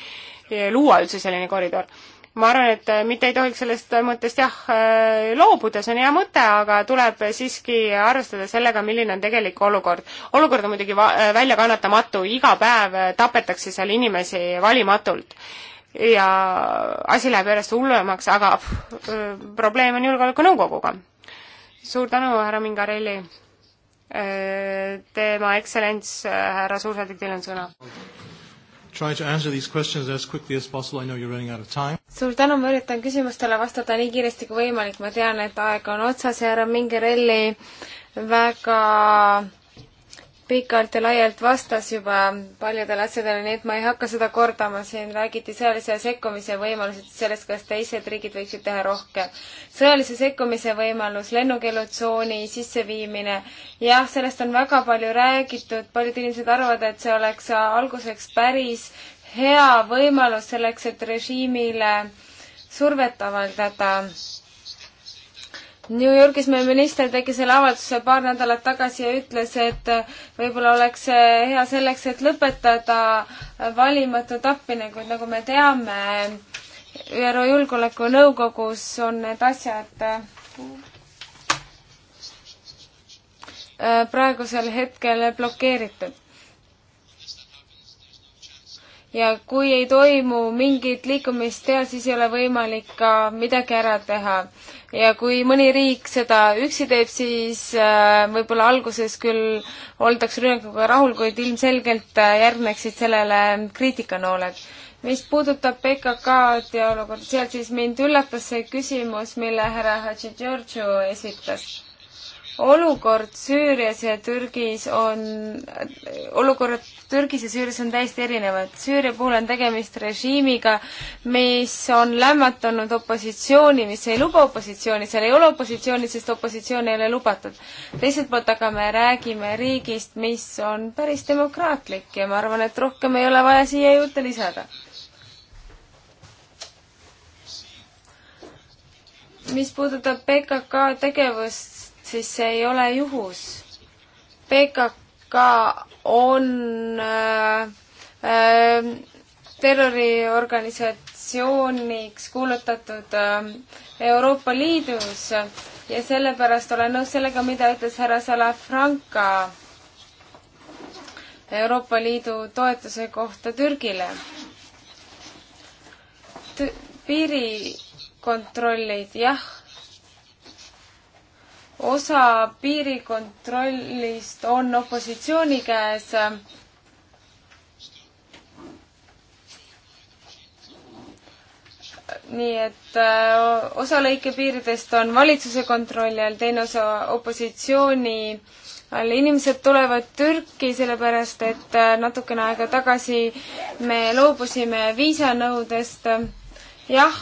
luua üldse selline koridor ma arvan, et äh, mitte ei tohiks sellest mõttest jah, äh, loobuda, see on hea mõte, aga tuleb siiski arvestada sellega, milline on tegelik olukord. olukord on muidugi äh, väljakannatamatu, iga päev tapetakse seal inimesi valimatult ja asi läheb järjest hullemaks, aga pff, probleem on Julgeolekunõukoguga. suur tänu, härra Mingarelli. Tema ekstsellents, härra suursaadik, teil on sõna. Try to answer these questions as quickly as possible, I know you are running out of time. suur tänu, ma üritan küsimustele vastata nii kiiresti kui võimalik, ma tean, et aeg on otsas ja härra Mingerelli väga pikalt ja laialt vastas juba paljudele asjadele, nii et ma ei hakka seda kordama, siin räägiti sõjalise sekkumise võimalused, sellest, kas teised riigid võiksid teha rohkem. sõjalise sekkumise võimalus, lennukeelutsooni sisseviimine, jah, sellest on väga palju räägitud, paljud inimesed arvavad, et see oleks alguseks päris hea võimalus selleks, et režiimile survet avaldada New Yorgis meie minister tegi selle avalduse paar nädalat tagasi ja ütles, et äh, võib-olla oleks see äh, hea selleks, et lõpetada äh, valimatu tapmine, kuid nagu me teame, ÜRO Julgeolekunõukogus on need asjad praegusel hetkel blokeeritud. ja kui ei toimu mingit liikumist seal, siis ei ole võimalik ka midagi ära teha ja kui mõni riik seda üksi teeb, siis äh, võib-olla alguses küll oldaks rünnakuga rahul, kuid ilmselgelt äh, järgneksid sellele kriitikanooled. mis puudutab PKK-d ja olukorda seal, siis mind üllatas see küsimus, mille härra Hadži Georgiou esitas olukord Süürias ja Türgis on, olukorrad Türgis ja Süürias on täiesti erinevad. Süüria puhul on tegemist režiimiga, mis on lämmatanud opositsiooni, mis ei luba opositsiooni, seal ei ole opositsiooni, sest opositsioon ei ole lubatud. teiselt poolt aga me räägime riigist, mis on päris demokraatlik ja ma arvan, et rohkem ei ole vaja siia juurde lisada mis puudutab PKK tegevust siis see ei ole juhus. PKK on äh, äh, terroriorganisatsiooniks kuulutatud äh, Euroopa Liidus ja sellepärast olen nõus sellega, mida ütles härra Salafranca Euroopa Liidu toetuse kohta Türgile T. piirikontrollid, jah osa piirikontrollist on opositsiooni käes. nii et äh, osa lõike piiridest on valitsuse kontrolli all, teine osa opositsiooni all. inimesed tulevad Türki sellepärast, et äh, natukene aega tagasi me loobusime viisanõudest. jah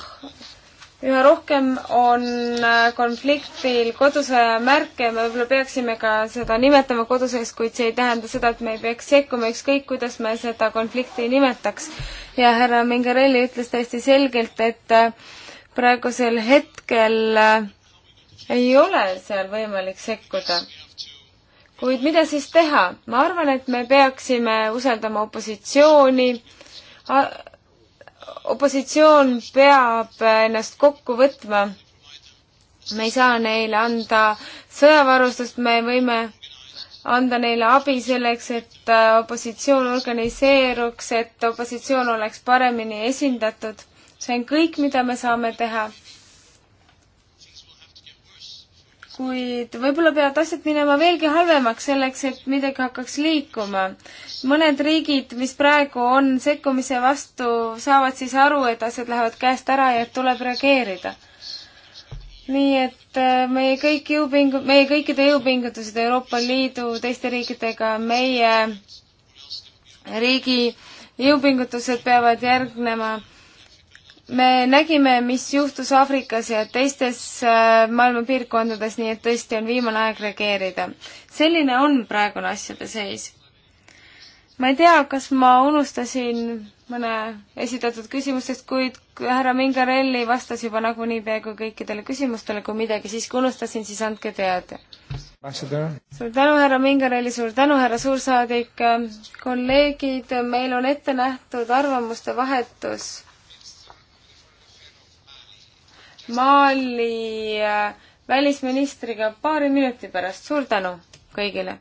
üha rohkem on äh, konfliktil kodusõja märke, me võib-olla peaksime ka seda nimetama kodusõjaks, kuid see ei tähenda seda, et me ei peaks sekkuma, ükskõik kuidas me seda konflikti nimetaks. ja härra Mingarelli ütles täiesti selgelt, et äh, praegusel hetkel äh, ei ole seal võimalik sekkuda. kuid mida siis teha? ma arvan, et me peaksime usaldama opositsiooni, opositsioon peab ennast kokku võtma. me ei saa neile anda sõjavarustust, me võime anda neile abi selleks, et opositsioon organiseeruks, et opositsioon oleks paremini esindatud. see on kõik, mida me saame teha. kuid võib-olla peavad asjad minema veelgi halvemaks selleks, et midagi hakkaks liikuma. mõned riigid, mis praegu on sekkumise vastu, saavad siis aru, et asjad lähevad käest ära ja et tuleb reageerida. nii et äh, meie kõik jõupingu-, meie kõikide jõupingutused Euroopa Liidu teiste riikidega, meie riigi jõupingutused peavad järgnema me nägime, mis juhtus Aafrikas ja teistes äh, maailma piirkondades, nii et tõesti on viimane aeg reageerida. selline on praegune asjade seis. ma ei tea, kas ma unustasin mõne esitatud küsimustest, kuid härra Mingarelli vastas juba nagunii peaaegu kõikidele küsimustele, kui midagi siiski unustasin, siis andke teada. suur tänu, härra Mingarelli, suur tänu, härra suursaadik, kolleegid, meil on ette nähtud arvamuste vahetus Mali äh, välisministriga paari minuti pärast. suur tänu kõigile!